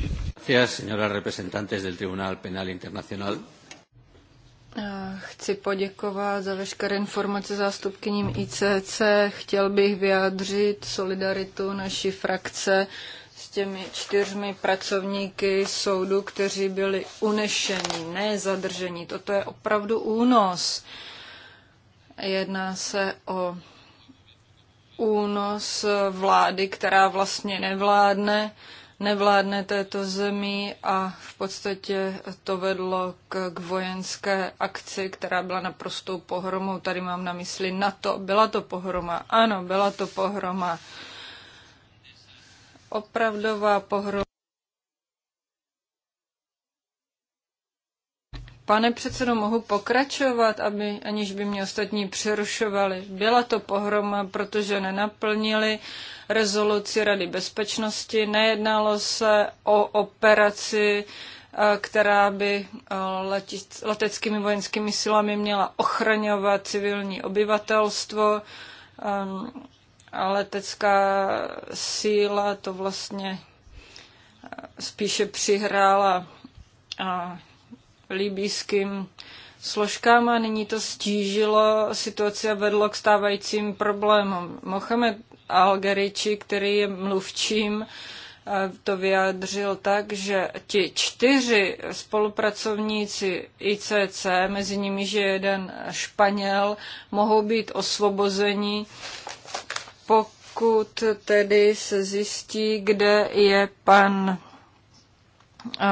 Eh, chci poděkovat za veškeré informace zástupkyním ICC. Chtěl bych vyjádřit solidaritu naší frakce s těmi čtyřmi pracovníky soudu, kteří byli unešeni, ne zadrženi. Toto je opravdu únos. Jedná se o únos vlády, která vlastně nevládne, nevládne této zemi a v podstatě to vedlo k, k vojenské akci, která byla naprostou pohromou. Tady mám na mysli NATO. Byla to pohroma. Ano, byla to pohroma. Opravdová pohroma. Pane předsedo, mohu pokračovat, aby, aniž by mě ostatní přerušovali. Byla to pohroma, protože nenaplnili rezoluci Rady bezpečnosti, nejednalo se o operaci, která by leteckými vojenskými silami měla ochraňovat civilní obyvatelstvo. Ehm, a letecká síla to vlastně spíše přihrála a libijským složkám a nyní to stížilo situaci a vedlo k stávajícím problémům. Mohamed Algeriči, který je mluvčím, eh, to vyjádřil tak, že ti čtyři spolupracovníci ICC, mezi nimi je jeden Španěl, mohou být osvobozeni, pokud tedy se zjistí, kde je pan uh,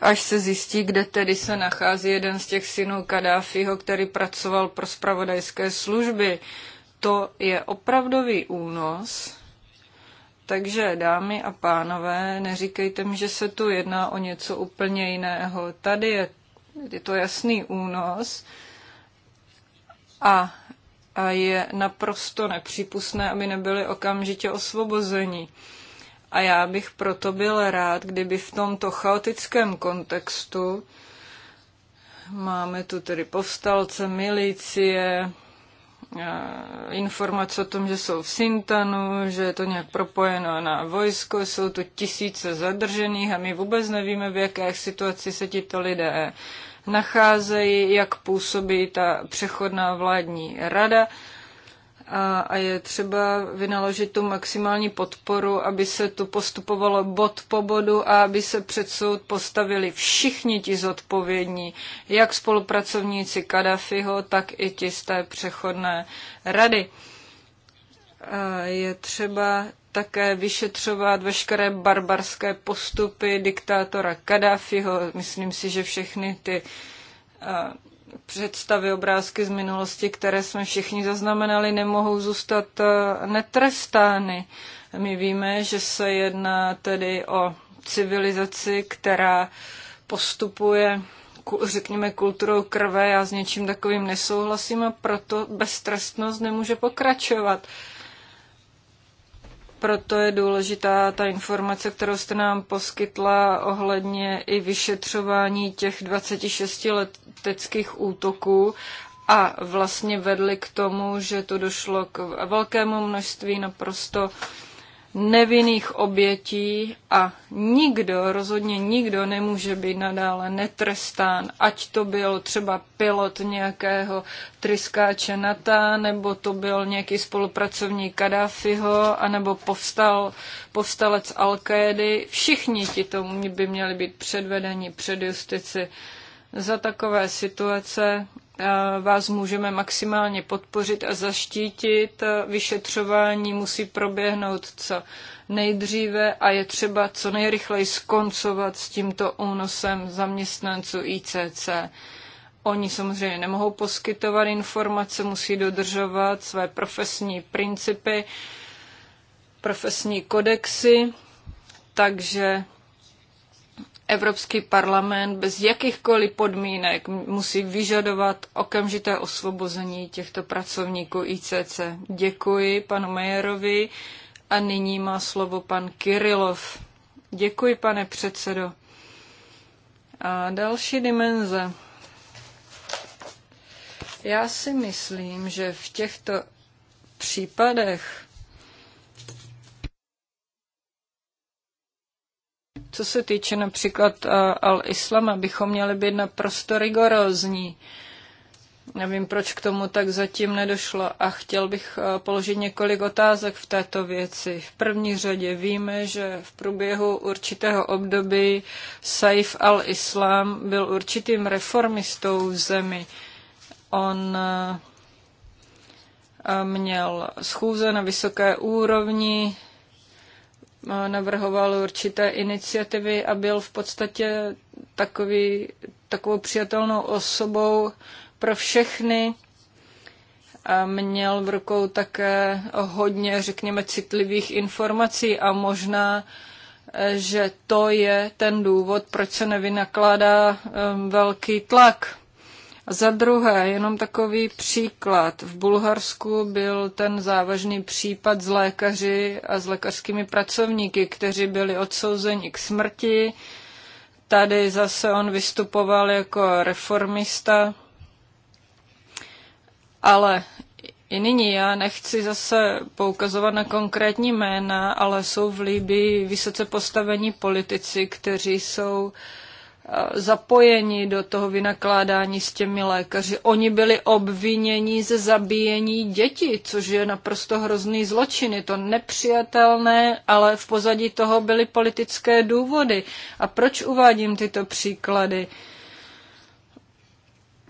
až se zjistí, kde tedy se nachází jeden z těch synů Kadáfiho, který pracoval pro spravodajské služby. To je opravdový únos. Takže, dámy a pánové, neříkejte mi, že se tu jedná o něco úplně jiného. Tady je, je to jasný únos a, a je naprosto nepřípustné, aby nebyli okamžitě osvobozeni. A já bych proto byl rád, kdyby v tomto chaotickém kontextu máme tu tedy povstalce, milicie, informace o tom, že jsou v Sintanu, že je to nějak propojeno na vojsko, jsou tu tisíce zadržených a my vůbec nevíme, v jaké situaci se tito lidé nacházejí, jak působí ta přechodná vládní rada a, a je třeba vynaložit tu maximální podporu, aby se tu postupovalo bod po bodu a aby se před soud postavili všichni ti zodpovědní, jak spolupracovníci Kadafiho, tak i ti z té přechodné rady. A je třeba také vyšetřovat veškeré barbarské postupy diktátora Kadáfiho. Myslím si, že všechny ty představy, obrázky z minulosti, které jsme všichni zaznamenali, nemohou zůstat eh, netrestány. My víme, že se jedná tedy o civilizaci, která postupuje, řekněme, kulturou krve. Já s něčím takovým nesouhlasím a proto beztrestnost nemůže pokračovat. Uh, proto je důležitá ta informace, kterou jste nám poskytla ohledně i vyšetřování těch 26 leteckých útoků a vlastně vedly k tomu, že to došlo k velkému množství naprosto nevinných obětí a nikdo, rozhodně nikdo nemůže být nadále netrestán, ať to byl třeba pilot nějakého tryskáče Nata, nebo to byl nějaký spolupracovník Kadáfiho, anebo povstal, povstalec al -Qaedy. Všichni ti to by měli být předvedeni před justici. Za takové situace vás můžeme maximálně podpořit a zaštítit. Vyšetřování musí proběhnout co nejdříve a je třeba co nejrychleji skoncovat s tímto únosem zaměstnanců ICC. Oni samozřejmě nemohou poskytovat informace, musí dodržovat své profesní principy, profesní kodexy, takže Evropský parlament bez jakýchkoliv podmínek musí vyžadovat okamžité osvobození těchto pracovníků ICC. Děkuji panu Majerovi a nyní má slovo pan Kirilov. Děkuji, pane předsedo. A další dimenze. Já si myslím, že v těchto případech Co se týče například eh, al-Islama, bychom měli být naprosto rigorózní. Nevím, proč k tomu tak zatím nedošlo a chtěl bych eh, položit několik otázek v této věci. V první řadě víme, že v průběhu určitého období Saif al-Islam byl určitým reformistou v zemi. On eh, měl schůze na vysoké úrovni navrhoval určité iniciativy a byl v podstatě takový, takovou přijatelnou osobou pro všechny a měl v rukou také hodně, řekněme, citlivých informací a možná, e, že to je ten důvod, proč se nevynakládá e, velký tlak za druhé, jenom takový příklad. V Bulharsku byl ten závažný případ s lékaři a s lékařskými pracovníky, kteří byli odsouzeni k smrti. Tady zase on vystupoval jako reformista. Ale i nyní já nechci zase poukazovat na konkrétní jména, ale jsou v Líbí vysoce postavení politici, kteří jsou uh, Eh, zapojeni do toho vynakládání s těmi lékaři. Oni byli obviněni ze zabíjení dětí, což je naprosto hrozný zločin. Je to nepřijatelné, ale v pozadí toho byly politické důvody. A proč uvádím tyto příklady?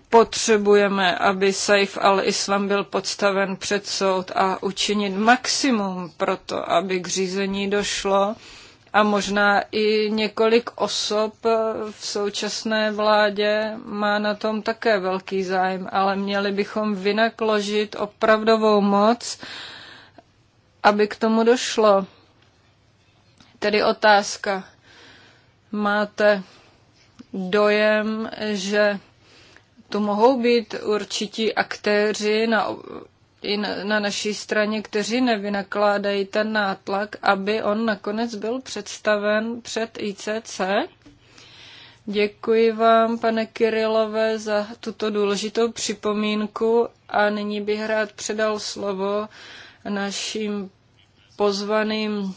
potřebujeme, aby Saif al-Islam byl podstaven před soud a učinit maximum pro to, aby k řízení došlo a možná i několik osob v současné vládě má na tom také velký zájem, ale měli bychom vynakložit opravdovou moc, aby k tomu došlo. Tedy otázka. Máte dojem, že tu mohou být určití aktéři na i na, na naší straně, kteří nevynakládají ten nátlak, aby on nakonec byl představen před ICC. Děkuji vám, pane Kirilové, za tuto důležitou připomínku a nyní bych rád předal slovo našim pozvaným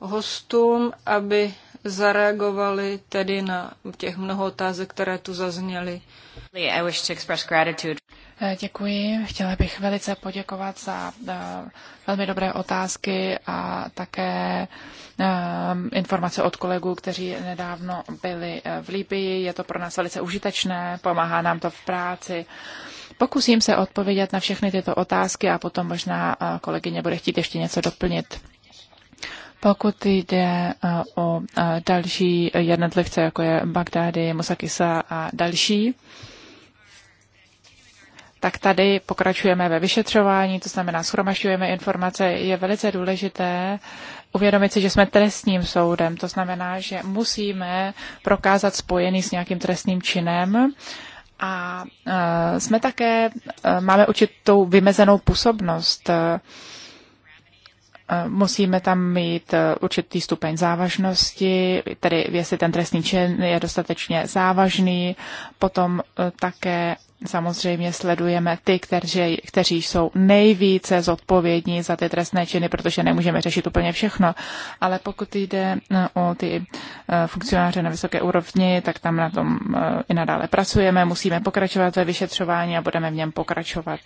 hostům, aby zareagovali tedy na těch mnoho otázek, které tu zazněly. Eh, děkuji. Chtěla bych velice poděkovat za eh, velmi dobré otázky a také eh, informace od kolegů, kteří nedávno byli v Libii. Je to pro nás velice užitečné, pomáhá nám to v práci. Pokusím se odpovědět na všechny tyto otázky a potom možná kolegyně bude chtít ještě něco doplnit. Pokud jde eh, o eh, další jednotlivce, jako je Bagdády, Musakisa a další, tak tady pokračujeme ve vyšetřování, to znamená, schromažďujeme informace. Je velice důležité uvědomit si, že jsme trestním soudem, to znamená, že musíme prokázat spojený s nějakým trestným činem. A eh, jsme také, máme určitou vymezenou působnost. Musíme tam mít eh, určitý stupeň závažnosti, tedy jestli ten trestný čin je dostatečně závažný. Potom eh, také samozřejmě sledujeme ty, kteří, kteří jsou nejvíce zodpovědní za ty trestné činy, protože nemůžeme řešit úplně všechno. Ale pokud jde eh, o ty funkcionáře na vysoké úrovni, tak tam na tom i nadále pracujeme, musíme pokračovat ve vyšetřování a budeme v něm pokračovat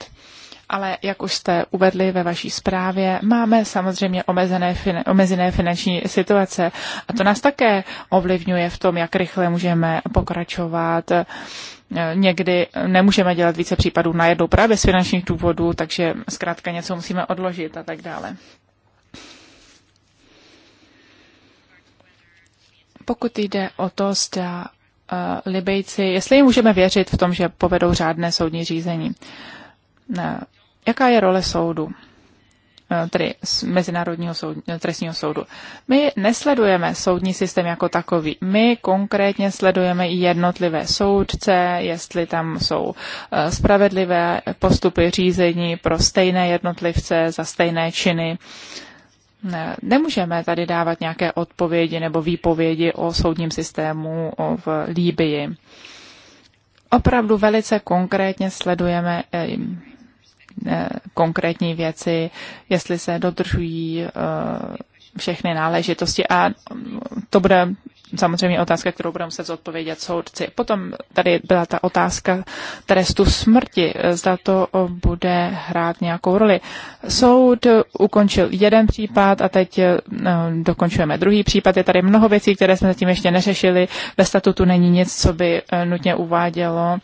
ale jak už jste uvedli ve vaší zprávě, máme samozřejmě omezené, omezené finanční situace a to nás také ovlivňuje v tom, jak rychle můžeme pokračovat. E, někdy nemůžeme dělat více případů najednou právě z finančních důvodů, takže zkrátka něco musíme odložit a tak dále. Pokud jde o to, zda e, Libejci, jestli jim můžeme věřit v tom, že povedou řádné soudní řízení. E, Jaká je role soudu? Eh, tedy z Mezinárodního soud, eh, trestního soudu. My nesledujeme soudní systém jako takový. My konkrétně sledujeme i jednotlivé soudce, jestli tam jsou eh, spravedlivé postupy řízení pro stejné jednotlivce za stejné činy. Nemůžeme tady dávat nějaké odpovědi nebo výpovědi o soudním systému v Líbii. Opravdu velice konkrétně sledujeme Eh, konkrétní věci, jestli se dodržují eh, všechny náležitosti a mm, to bude samozřejmě otázka, kterou budou muset zodpovědět soudci. Potom tady byla ta otázka trestu smrti, zda to eh, bude hrát nějakou roli. Soud ukončil jeden případ a teď dokončujeme druhý případ. Je tady mnoho věcí, které jsme zatím ještě neřešili. Ve statutu není nic, co by nutně uvádělo,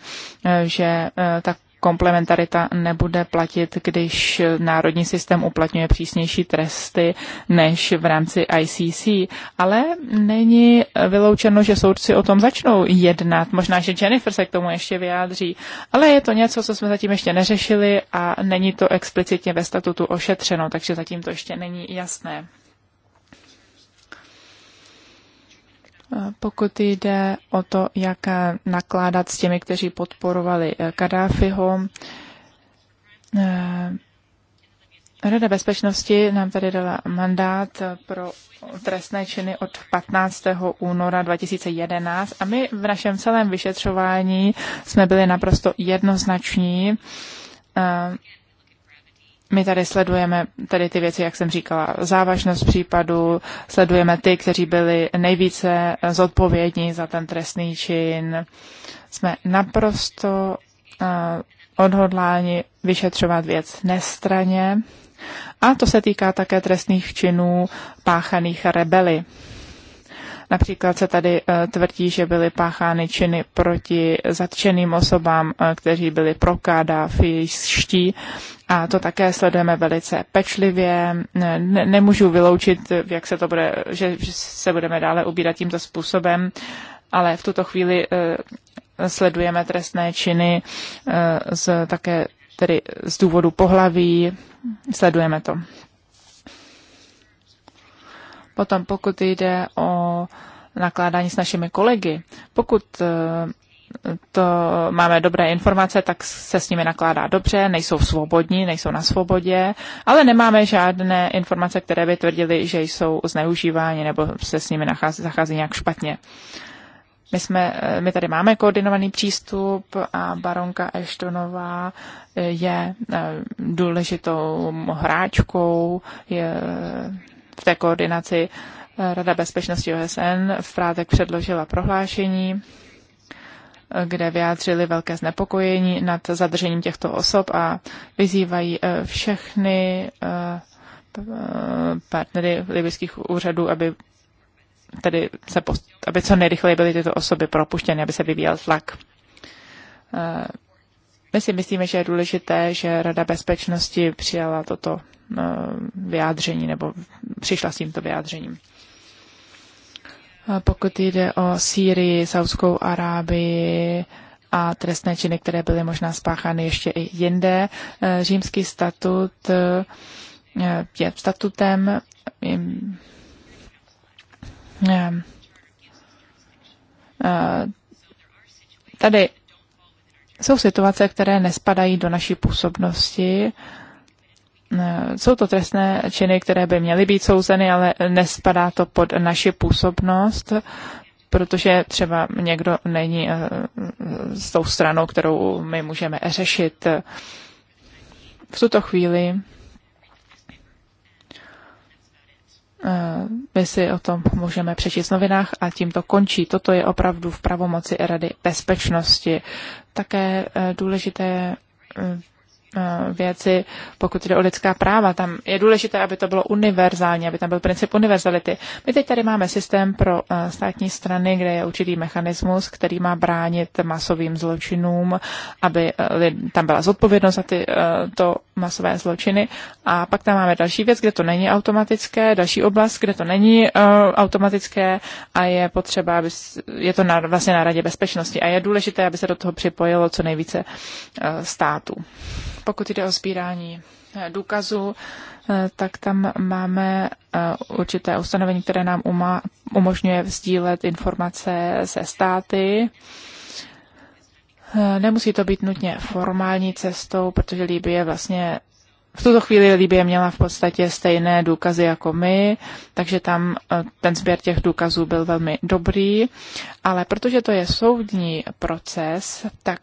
že tak komplementarita nebude platit, když národní systém uplatňuje přísnější tresty než v rámci ICC. Ale není vyloučeno, že soudci o tom začnou jednat. Možná, že Jennifer se k tomu ještě vyjádří. Ale je to něco, co jsme zatím ještě neřešili a není to explicitně ve statutu ošetřeno, takže zatím to ještě není jasné. Pokud jde o to, jak nakládat s těmi, kteří podporovali eh, Kadáfiho, eh, Rada bezpečnosti nám tady dala mandát pro trestné činy od 15. února 2011 a my v našem celém vyšetřování jsme byli naprosto jednoznační eh, my tady sledujeme tady ty věci, jak jsem říkala, závažnost případu, sledujeme ty, kteří byli nejvíce zodpovědní za ten trestný čin. Jsme naprosto eh, odhodláni vyšetřovat věc nestraně. A to se týká také trestných činů páchaných rebely. Například se tady eh, tvrdí, že byly páchány činy proti zatčeným osobám, eh, kteří byli pro kádafijští a to také sledujeme velice pečlivě. Ne, nemůžu vyloučit, jak se to bude, že, že se budeme dále ubírat tímto způsobem, ale v tuto chvíli e, sledujeme trestné činy e, z, také tedy z důvodu pohlaví. Sledujeme to. Potom pokud jde o nakládání s našimi kolegy, pokud eh, to máme dobré informace, tak se s nimi nakládá dobře, nejsou svobodní, nejsou na svobodě, ale nemáme žádné informace, které by tvrdili, že jsou zneužíváni nebo se s nimi nachází, zachází nějak špatně. My, jsme, eh, my tady máme koordinovaný přístup a baronka Eštonová eh, je eh, důležitou hráčkou je v té koordinaci Rada bezpečnosti OSN. V prátek předložila prohlášení kde vyjádřili velké znepokojení nad zadržením těchto osob a vyzývají eh, všechny eh, eh, partnery libyských úřadů, aby tedy se post, aby co nejrychleji byly tyto osoby propuštěny, aby se vyvíjel tlak. My si myslíme, že je důležité, že Rada bezpečnosti přijala toto vyjádření nebo přišla s tímto vyjádřením pokud jde o Sýrii, Saudskou Arábii a trestné činy, které byly možná spáchány ještě i jinde. Eh, římský statut eh, je statutem eh, tady jsou situace, které nespadají do naší působnosti, Eh, jsou to trestné činy, které by měly být souzeny, ale nespadá to pod naši působnost, protože třeba někdo není eh, s tou stranou, kterou my můžeme řešit. V tuto chvíli eh, my si o tom můžeme přečíst v novinách a tím to končí. Toto je opravdu v pravomoci Rady bezpečnosti. Také důležité Eh, věci, pokud jde o lidská práva. Tam je důležité, aby to bylo univerzální, aby tam byl princip univerzality. My teď tady máme systém pro eh, státní strany, kde je určitý mechanismus, který má bránit masovým zločinům, aby eh, tam byla zodpovědnost za ty, to masové zločiny. A pak tam máme další věc, kde to není automatické, další oblast, kde to není uh, automatické a je potřeba, aby, je to na, vlastně na Radě bezpečnosti a je důležité, aby se do toho připojilo co nejvíce uh, států. Pokud jde o sbírání eh, důkazů, tak tam máme určité ustanovení, které nám umožňuje vzdílet informace se státy. Eh, nemusí to být nutně formální cestou, protože Líbie vlastně v tuto chvíli Libie měla v podstatě stejné důkazy jako my, takže tam eh, ten sběr těch důkazů byl velmi dobrý, ale protože to je soudní proces, tak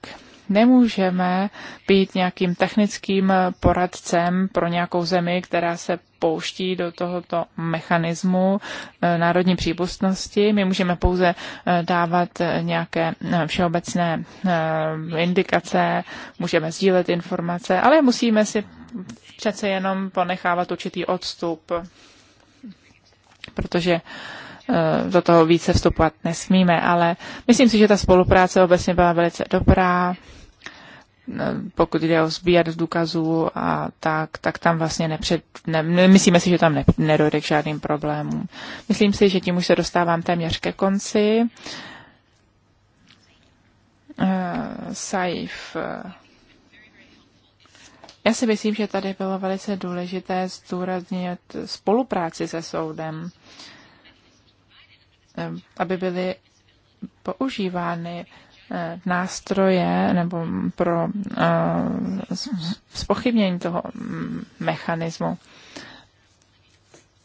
Nemůžeme být nějakým technickým poradcem pro nějakou zemi, která se pouští do tohoto mechanismu eh, národní přípustnosti. My můžeme pouze eh, dávat eh, nějaké všeobecné indikace, můžeme sdílet informace, ale musíme si přece jenom ponechávat určitý odstup, protože Eh, do toho více vstupovat nesmíme, ale myslím si, že ta spolupráce obecně byla velice dobrá. Eh, pokud jde o sbírat důkazů a tak, tak tam vlastně nepřed, ne, myslíme si, že tam ne, nedojde k žádným problémům. Myslím si, že tím už se dostávám téměř ke konci. Uh, Saif. Já si myslím, že tady bylo velice důležité zdůraznit spolupráci se soudem. Uh, Eh, aby byly používány eh, nástroje nebo pro eh, spochybnění toho mm, mechanismu.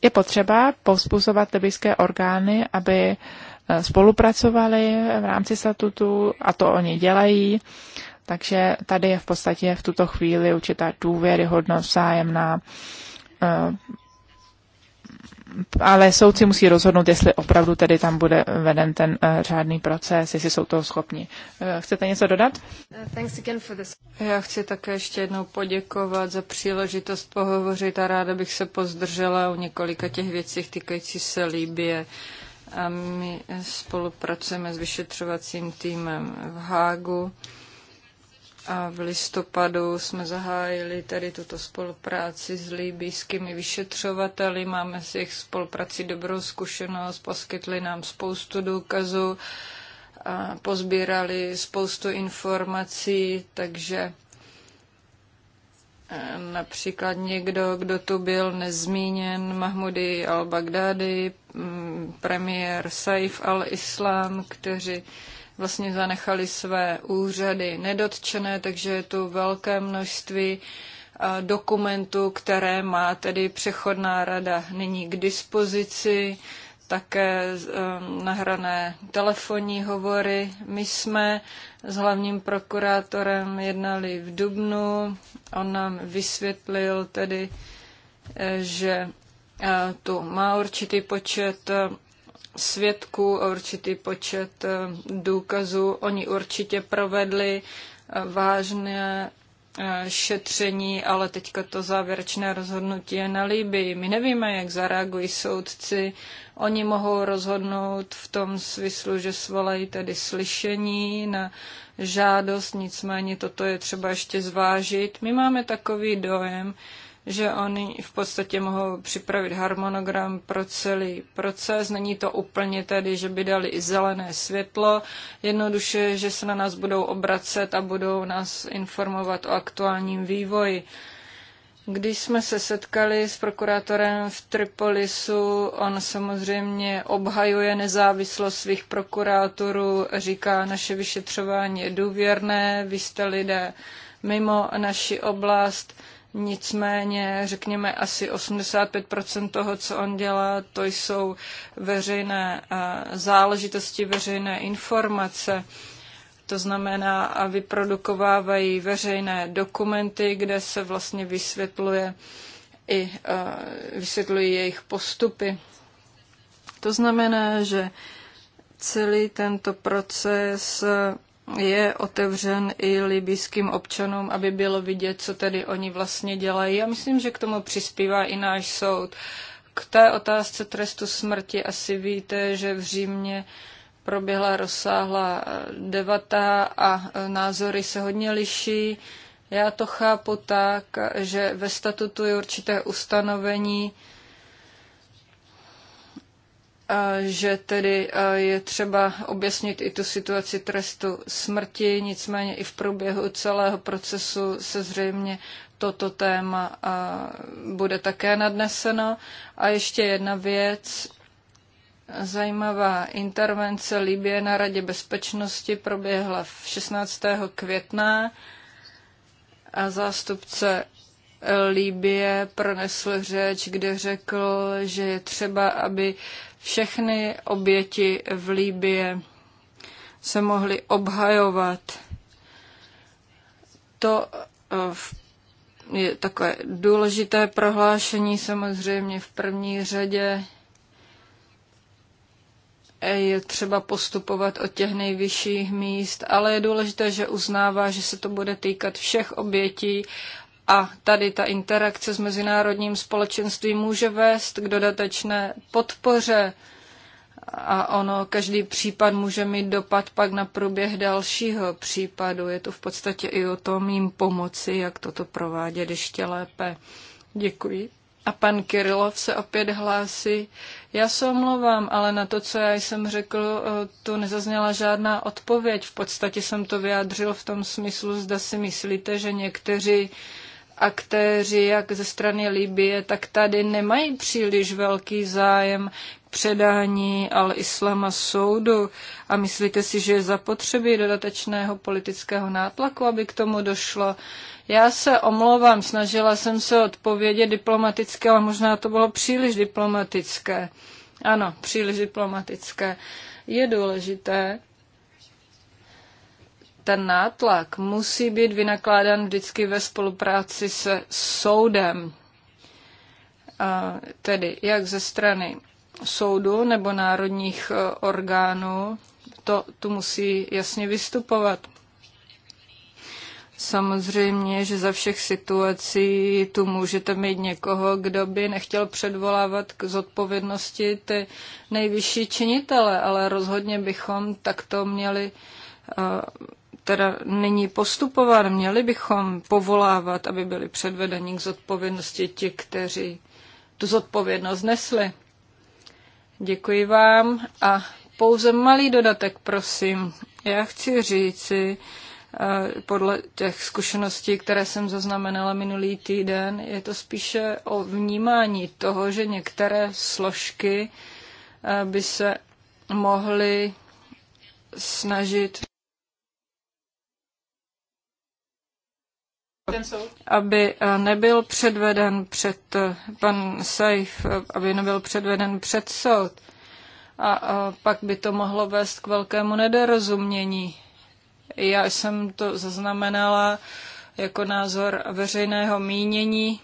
Je potřeba povzbuzovat libijské orgány, aby spolupracovali v rámci statutu a to oni dělají. Takže tady je v podstatě v tuto chvíli určitá důvěryhodnost vzájemná ale soudci musí rozhodnout, jestli opravdu tedy tam bude veden ten eh, řádný proces, jestli jsou toho schopni. Eh, chcete něco dodat? Já chci také ještě jednou poděkovat za příležitost pohovořit a ráda bych se pozdržela u několika těch věcí týkající se Líbie. A my spolupracujeme s vyšetřovacím týmem v Hágu a v listopadu jsme zahájili tady tuto spolupráci s libijskými vyšetřovateli. Máme s jejich spoluprací dobrou zkušenost, poskytli nám spoustu důkazů, a pozbírali spoustu informací, takže eh, Například někdo, kdo tu byl nezmíněn, Mahmudi al-Baghdadi, mm, premiér Saif al-Islam, kteří vlastně zanechali své úřady nedotčené, takže je tu velké množství eh, dokumentů, které má tedy přechodná rada nyní k dispozici, také eh, nahrané telefonní hovory. My jsme s hlavním prokurátorem jednali v Dubnu. On nám vysvětlil tedy, eh, že tu má určitý počet svědků a určitý počet eh, důkazů. Oni určitě provedli eh, vážné eh, šetření, ale teďka to závěrečné rozhodnutí je na Líbii. My nevíme, jak zareagují soudci. Oni mohou rozhodnout v tom smyslu, že svolají tedy slyšení na žádost, nicméně toto je třeba ještě zvážit. My máme takový dojem, že oni v podstatě mohou připravit harmonogram pro celý proces. Není to úplně tedy, že by dali i zelené světlo, jednoduše, že se na nás budou obracet a budou nás informovat o aktuálním vývoji. Když jsme se setkali s prokurátorem v Tripolisu, on samozřejmě obhajuje nezávislost svých prokurátorů, říká, naše vyšetřování je důvěrné, vy jste lidé mimo naši oblast. Nicméně, řekněme, asi 85% toho, co on dělá, to jsou veřejné eh, záležitosti, veřejné informace. To znamená, a vyprodukovávají veřejné dokumenty, kde se vlastně vysvětluje i eh, vysvětlují jejich postupy. To znamená, že celý tento proces je otevřen i libijským občanům, aby bylo vidět, co tedy oni vlastně dělají. Já myslím, že k tomu přispívá i náš soud. K té otázce trestu smrti asi víte, že v Římě proběhla rozsáhlá eh, debata a eh, názory se hodně liší. Já to chápu tak, že ve statutu je určité ustanovení, že tedy e, je třeba objasnit i tu situaci trestu smrti, nicméně i v průběhu celého procesu se zřejmě toto téma e, bude také nadneseno. A ještě jedna věc, zajímavá intervence Libie na Radě bezpečnosti proběhla v 16. května a zástupce Libie pronesl řeč, kde řekl, že je třeba, aby všechny oběti v Líbě se mohly obhajovat. To eh, je takové důležité prohlášení samozřejmě v první řadě eh, je třeba postupovat od těch nejvyšších míst, ale je důležité, že uznává, že se to bude týkat všech obětí a tady ta interakce s mezinárodním společenstvím může vést k dodatečné podpoře a ono, každý případ může mít dopad pak na průběh dalšího případu. Je to v podstatě i o tom jim pomoci, jak toto provádět ještě lépe. Děkuji. A pan Kirilov se opět hlásí. Já se omlouvám, ale na to, co já jsem řekl, eh, to nezazněla žádná odpověď. V podstatě jsem to vyjádřil v tom smyslu, zda si myslíte, že někteří aktéři, jak ze strany Libie, tak tady nemají příliš velký zájem předání al-Islama soudu a myslíte si, že je zapotřebí dodatečného politického nátlaku, aby k tomu došlo? Já se omlouvám, snažila jsem se odpovědět diplomaticky, ale možná to bylo příliš diplomatické. Ano, příliš diplomatické. Je důležité, ten nátlak musí být vynakládán vždycky ve spolupráci se soudem. A tedy jak ze strany soudu nebo národních e, orgánů, to tu musí jasně vystupovat. Samozřejmě, že za všech situací tu můžete mít někoho, kdo by nechtěl předvolávat k zodpovědnosti ty nejvyšší činitele, ale rozhodně bychom takto měli e, teda není postupovat. Měli bychom povolávat, aby byli předvedeni k zodpovědnosti ti, kteří tu zodpovědnost nesli. Děkuji vám a pouze malý dodatek, prosím. Já chci říci, eh, podle těch zkušeností, které jsem zaznamenala minulý týden, je to spíše o vnímání toho, že některé složky eh, by se mohly snažit aby eh, nebyl předveden před eh, pan Saif, eh, aby nebyl předveden před soud. A, a pak by to mohlo vést k velkému nedorozumění. Já jsem to zaznamenala jako názor veřejného mínění,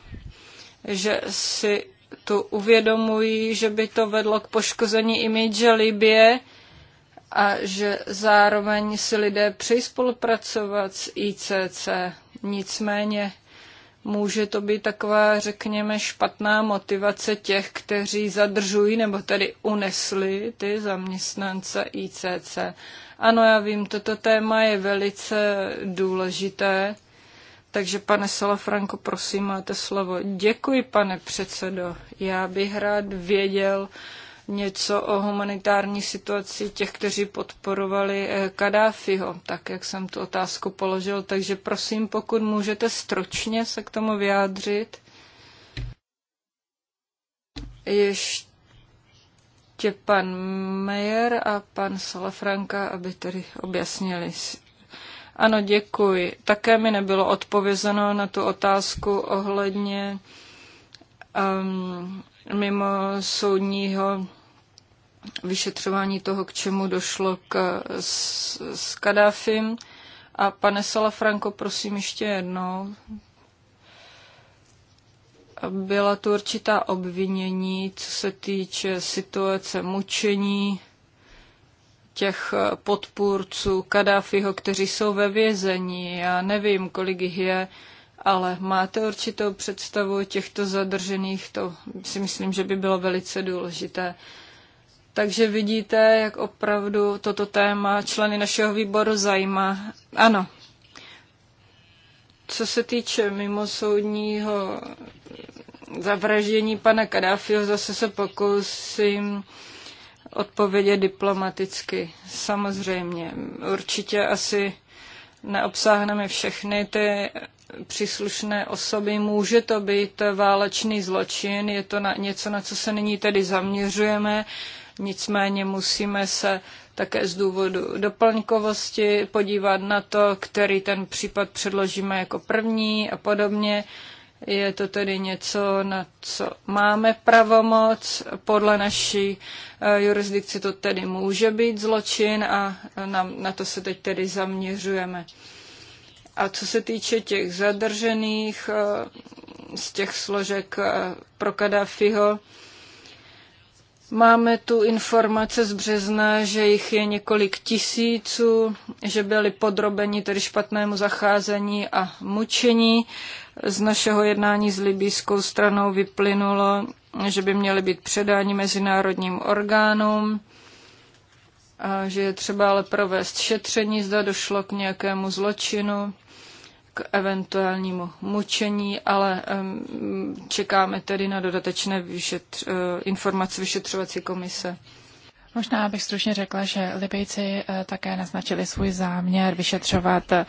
že si tu uvědomují, že by to vedlo k poškození imidže Libie a že zároveň si lidé přejí spolupracovat s ICC. Nicméně může to být taková, řekněme, špatná motivace těch, kteří zadržují nebo tedy unesli ty zaměstnance ICC. Ano, já vím, toto téma je velice důležité, takže pane Salafranko, prosím, máte slovo. Děkuji, pane předsedo. Já bych rád věděl, něco o humanitární situaci těch, kteří podporovali eh, Kadáfiho, tak jak jsem tu otázku položil. Takže prosím, pokud můžete stročně se k tomu vyjádřit. Ještě pan Meyer a pan Salafranka, aby tedy objasnili ano, děkuji. Také mi nebylo odpovězeno na tu otázku ohledně um, mimo soudního vyšetřování toho, k čemu došlo k, s, s Kadáfim. A pane Salafranko, prosím ještě jednou. Byla tu určitá obvinění, co se týče situace mučení těch podpůrců Kadáfiho, kteří jsou ve vězení. Já nevím, kolik jich je ale máte určitou představu těchto zadržených, to si myslím, že by bylo velice důležité. Takže vidíte, jak opravdu toto téma členy našeho výboru zajímá. Ano. Co se týče mimosoudního zavraždění pana Kadáfio, zase se pokusím odpovědět diplomaticky. Samozřejmě. Určitě asi neobsáhneme všechny ty příslušné osoby. Může to být válečný zločin, je to na něco, na co se nyní tedy zaměřujeme, nicméně musíme se také z důvodu doplňkovosti podívat na to, který ten případ předložíme jako první a podobně. Je to tedy něco, na co máme pravomoc. Podle naší eh, jurisdikce to tedy může být zločin a eh, na, na to se teď tedy zaměřujeme. A co se týče těch zadržených eh, z těch složek eh, pro Kadáfiho, Máme tu informace z března, že jich je několik tisíců, že byli podrobeni tedy špatnému zacházení a mučení. Z našeho jednání s libýskou stranou vyplynulo, že by měly být předáni mezinárodním orgánům, a že je třeba ale provést šetření, zda došlo k nějakému zločinu k eventuálnímu mučení, ale čekáme tedy na dodatečné vyšetř, eh, informace vyšetřovací komise. Možná bych stručně řekla, že Libyjci eh, také naznačili svůj záměr vyšetřovat eh,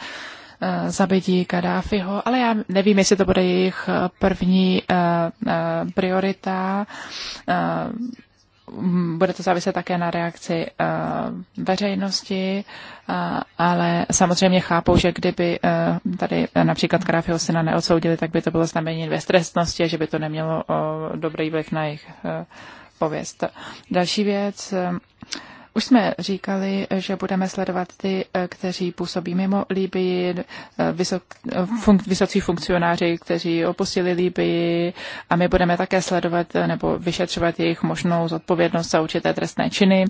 zabití Kadáfiho, ale já nevím, jestli to bude jejich první priorita bude to záviset také na reakci eh, veřejnosti, eh, ale samozřejmě chápou, že kdyby eh, tady například Kráfího syna neodsoudili, tak by to bylo znamení beztrestnosti, že by to nemělo dobrý vliv na jejich pověst. Další věc, už jsme říkali, že budeme sledovat ty, eh, kteří působí mimo Líbyi, eh, vysok, eh, fun, vysocí funkcionáři, kteří opustili Líbyi a my budeme také sledovat nebo vyšetřovat jejich možnou zodpovědnost za určité trestné činy.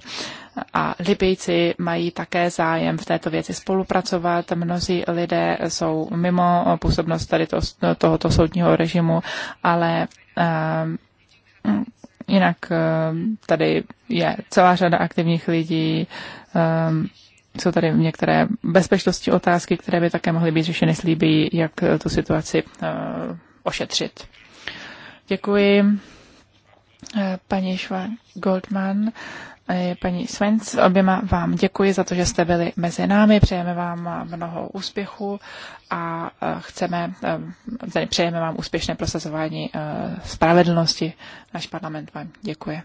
A Libijci mají také zájem v této věci spolupracovat. Mnozí lidé jsou mimo působnost tady to, tohoto soudního režimu, ale Jinak eh, tady je celá řada aktivních lidí, eh, jsou tady některé bezpečnostní otázky, které by také mohly být řešeny slíbí, jak eh, tu situaci ošetřit. Děkuji. Paní Šva Goldman Eh, paní Svenc, oběma vám děkuji za to, že jste byli mezi námi. Přejeme vám mnoho úspěchu a eh, chceme, eh, přejeme vám úspěšné prosazování spravedlnosti. Náš parlament vám děkuje.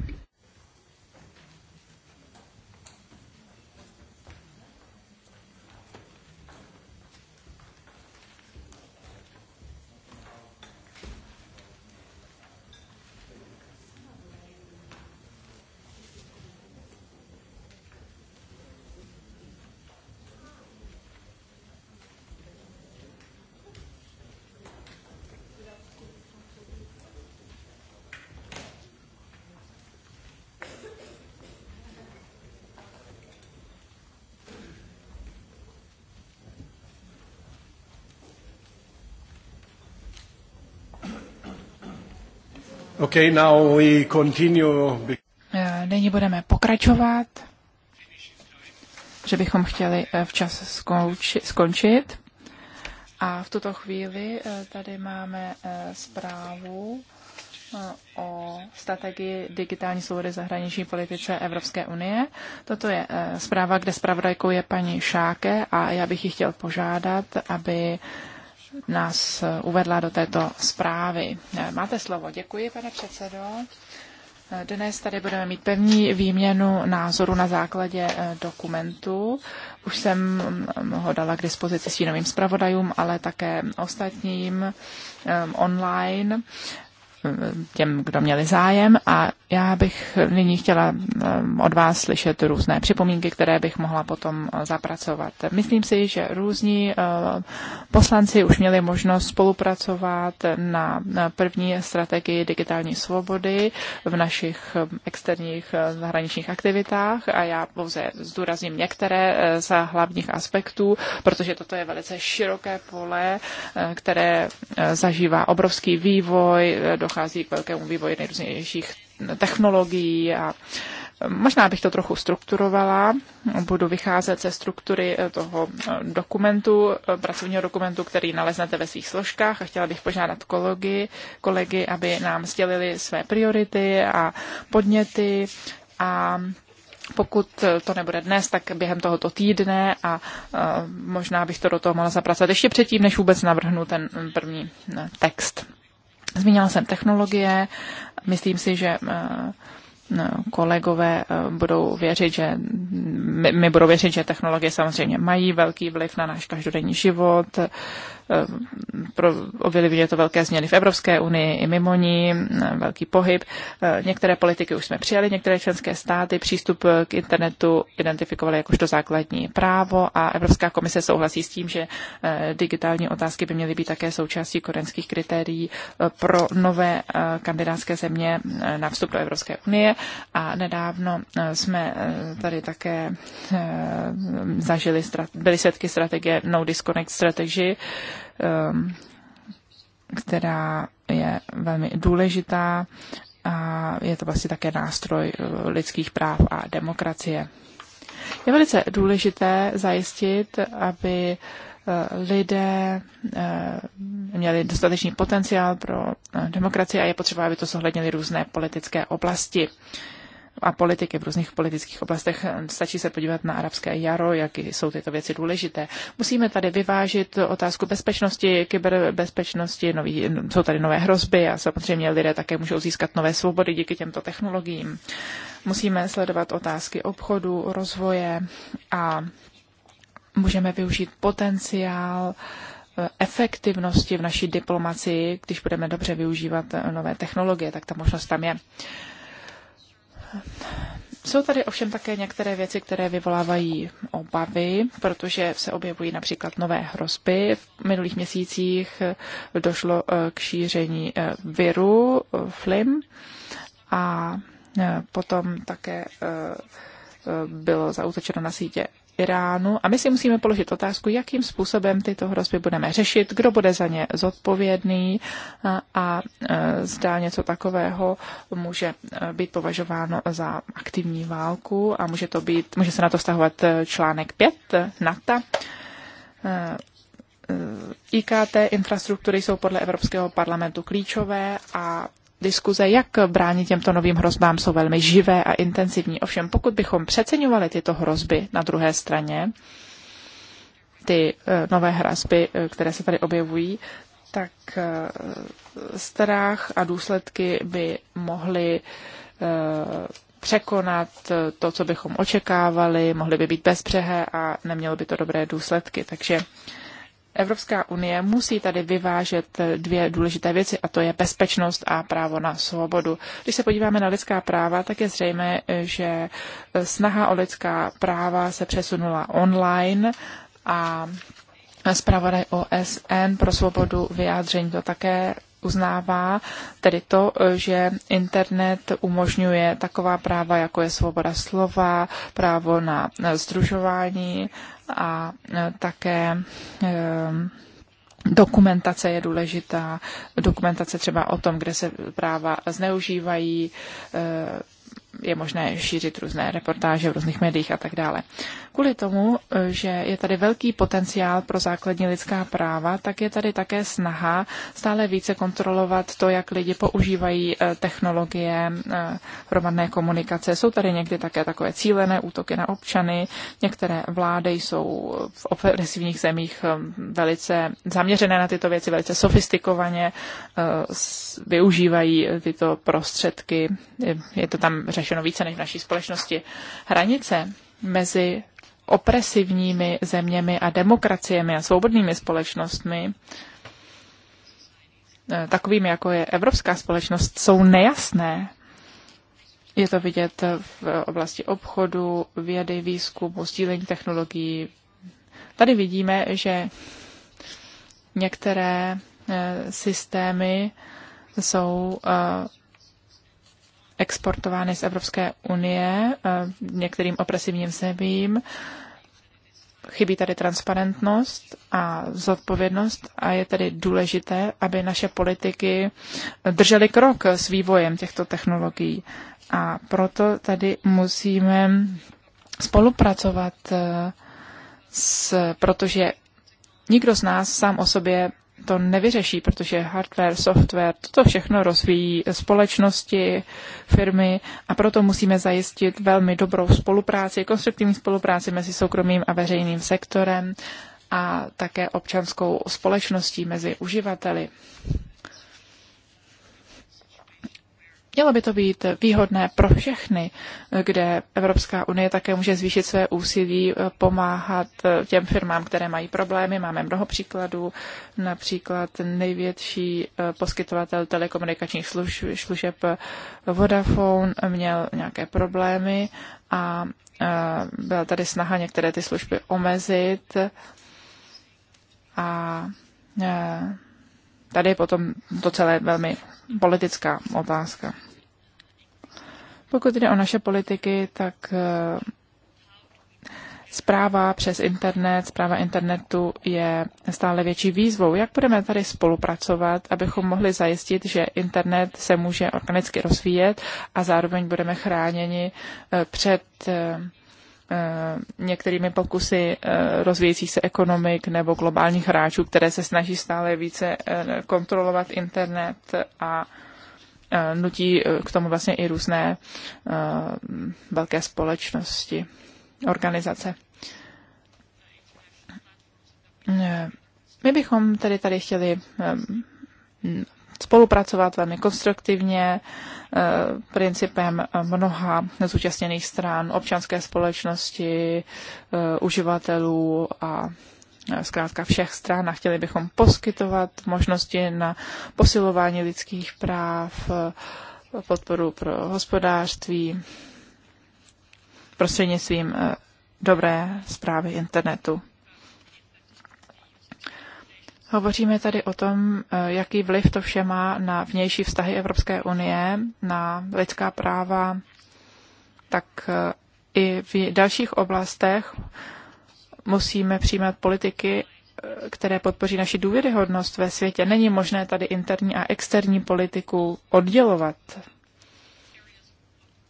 Okay, now we continue. Eh, nyní budeme pokračovat, že bychom chtěli eh, včas skončit. A v tuto chvíli eh, tady máme zprávu o strategii digitální svobody zahraniční politice Evropské unie. Toto je zpráva, kde zpravodajkou je paní Šáke a já bych ji chtěl požádat, aby nás eh, uvedla do této zprávy. Eh, máte slovo. Děkuji, pane předsedo. Eh, dnes tady budeme mít pevní výměnu názoru na základě dokumentu. Už jsem mm, ho dala k dispozici svým novým zpravodajům, ale také ostatním online těm, kdo měli zájem a já bych nyní chtěla eh, od vás slyšet různé připomínky, které bych mohla potom eh, zapracovat. Myslím si, že různí eh, poslanci už měli možnost spolupracovat na první strategii digitální svobody v našich externích zahraničních aktivitách a já pouze zdůrazním některé z hlavních aspektů, protože toto je velice široké pole, které zažívá obrovský vývoj, do dochází k velkému vývoji nejrůznějších technologií a Možná bych to trochu strukturovala. Budu vycházet ze struktury eh, toho eh, dokumentu, eh, pracovního dokumentu, který naleznete ve svých složkách a chtěla bych požádat kolegy, kolegy aby nám sdělili své priority a podněty a pokud to nebude dnes, tak během tohoto týdne a možná bych to do toho mohla zapracovat ještě předtím, než vůbec navrhnu ten mm, první text. Zmínila jsem technologie, myslím si, že eh, no, kolegové eh, budou věřit, že my, my budou věřit, že technologie samozřejmě mají velký vliv na náš každodenní život, Ehm, objevily to velké změny v Evropské unii i mimo ní, ehm, velký pohyb. Ehm, některé politiky už jsme přijali, některé členské státy přístup eh, k internetu identifikovaly jakožto základní právo a Evropská komise souhlasí s tím, že eh, digitální otázky by měly být také součástí korenských kritérií eh, pro nové kandidátské země na vstup do Evropské unie. A nedávno jsme tady také zažili, byli svědky strategie No Disconnect Strategy, Um, která je velmi důležitá a je to vlastně také nástroj uh, lidských práv a demokracie. Je velice důležité zajistit, aby uh, lidé uh, měli dostatečný potenciál pro demokracii a je potřeba, aby to zohlednili různé politické oblasti a politiky v různých politických oblastech. Stačí se podívat na arabské jaro, jak jsou tyto věci důležité. Musíme tady vyvážit otázku bezpečnosti, kyberbezpečnosti, nový, jsou tady nové hrozby a samozřejmě lidé také můžou získat nové svobody díky těmto technologiím. Musíme sledovat otázky obchodu, rozvoje a můžeme využít potenciál eh, efektivnosti v naší diplomacii, když budeme dobře využívat eh, nové technologie, tak ta možnost tam je. Jsou tady ovšem také některé věci, které vyvolávají obavy, protože se objevují například nové hrozby. V minulých měsících došlo eh, k šíření eh, viru eh, FLIM a potom také bylo zautočeno na sítě Iránu a my si musíme položit otázku, jakým způsobem tyto hrozby budeme řešit, kdo bude za ně zodpovědný a, a e, zdá něco takového může e, být považováno za aktivní válku a může, to být, může se na to vztahovat e, článek 5 NATO. IKT infrastruktury jsou podle Evropského parlamentu klíčové a diskuze, jak bránit těmto novým hrozbám, jsou velmi živé a intenzivní. Ovšem, pokud bychom přeceňovali tyto hrozby na druhé straně, ty eh, nové hrozby, eh, které se tady objevují, tak eh, strach a důsledky by mohly překonat to, co bychom očekávali, mohly by být přehé a nemělo by to dobré důsledky. Takže Evropská unie musí tady vyvážet dvě důležité věci, a to je bezpečnost a právo na svobodu. Když se podíváme na lidská práva, tak je zřejmé, že snaha o lidská práva se přesunula online a zpravodaj OSN pro svobodu vyjádření to také uznává tedy to, že internet umožňuje taková práva, jako je svoboda slova, právo na združování a e, také e, Dokumentace je důležitá, dokumentace třeba o tom, kde se práva zneužívají, e, je možné šířit různé reportáže v různých médiích a tak dále. Kvůli tomu, eh, že je tady velký potenciál pro základní lidská práva, tak je tady také snaha stále více kontrolovat to, jak lidi používají eh, technologie eh, hromadné komunikace. Jsou tady někdy také takové cílené útoky na občany. Některé vlády jsou v opresivních zemích velice zaměřené na tyto věci, velice sofistikovaně využívají tyto prostředky. Je to tam řešeno více než v naší společnosti. Hranice mezi opresivními zeměmi a demokraciemi a svobodnými společnostmi, e, takovými, jako je evropská společnost, jsou nejasné. Je to vidět v oblasti obchodu, vědy, výzkumu, sdílení technologií. Tady vidíme, že některé e, systémy jsou e, exportovány z Evropské unie některým opresivním zemím Chybí tady transparentnost a zodpovědnost a je tedy důležité, aby naše politiky držely krok s vývojem těchto technologií. A proto tady musíme spolupracovat, eh, s, protože nikdo z nás sám o sobě to nevyřeší, protože hardware, software, toto všechno rozvíjí společnosti, firmy a proto musíme zajistit velmi dobrou spolupráci, konstruktivní spolupráci mezi soukromým a veřejným sektorem a také občanskou společností mezi uživateli. Mělo by to být výhodné pro všechny, kde Evropská unie také může zvýšit své úsilí eh, pomáhat eh, těm firmám, které mají problémy. Máme mnoho příkladů, například největší eh, poskytovatel telekomunikačních služeb Vodafone měl nějaké problémy a byla tady snaha některé ty služby omezit a tady je potom to celé velmi politická otázka. Pokud jde o naše politiky, tak zpráva eh, přes internet, zpráva internetu je stále větší výzvou. Jak budeme tady spolupracovat, abychom mohli zajistit, že internet se může organicky rozvíjet a zároveň budeme chráněni eh, před eh, Eh, některými pokusy eh, rozvíjejících se ekonomik nebo globálních hráčů, které se snaží stále více eh, kontrolovat internet a nutí k tomu vlastně i různé velké společnosti, organizace. My bychom tedy tady chtěli spolupracovat velmi konstruktivně eh, principem mnoha zúčastněných stran, občanské společnosti, eh, uživatelů a eh, zkrátka všech stran a chtěli bychom poskytovat možnosti na posilování lidských práv, podporu pro hospodářství prostřednictvím dobré zprávy internetu. Hovoříme tady o tom, eh, jaký vliv to vše má na vnější vztahy Evropské unie, na lidská práva, tak eh, i v dalších oblastech musíme přijímat politiky, eh, které podpoří naši důvěryhodnost ve světě. Není možné tady interní a externí politiku oddělovat.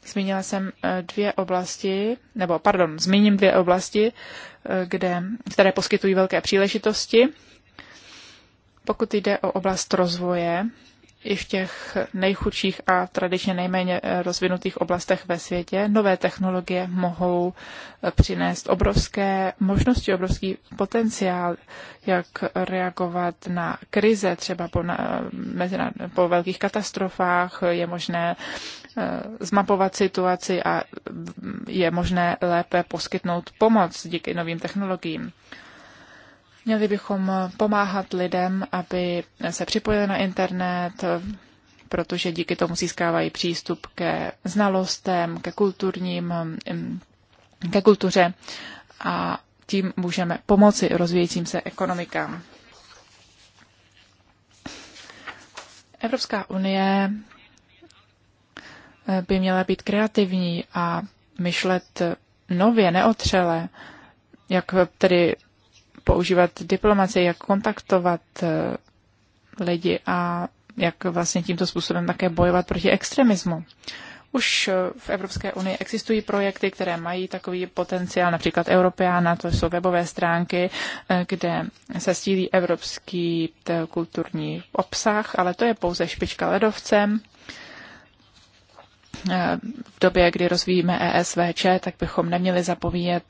Zmínila jsem dvě oblasti, nebo pardon, zmíním dvě oblasti, kde, které poskytují velké příležitosti pokud jde o oblast rozvoje, i v těch nejchudších a tradičně nejméně eh, rozvinutých oblastech ve světě nové technologie mohou eh, přinést obrovské možnosti, obrovský potenciál, jak reagovat na krize, třeba po, na, eh, po velkých katastrofách je možné zmapovat situaci a mm, je možné lépe poskytnout pomoc díky novým technologiím. Měli bychom pomáhat lidem, aby se připojili na internet, protože díky tomu získávají přístup ke znalostem, ke kulturním, ke kultuře a tím můžeme pomoci rozvíjejícím se ekonomikám. Evropská unie eh, by měla být kreativní a myšlet nově, neotřele, jak tedy používat diplomaci, jak kontaktovat eh, lidi a jak vlastně tímto způsobem také bojovat proti extremismu. Už eh, v Evropské unii existují projekty, které mají takový potenciál, například Europeana, to jsou webové stránky, eh, kde se stílí evropský kulturní obsah, ale to je pouze špička ledovcem. V době, kdy rozvíjíme ESVČ, tak bychom neměli zapovíjet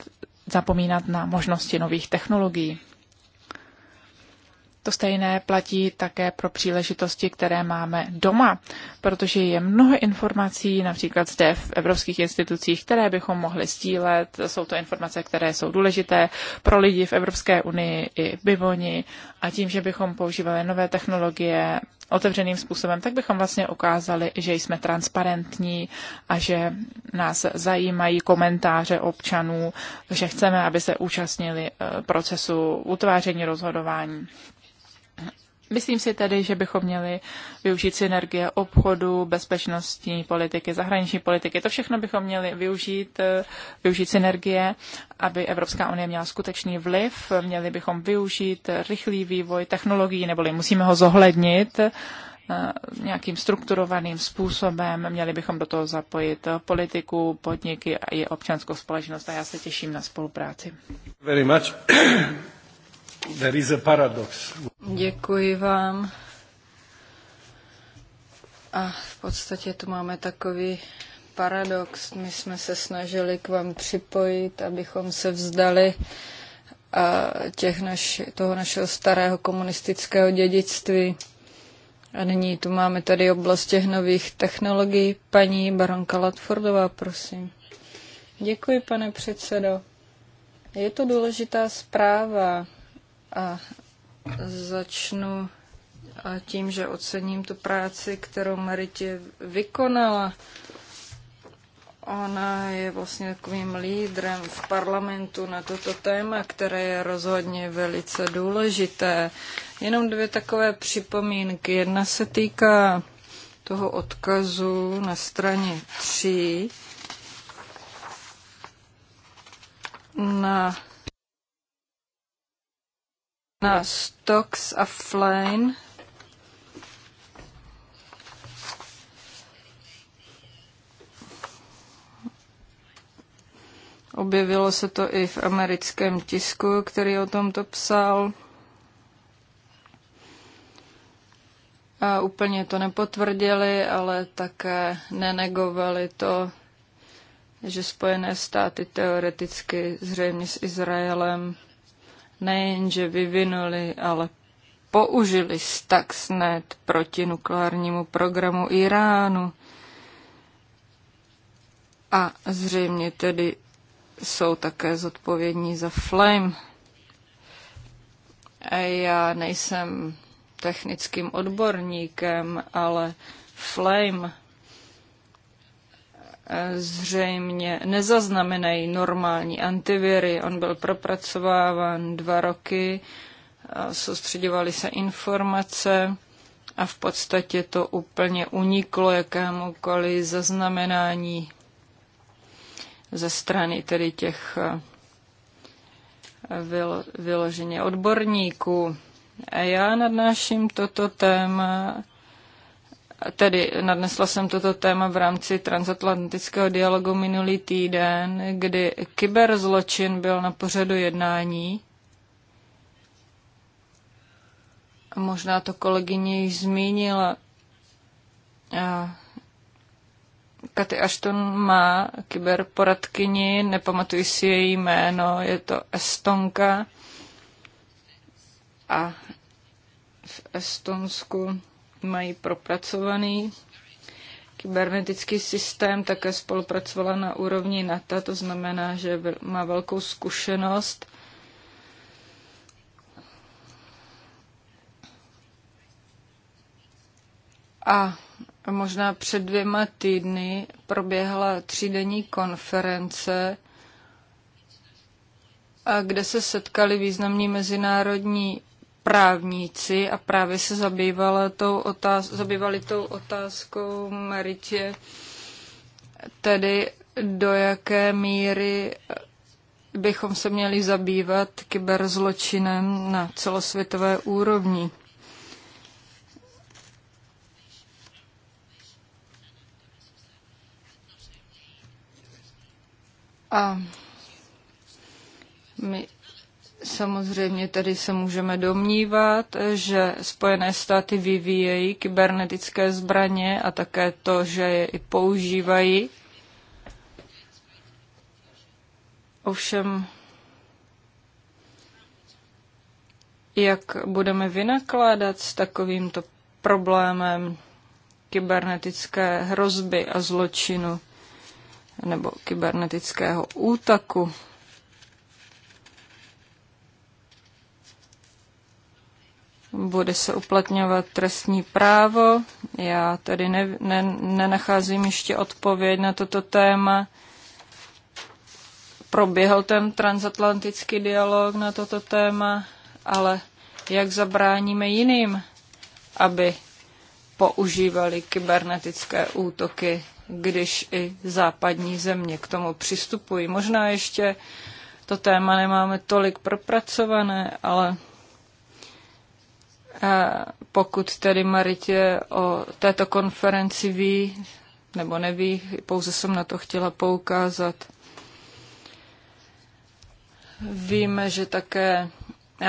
zapomínat na možnosti nových technologií. To stejné platí také pro příležitosti, které máme doma, protože je mnoho informací, například zde v evropských institucích, které bychom mohli sdílet. Jsou to informace, které jsou důležité pro lidi v Evropské unii i bivoni. A tím, že bychom používali nové technologie otevřeným způsobem, tak bychom vlastně ukázali, že jsme transparentní a že nás zajímají komentáře občanů, že chceme, aby se účastnili eh, procesu utváření rozhodování. Myslím si tedy, že bychom měli využít synergie obchodu, bezpečnostní politiky, zahraniční politiky. To všechno bychom měli využít, eh, využít synergie, aby Evropská unie měla skutečný vliv. Měli bychom využít rychlý vývoj technologií, neboli musíme ho zohlednit eh, nějakým strukturovaným způsobem. Měli bychom do toho zapojit politiku, podniky a i občanskou společnost a já se těším na spolupráci. Very much. There is a paradox. Děkuji vám. A v podstatě tu máme takový paradox. My jsme se snažili k vám připojit, abychom se vzdali a těch naš, toho našeho starého komunistického dědictví. A nyní tu máme tady oblast těch nových technologií. Paní baronka Latfordová, prosím. Děkuji, pane předsedo. Je to důležitá zpráva. A začnu tím, že ocením tu práci, kterou Maritě vykonala. Ona je vlastně takovým lídrem v parlamentu na toto téma, které je rozhodně velice důležité. Jenom dvě takové připomínky. Jedna se týká toho odkazu na straně 3 na na Stocks a Flynn. Objevilo se to i v americkém tisku, který o tomto psal. A úplně to nepotvrdili, ale také nenegovali to, že Spojené státy teoreticky zřejmě s Izraelem nejenže vyvinuli, ale použili Stuxnet proti nukleárnímu programu Iránu. A zřejmě tedy jsou také zodpovědní za Flame. A já nejsem technickým odborníkem, ale Flame zřejmě nezaznamenají normální antiviry. On byl propracováván dva roky, soustředovaly se informace a v podstatě to úplně uniklo jakémukoliv zaznamenání ze strany tedy těch eh, vyloženě odborníků. A já nadnáším toto téma Tedy nadnesla jsem toto téma v rámci transatlantického dialogu minulý týden, kdy kyberzločin byl na pořadu jednání. Možná to kolegyně již zmínila. A Katy Ashton má kyberporadkyni, nepamatuji si její jméno, je to Estonka. A v Estonsku mají propracovaný kybernetický systém, také spolupracovala na úrovni NATO, to znamená, že má velkou zkušenost. A možná před dvěma týdny proběhla třídenní konference, kde se setkali významní mezinárodní právníci a právě se zabývala tou otáz- zabývali tou otázkou Maritě, tedy do jaké míry bychom se měli zabývat kyberzločinem na celosvětové úrovni. A my Samozřejmě tady se můžeme domnívat, že Spojené státy vyvíjejí kybernetické zbraně a také to, že je i používají. Ovšem, jak budeme vynakládat s takovýmto problémem kybernetické hrozby a zločinu nebo kybernetického útaku? bude se uplatňovat trestní právo. Já tady ne, ne, nenacházím ještě odpověď na toto téma. Proběhl ten transatlantický dialog na toto téma, ale jak zabráníme jiným, aby používali kybernetické útoky, když i západní země k tomu přistupují. Možná ještě to téma nemáme tolik propracované, ale pokud tedy Maritě o této konferenci ví, nebo neví, pouze jsem na to chtěla poukázat. Víme, že také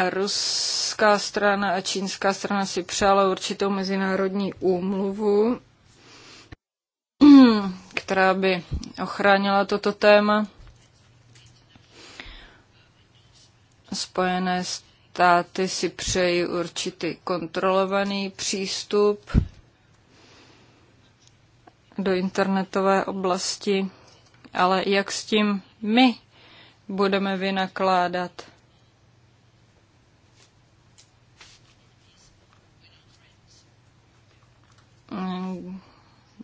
ruská strana a čínská strana si přála určitou mezinárodní úmluvu, která by ochránila toto téma spojené s státy si přejí určitý kontrolovaný přístup do internetové oblasti, ale jak s tím my budeme vynakládat?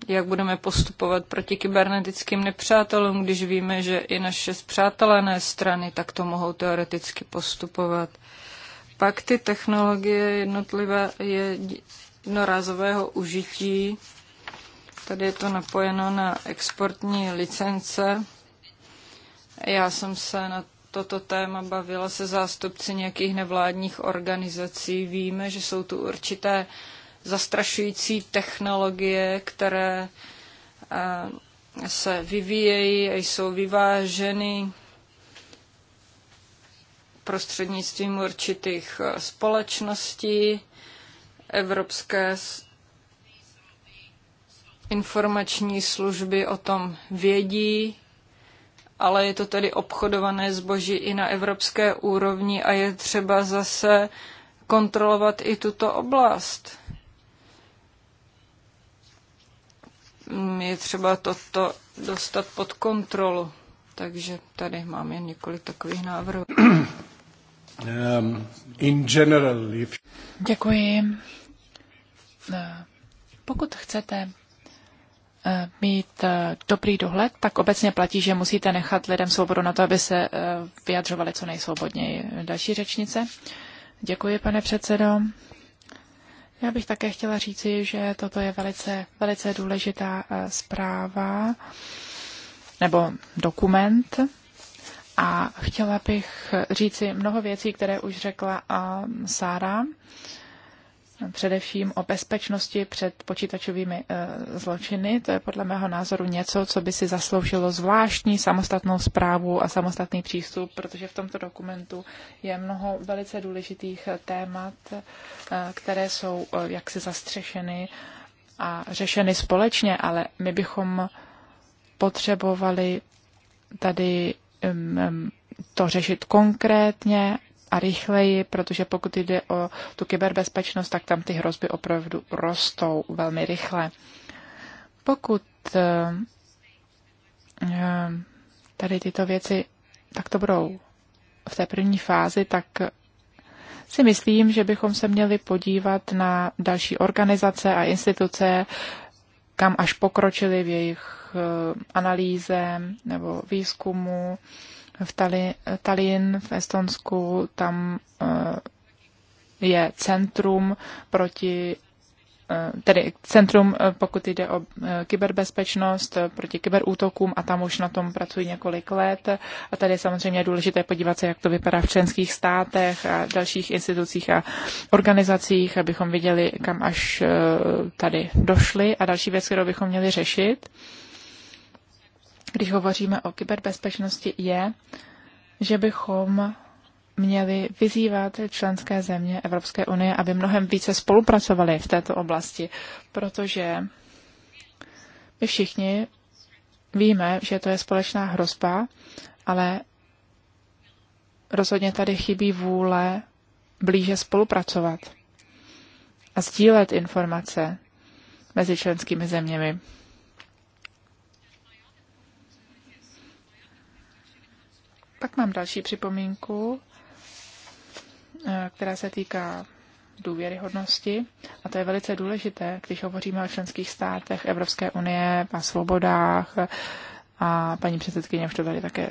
Jak budeme postupovat proti kybernetickým nepřátelům, když víme, že i naše spřátelené strany takto mohou teoreticky postupovat? Pak ty technologie jednotlivé je jednorázového užití. Tady je to napojeno na exportní licence. Já jsem se na toto téma bavila se zástupci nějakých nevládních organizací. Víme, že jsou tu určité zastrašující technologie, které eh, se vyvíjejí a jsou vyváženy prostřednictvím určitých eh, společností, evropské informační služby o tom vědí, ale je to tedy obchodované zboží i na evropské úrovni a je třeba zase kontrolovat i tuto oblast. Mm, je třeba toto dostat pod kontrolu. Takže tady mám jen několik takových návrhů. Um, in general, if... Děkuji. Eh, pokud chcete eh, mít eh, dobrý dohled, tak obecně platí, že musíte nechat lidem svobodu na to, aby se vyjadřovali co nejsvobodněji. Další řečnice. Děkuji, pane předsedo. Já bych také chtěla říci, že toto je velice, velice důležitá zpráva nebo dokument, a chtěla bych říci mnoho věcí, které už řekla Sára, především o bezpečnosti před počítačovými e, zločiny. To je podle mého názoru něco, co by si zasloužilo zvláštní samostatnou zprávu a samostatný přístup, protože v tomto dokumentu je mnoho velice důležitých e, témat, e, které jsou jaksi zastřešeny a řešeny společně, ale my bychom potřebovali tady to řešit konkrétně a rychleji, protože pokud jde o tu kyberbezpečnost, tak tam ty hrozby opravdu rostou velmi rychle. Pokud tady tyto věci takto budou v té první fázi, tak si myslím, že bychom se měli podívat na další organizace a instituce, kam až pokročili v jejich eh, analýze nebo výzkumu. V Tallinn v Estonsku tam eh, je centrum proti Eh, tedy centrum, eh, pokud jde o eh, kyberbezpečnost proti kyberútokům a tam už na tom pracují několik let. A tady samozřejmě je důležité podívat se, jak to vypadá v členských státech a dalších institucích a organizacích, abychom viděli, kam až tady došli. A další věci, kterou bychom měli řešit, když hovoříme o kyberbezpečnosti, je, že bychom měli vyzývat členské země Evropské unie, aby mnohem více spolupracovali v této oblasti, protože my všichni víme, že to je společná hrozba, ale rozhodně tady chybí vůle blíže spolupracovat a sdílet informace mezi členskými zeměmi. Pak mám další připomínku Eh, která se týká důvěryhodnosti, a to je velice důležité, když hovoříme o členských státech Evropské unie a svobodách, a paní předsedkyně už to tady také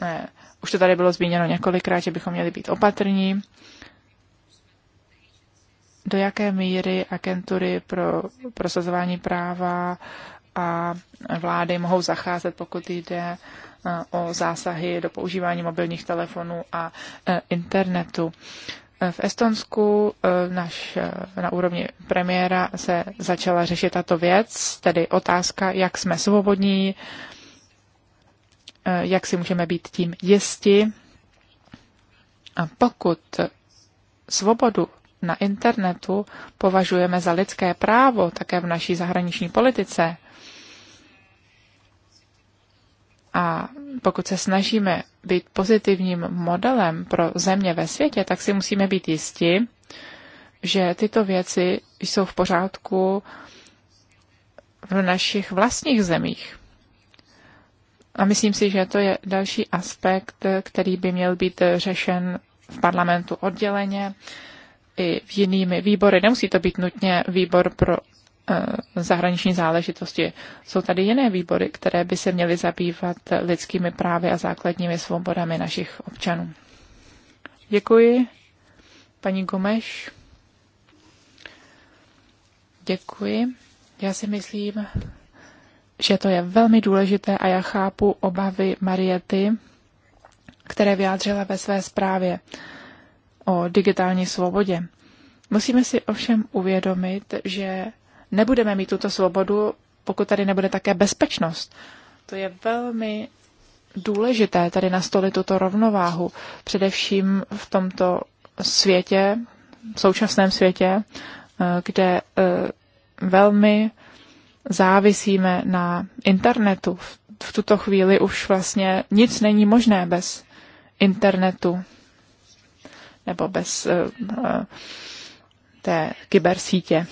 ne, už to tady bylo zmíněno několikrát, že bychom měli být opatrní. Do jaké míry agentury pro prosazování práva a vlády mohou zacházet, pokud jde o zásahy do používání mobilních telefonů a e, internetu. E, v Estonsku e, naš, na úrovni premiéra se začala řešit tato věc, tedy otázka, jak jsme svobodní, jak si můžeme být tím jisti. A pokud svobodu na internetu považujeme za lidské právo také v naší zahraniční politice, a pokud se snažíme být pozitivním modelem pro země ve světě, tak si musíme být jisti, že tyto věci jsou v pořádku v našich vlastních zemích. A myslím si, že to je další aspekt, který by měl být řešen v parlamentu odděleně i v jinými výbory. Nemusí to být nutně výbor pro Eh, zahraniční záležitosti. Jsou tady jiné výbory, které by se měly zabývat lidskými právy a základními svobodami našich občanů. Děkuji. Paní Gomeš. Děkuji. Já si myslím, že to je velmi důležité a já chápu obavy Mariety, které vyjádřila ve své zprávě o digitální svobodě. Musíme si ovšem uvědomit, že nebudeme mít tuto svobodu, pokud tady nebude také bezpečnost. To je velmi důležité tady nastolit tuto rovnováhu, především v tomto světě, v současném světě, eh, kde eh, velmi závisíme na internetu. V tuto chvíli už vlastně nic není možné bez internetu nebo bez eh, té kybersítě.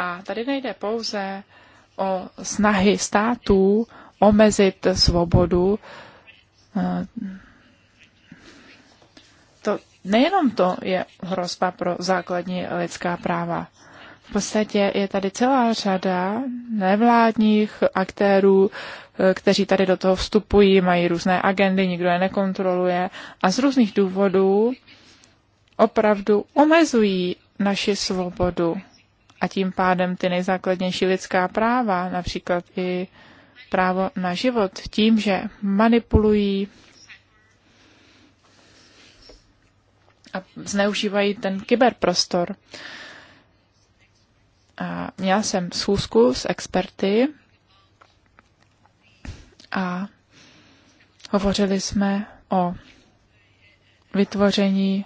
A tady nejde pouze o snahy států omezit svobodu. Eh, to, nejenom to je hrozba pro základní lidská práva. V podstatě je tady celá řada nevládních aktérů, eh, kteří tady do toho vstupují, mají různé agendy, nikdo je nekontroluje a z různých důvodů opravdu omezují naši svobodu a tím pádem ty nejzákladnější lidská práva, například i právo na život, tím, že manipulují a zneužívají ten kyberprostor. A měla jsem schůzku s experty a hovořili jsme o vytvoření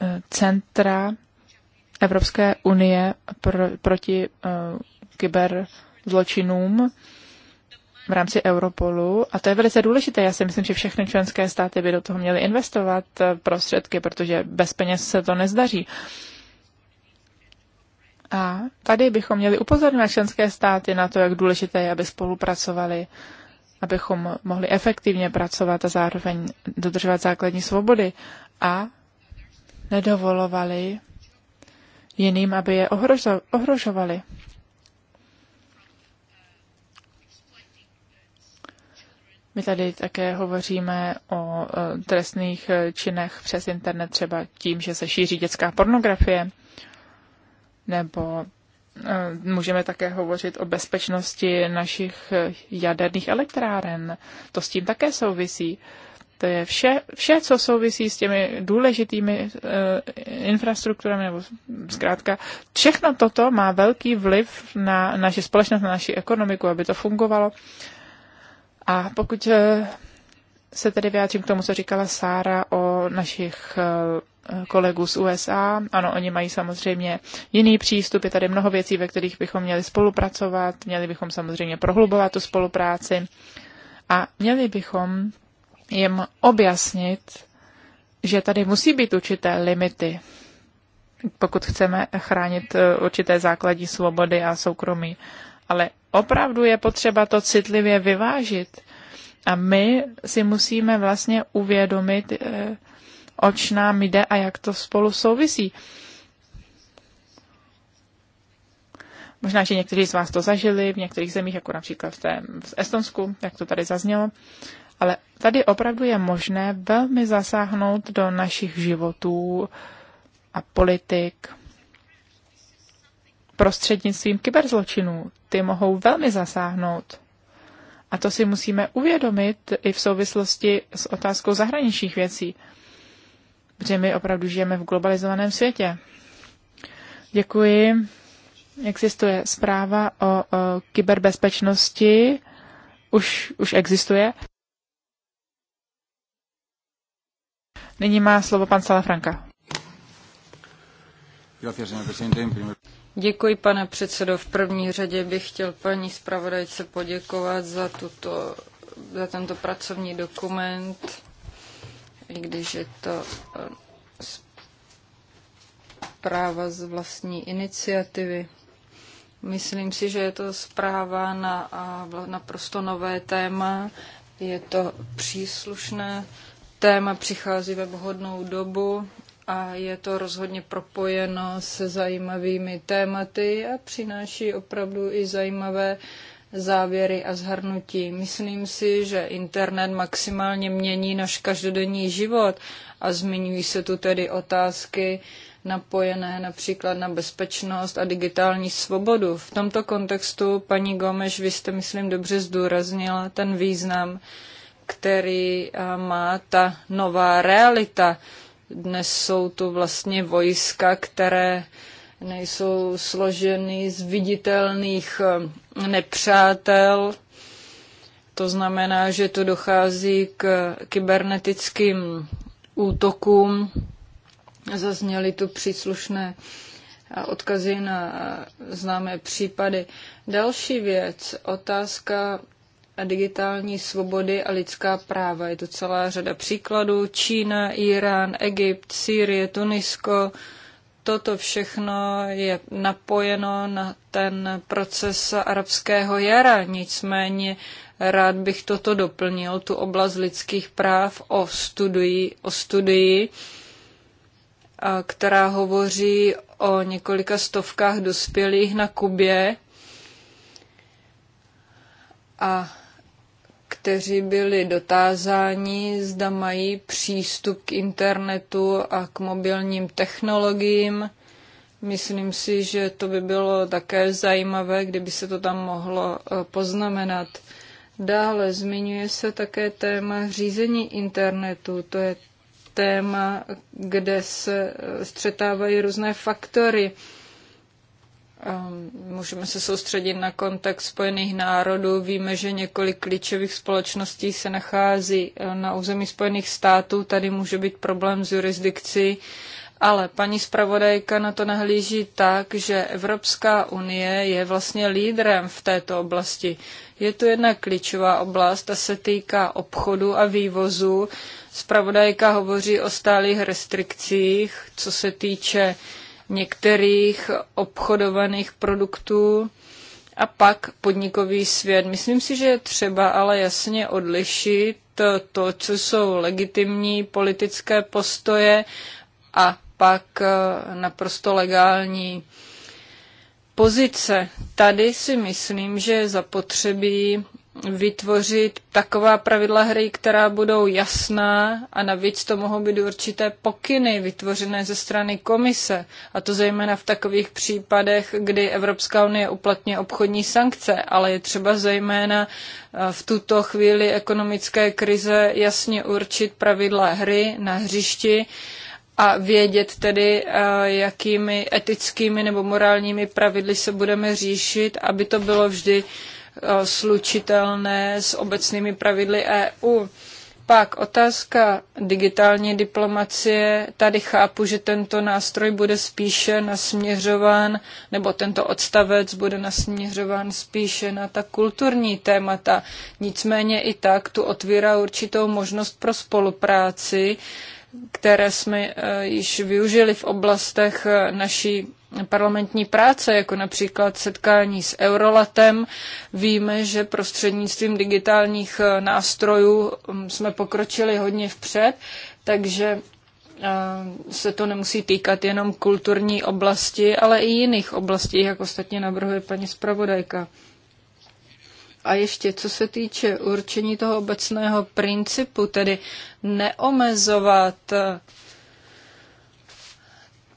e, centra Evropské unie pr- proti uh, kyberzločinům v rámci Europolu. A to je velice důležité. Já si myslím, že všechny členské státy by do toho měly investovat eh, prostředky, protože bez peněz se to nezdaří. A tady bychom měli upozornit členské státy na to, jak důležité je, aby spolupracovali, abychom mohli efektivně pracovat a zároveň dodržovat základní svobody a nedovolovali jiným, aby je ohrožo, ohrožovali. My tady také hovoříme o e, trestných e, činech přes internet, třeba tím, že se šíří dětská pornografie, nebo e, můžeme také hovořit o bezpečnosti našich jaderných elektráren. To s tím také souvisí. To je vše, vše, co souvisí s těmi důležitými uh, infrastrukturami, nebo zkrátka, všechno toto má velký vliv na naši společnost, na naši ekonomiku, aby to fungovalo. A pokud uh, se tedy vyjádřím k tomu, co říkala Sára o našich eh, kolegů z USA. Ano, oni mají samozřejmě jiný přístup, je tady mnoho věcí, ve kterých bychom měli spolupracovat, měli bychom samozřejmě prohlubovat tu spolupráci a měli bychom jim objasnit, že tady musí být určité limity, pokud chceme chránit eh, určité základní svobody a soukromí. Ale opravdu je potřeba to citlivě vyvážit. A my si musíme vlastně uvědomit, eh, oč nám jde a jak to spolu souvisí. Možná, že někteří z vás to zažili v některých zemích, jako například v, té, v Estonsku, jak to tady zaznělo ale tady opravdu je možné velmi zasáhnout do našich životů a politik prostřednictvím kyberzločinů. Ty mohou velmi zasáhnout. A to si musíme uvědomit i v souvislosti s otázkou zahraničních věcí, protože my opravdu žijeme v globalizovaném světě. Děkuji. Existuje zpráva o, o kyberbezpečnosti, už, už existuje. Nyní má slovo pan Salafranka. Děkuji, pane předsedo. V první řadě bych chtěl paní zpravodajce poděkovat za, tuto, za tento pracovní dokument, i když je to eh, zpráva z vlastní iniciativy. Myslím si, že je to zpráva na naprosto nové téma. Je to příslušné téma přichází ve vhodnou dobu a je to rozhodně propojeno se zajímavými tématy a přináší opravdu i zajímavé závěry a zhrnutí. Myslím si, že internet maximálně mění náš každodenní život a zmiňují se tu tedy otázky napojené například na bezpečnost a digitální svobodu. V tomto kontextu, paní Gomeš, vy jste, myslím, dobře zdůraznila ten význam, který eh, má ta nová realita. Dnes jsou tu vlastně vojska, které nejsou složeny z viditelných eh, nepřátel. To znamená, že tu dochází k kybernetickým útokům. Zazněly tu příslušné eh, odkazy na známé případy. Další věc, otázka a digitální svobody a lidská práva. Je to celá řada příkladů. Čína, Irán, Egypt, Sýrie, Tunisko. Toto všechno je napojeno na ten proces arabského jara. Nicméně rád bych toto doplnil, tu oblast lidských práv o studii, o studii která hovoří o několika stovkách dospělých na Kubě, a kteří byli dotázáni, zda mají přístup k internetu a k mobilním technologiím. Myslím si, že to by bylo také zajímavé, kdyby se to tam mohlo eh, poznamenat. Dále zmiňuje se také téma řízení internetu. To je téma, kde se eh, střetávají různé faktory. Ehm, můžeme se soustředit na kontext Spojených národů. Víme, že několik klíčových společností se nachází eh, na území Spojených států. Tady může být problém s jurisdikcí. Ale paní zpravodajka na to nahlíží tak, že Evropská unie je vlastně lídrem v této oblasti. Je to jedna klíčová oblast a se týká obchodu a vývozu. Zpravodajka hovoří o stálých restrikcích, co se týče uh, některých obchodovaných produktů a pak podnikový svět. Myslím si, že je třeba ale jasně odlišit to, co jsou legitimní politické postoje a pak eh, naprosto legální pozice. Tady si myslím, že je zapotřebí vytvořit taková pravidla hry, která budou jasná a navíc to mohou být určité pokyny vytvořené ze strany komise. A to zejména v takových případech, kdy Evropská unie uplatní obchodní sankce, ale je třeba zejména eh, v tuto chvíli ekonomické krize jasně určit pravidla hry na hřišti, a vědět tedy, eh, jakými etickými nebo morálními pravidly se budeme říšit, aby to bylo vždy Eh, slučitelné s obecnými pravidly EU. Pak otázka digitální diplomacie. Tady chápu, že tento nástroj bude spíše nasměřován, nebo tento odstavec bude nasměřován spíše na ta kulturní témata. Nicméně i tak tu otvírá určitou možnost pro spolupráci, které jsme eh, již využili v oblastech eh, naší parlamentní práce, jako například setkání s Eurolatem. Víme, že prostřednictvím digitálních eh, nástrojů mm, jsme pokročili hodně vpřed, takže eh, se to nemusí týkat jenom kulturní oblasti, ale i jiných oblastí, jak ostatně navrhuje paní zpravodajka. A ještě, co se týče určení toho obecného principu, tedy neomezovat eh,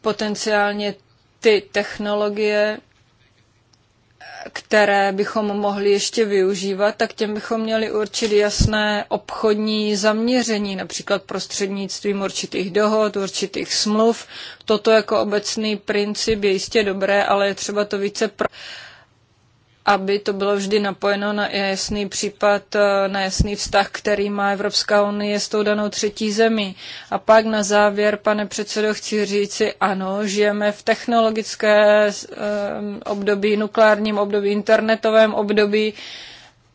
potenciálně ty technologie, které bychom mohli ještě využívat, tak těm bychom měli určit jasné obchodní zaměření, například prostřednictvím určitých dohod, určitých smluv. Toto jako obecný princip je jistě dobré, ale je třeba to více pro aby to bylo vždy napojeno na jasný případ, eh, na jasný vztah, který má Evropská unie s tou danou třetí zemí. A pak na závěr, pane předsedo, chci říci, ano, žijeme v technologické eh, období, nukleárním období, internetovém období,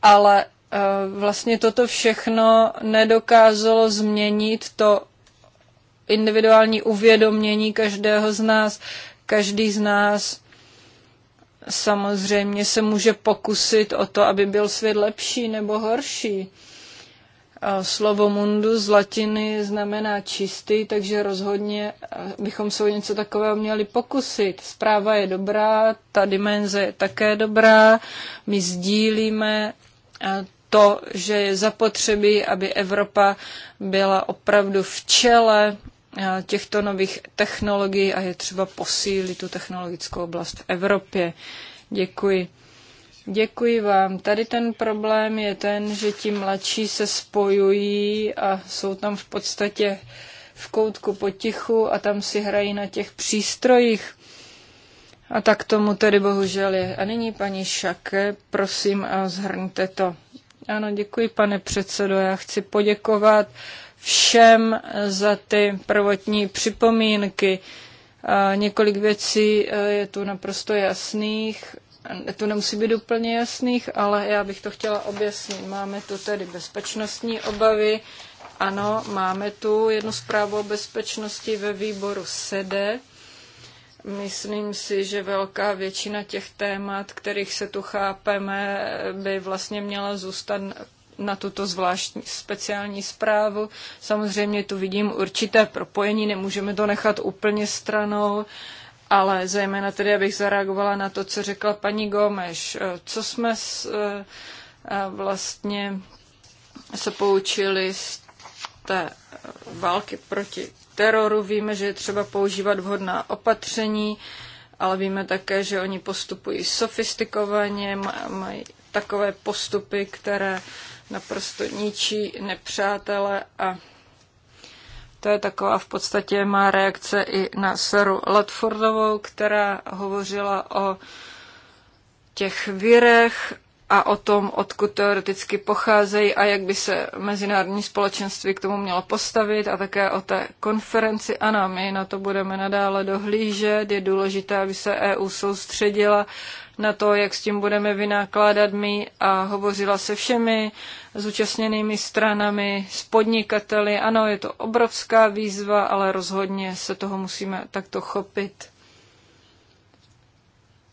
ale eh, vlastně toto všechno nedokázalo změnit to individuální uvědomění každého z nás. Každý z nás samozřejmě se může pokusit o to, aby byl svět lepší nebo horší. Slovo mundu z latiny znamená čistý, takže rozhodně eh, bychom se o něco takového měli pokusit. Zpráva je dobrá, ta dimenze je také dobrá, my sdílíme eh, to, že je zapotřebí, aby Evropa byla opravdu v čele Eh, těchto nových technologií a je třeba posílit tu technologickou oblast v Evropě. Děkuji. Děkuji vám. Tady ten problém je ten, že ti mladší se spojují a jsou tam v podstatě v koutku potichu a tam si hrají na těch přístrojích. A tak tomu tedy bohužel je. A nyní paní Šake, prosím a zhrňte to. Ano, děkuji, pane předsedo. Já chci poděkovat všem za ty prvotní připomínky. Několik věcí e, je tu naprosto jasných, e, to nemusí být úplně jasných, ale já bych to chtěla objasnit. Máme tu tedy bezpečnostní obavy. Ano, máme tu jednu zprávu o bezpečnosti ve výboru SEDE. Myslím si, že velká většina těch témat, kterých se tu chápeme, by vlastně měla zůstat na tuto zvláštní speciální zprávu. Samozřejmě tu vidím určité propojení, nemůžeme to nechat úplně stranou, ale zejména tedy, abych zareagovala na to, co řekla paní Gomeš. Eh, co jsme s, eh, eh, vlastně se poučili z té války proti teroru. Víme, že je třeba používat vhodná opatření, ale víme také, že oni postupují sofistikovaně, mají takové postupy, které naprosto ničí nepřátele a to je taková v podstatě má reakce i na Saru Ledfordovou, která hovořila o těch virech a o tom, odkud teoreticky pocházejí a jak by se mezinárodní společenství k tomu mělo postavit a také o té konferenci. Ano, my na to budeme nadále dohlížet. Je důležité, aby se EU soustředila na to, jak s tím budeme vynakládat my a hovořila se všemi zúčastněnými stranami, s podnikateli. Ano, je to obrovská výzva, ale rozhodně se toho musíme takto chopit.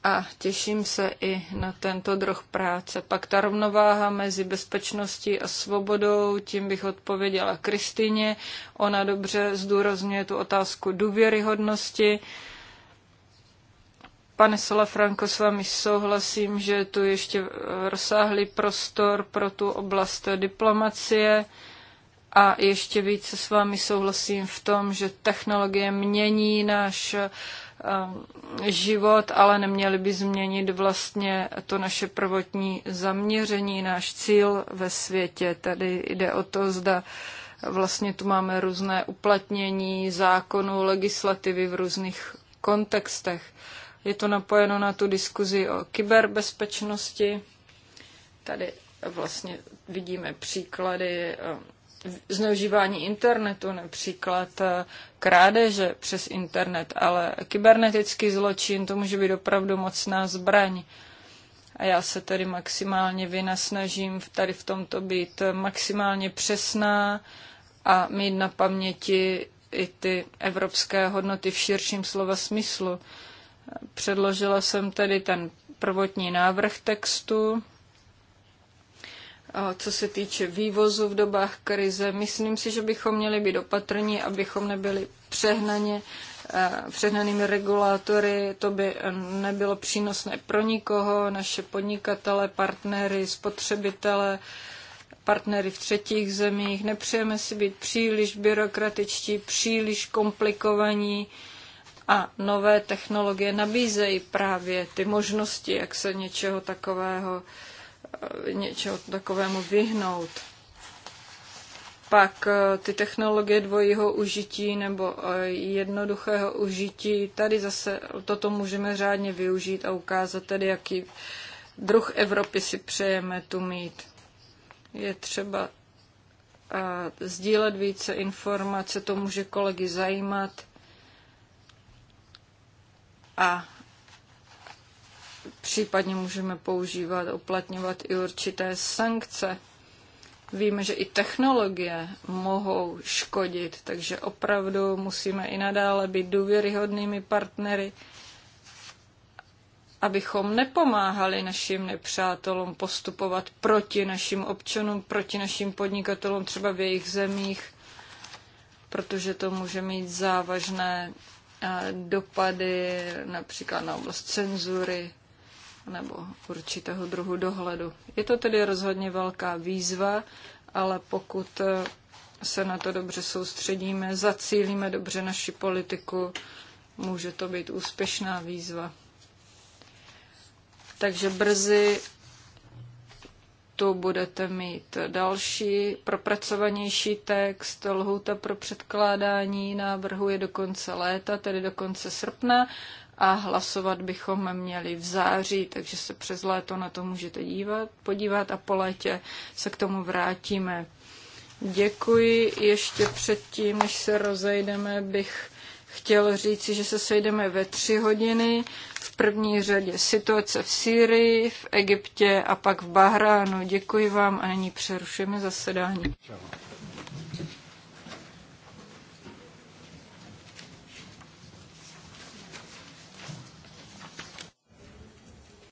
A těším se i na tento druh práce. Pak ta rovnováha mezi bezpečností a svobodou, tím bych odpověděla Kristýně. Ona dobře zdůrazňuje tu otázku důvěryhodnosti. Pane Solafranko, s vámi souhlasím, že je tu ještě eh, rozsáhlý prostor pro tu oblast diplomacie a ještě více s vámi souhlasím v tom, že technologie mění náš eh, život, ale neměli by změnit vlastně to naše prvotní zaměření, náš cíl ve světě. Tady jde o to, zda vlastně tu máme různé uplatnění zákonů, legislativy v různých kontextech. Je to napojeno na tu diskuzi o kyberbezpečnosti. Tady vlastně vidíme příklady eh, zneužívání internetu, například eh, krádeže přes internet, ale kybernetický zločin, to může být opravdu mocná zbraň. A já se tedy maximálně vynasnažím tady v tomto být eh, maximálně přesná a mít na paměti i ty evropské hodnoty v širším slova smyslu. Předložila jsem tedy ten prvotní návrh textu. Co se týče vývozu v dobách krize, myslím si, že bychom měli být opatrní, abychom nebyli přehnaně eh, přehnanými regulátory, to by eh, nebylo přínosné pro nikoho, naše podnikatele, partnery, spotřebitele, partnery v třetích zemích. Nepřejeme si být příliš byrokratičtí, příliš komplikovaní a nové technologie nabízejí právě ty možnosti, jak se něčeho takového, eh, něčeho takovému vyhnout. Pak eh, ty technologie dvojího užití nebo eh, jednoduchého užití, tady zase toto můžeme řádně využít a ukázat tedy, jaký druh Evropy si přejeme tu mít. Je třeba sdílet více informace, to může kolegy zajímat a případně můžeme používat, uplatňovat i určité sankce. Víme, že i technologie mohou škodit, takže opravdu musíme i nadále být důvěryhodnými partnery, abychom nepomáhali našim nepřátelům postupovat proti našim občanům, proti našim podnikatelům třeba v jejich zemích, protože to může mít závažné dopady například na oblast cenzury nebo určitého druhu dohledu. Je to tedy rozhodně velká výzva, ale pokud se na to dobře soustředíme, zacílíme dobře naši politiku, může to být úspěšná výzva. Takže brzy lhůtu, budete mít další propracovanější text. Lhůta pro předkládání návrhu je do konce léta, tedy do konce srpna a hlasovat bychom měli v září, takže se přes léto na to můžete dívat, podívat a po létě se k tomu vrátíme. Děkuji. Ještě předtím, než se rozejdeme, bych chtěl říci, že se sejdeme ve tři hodiny v první řadě situace v Sýrii, v Egyptě a pak v Bahránu. Děkuji vám a nyní přerušujeme zasedání. Čau.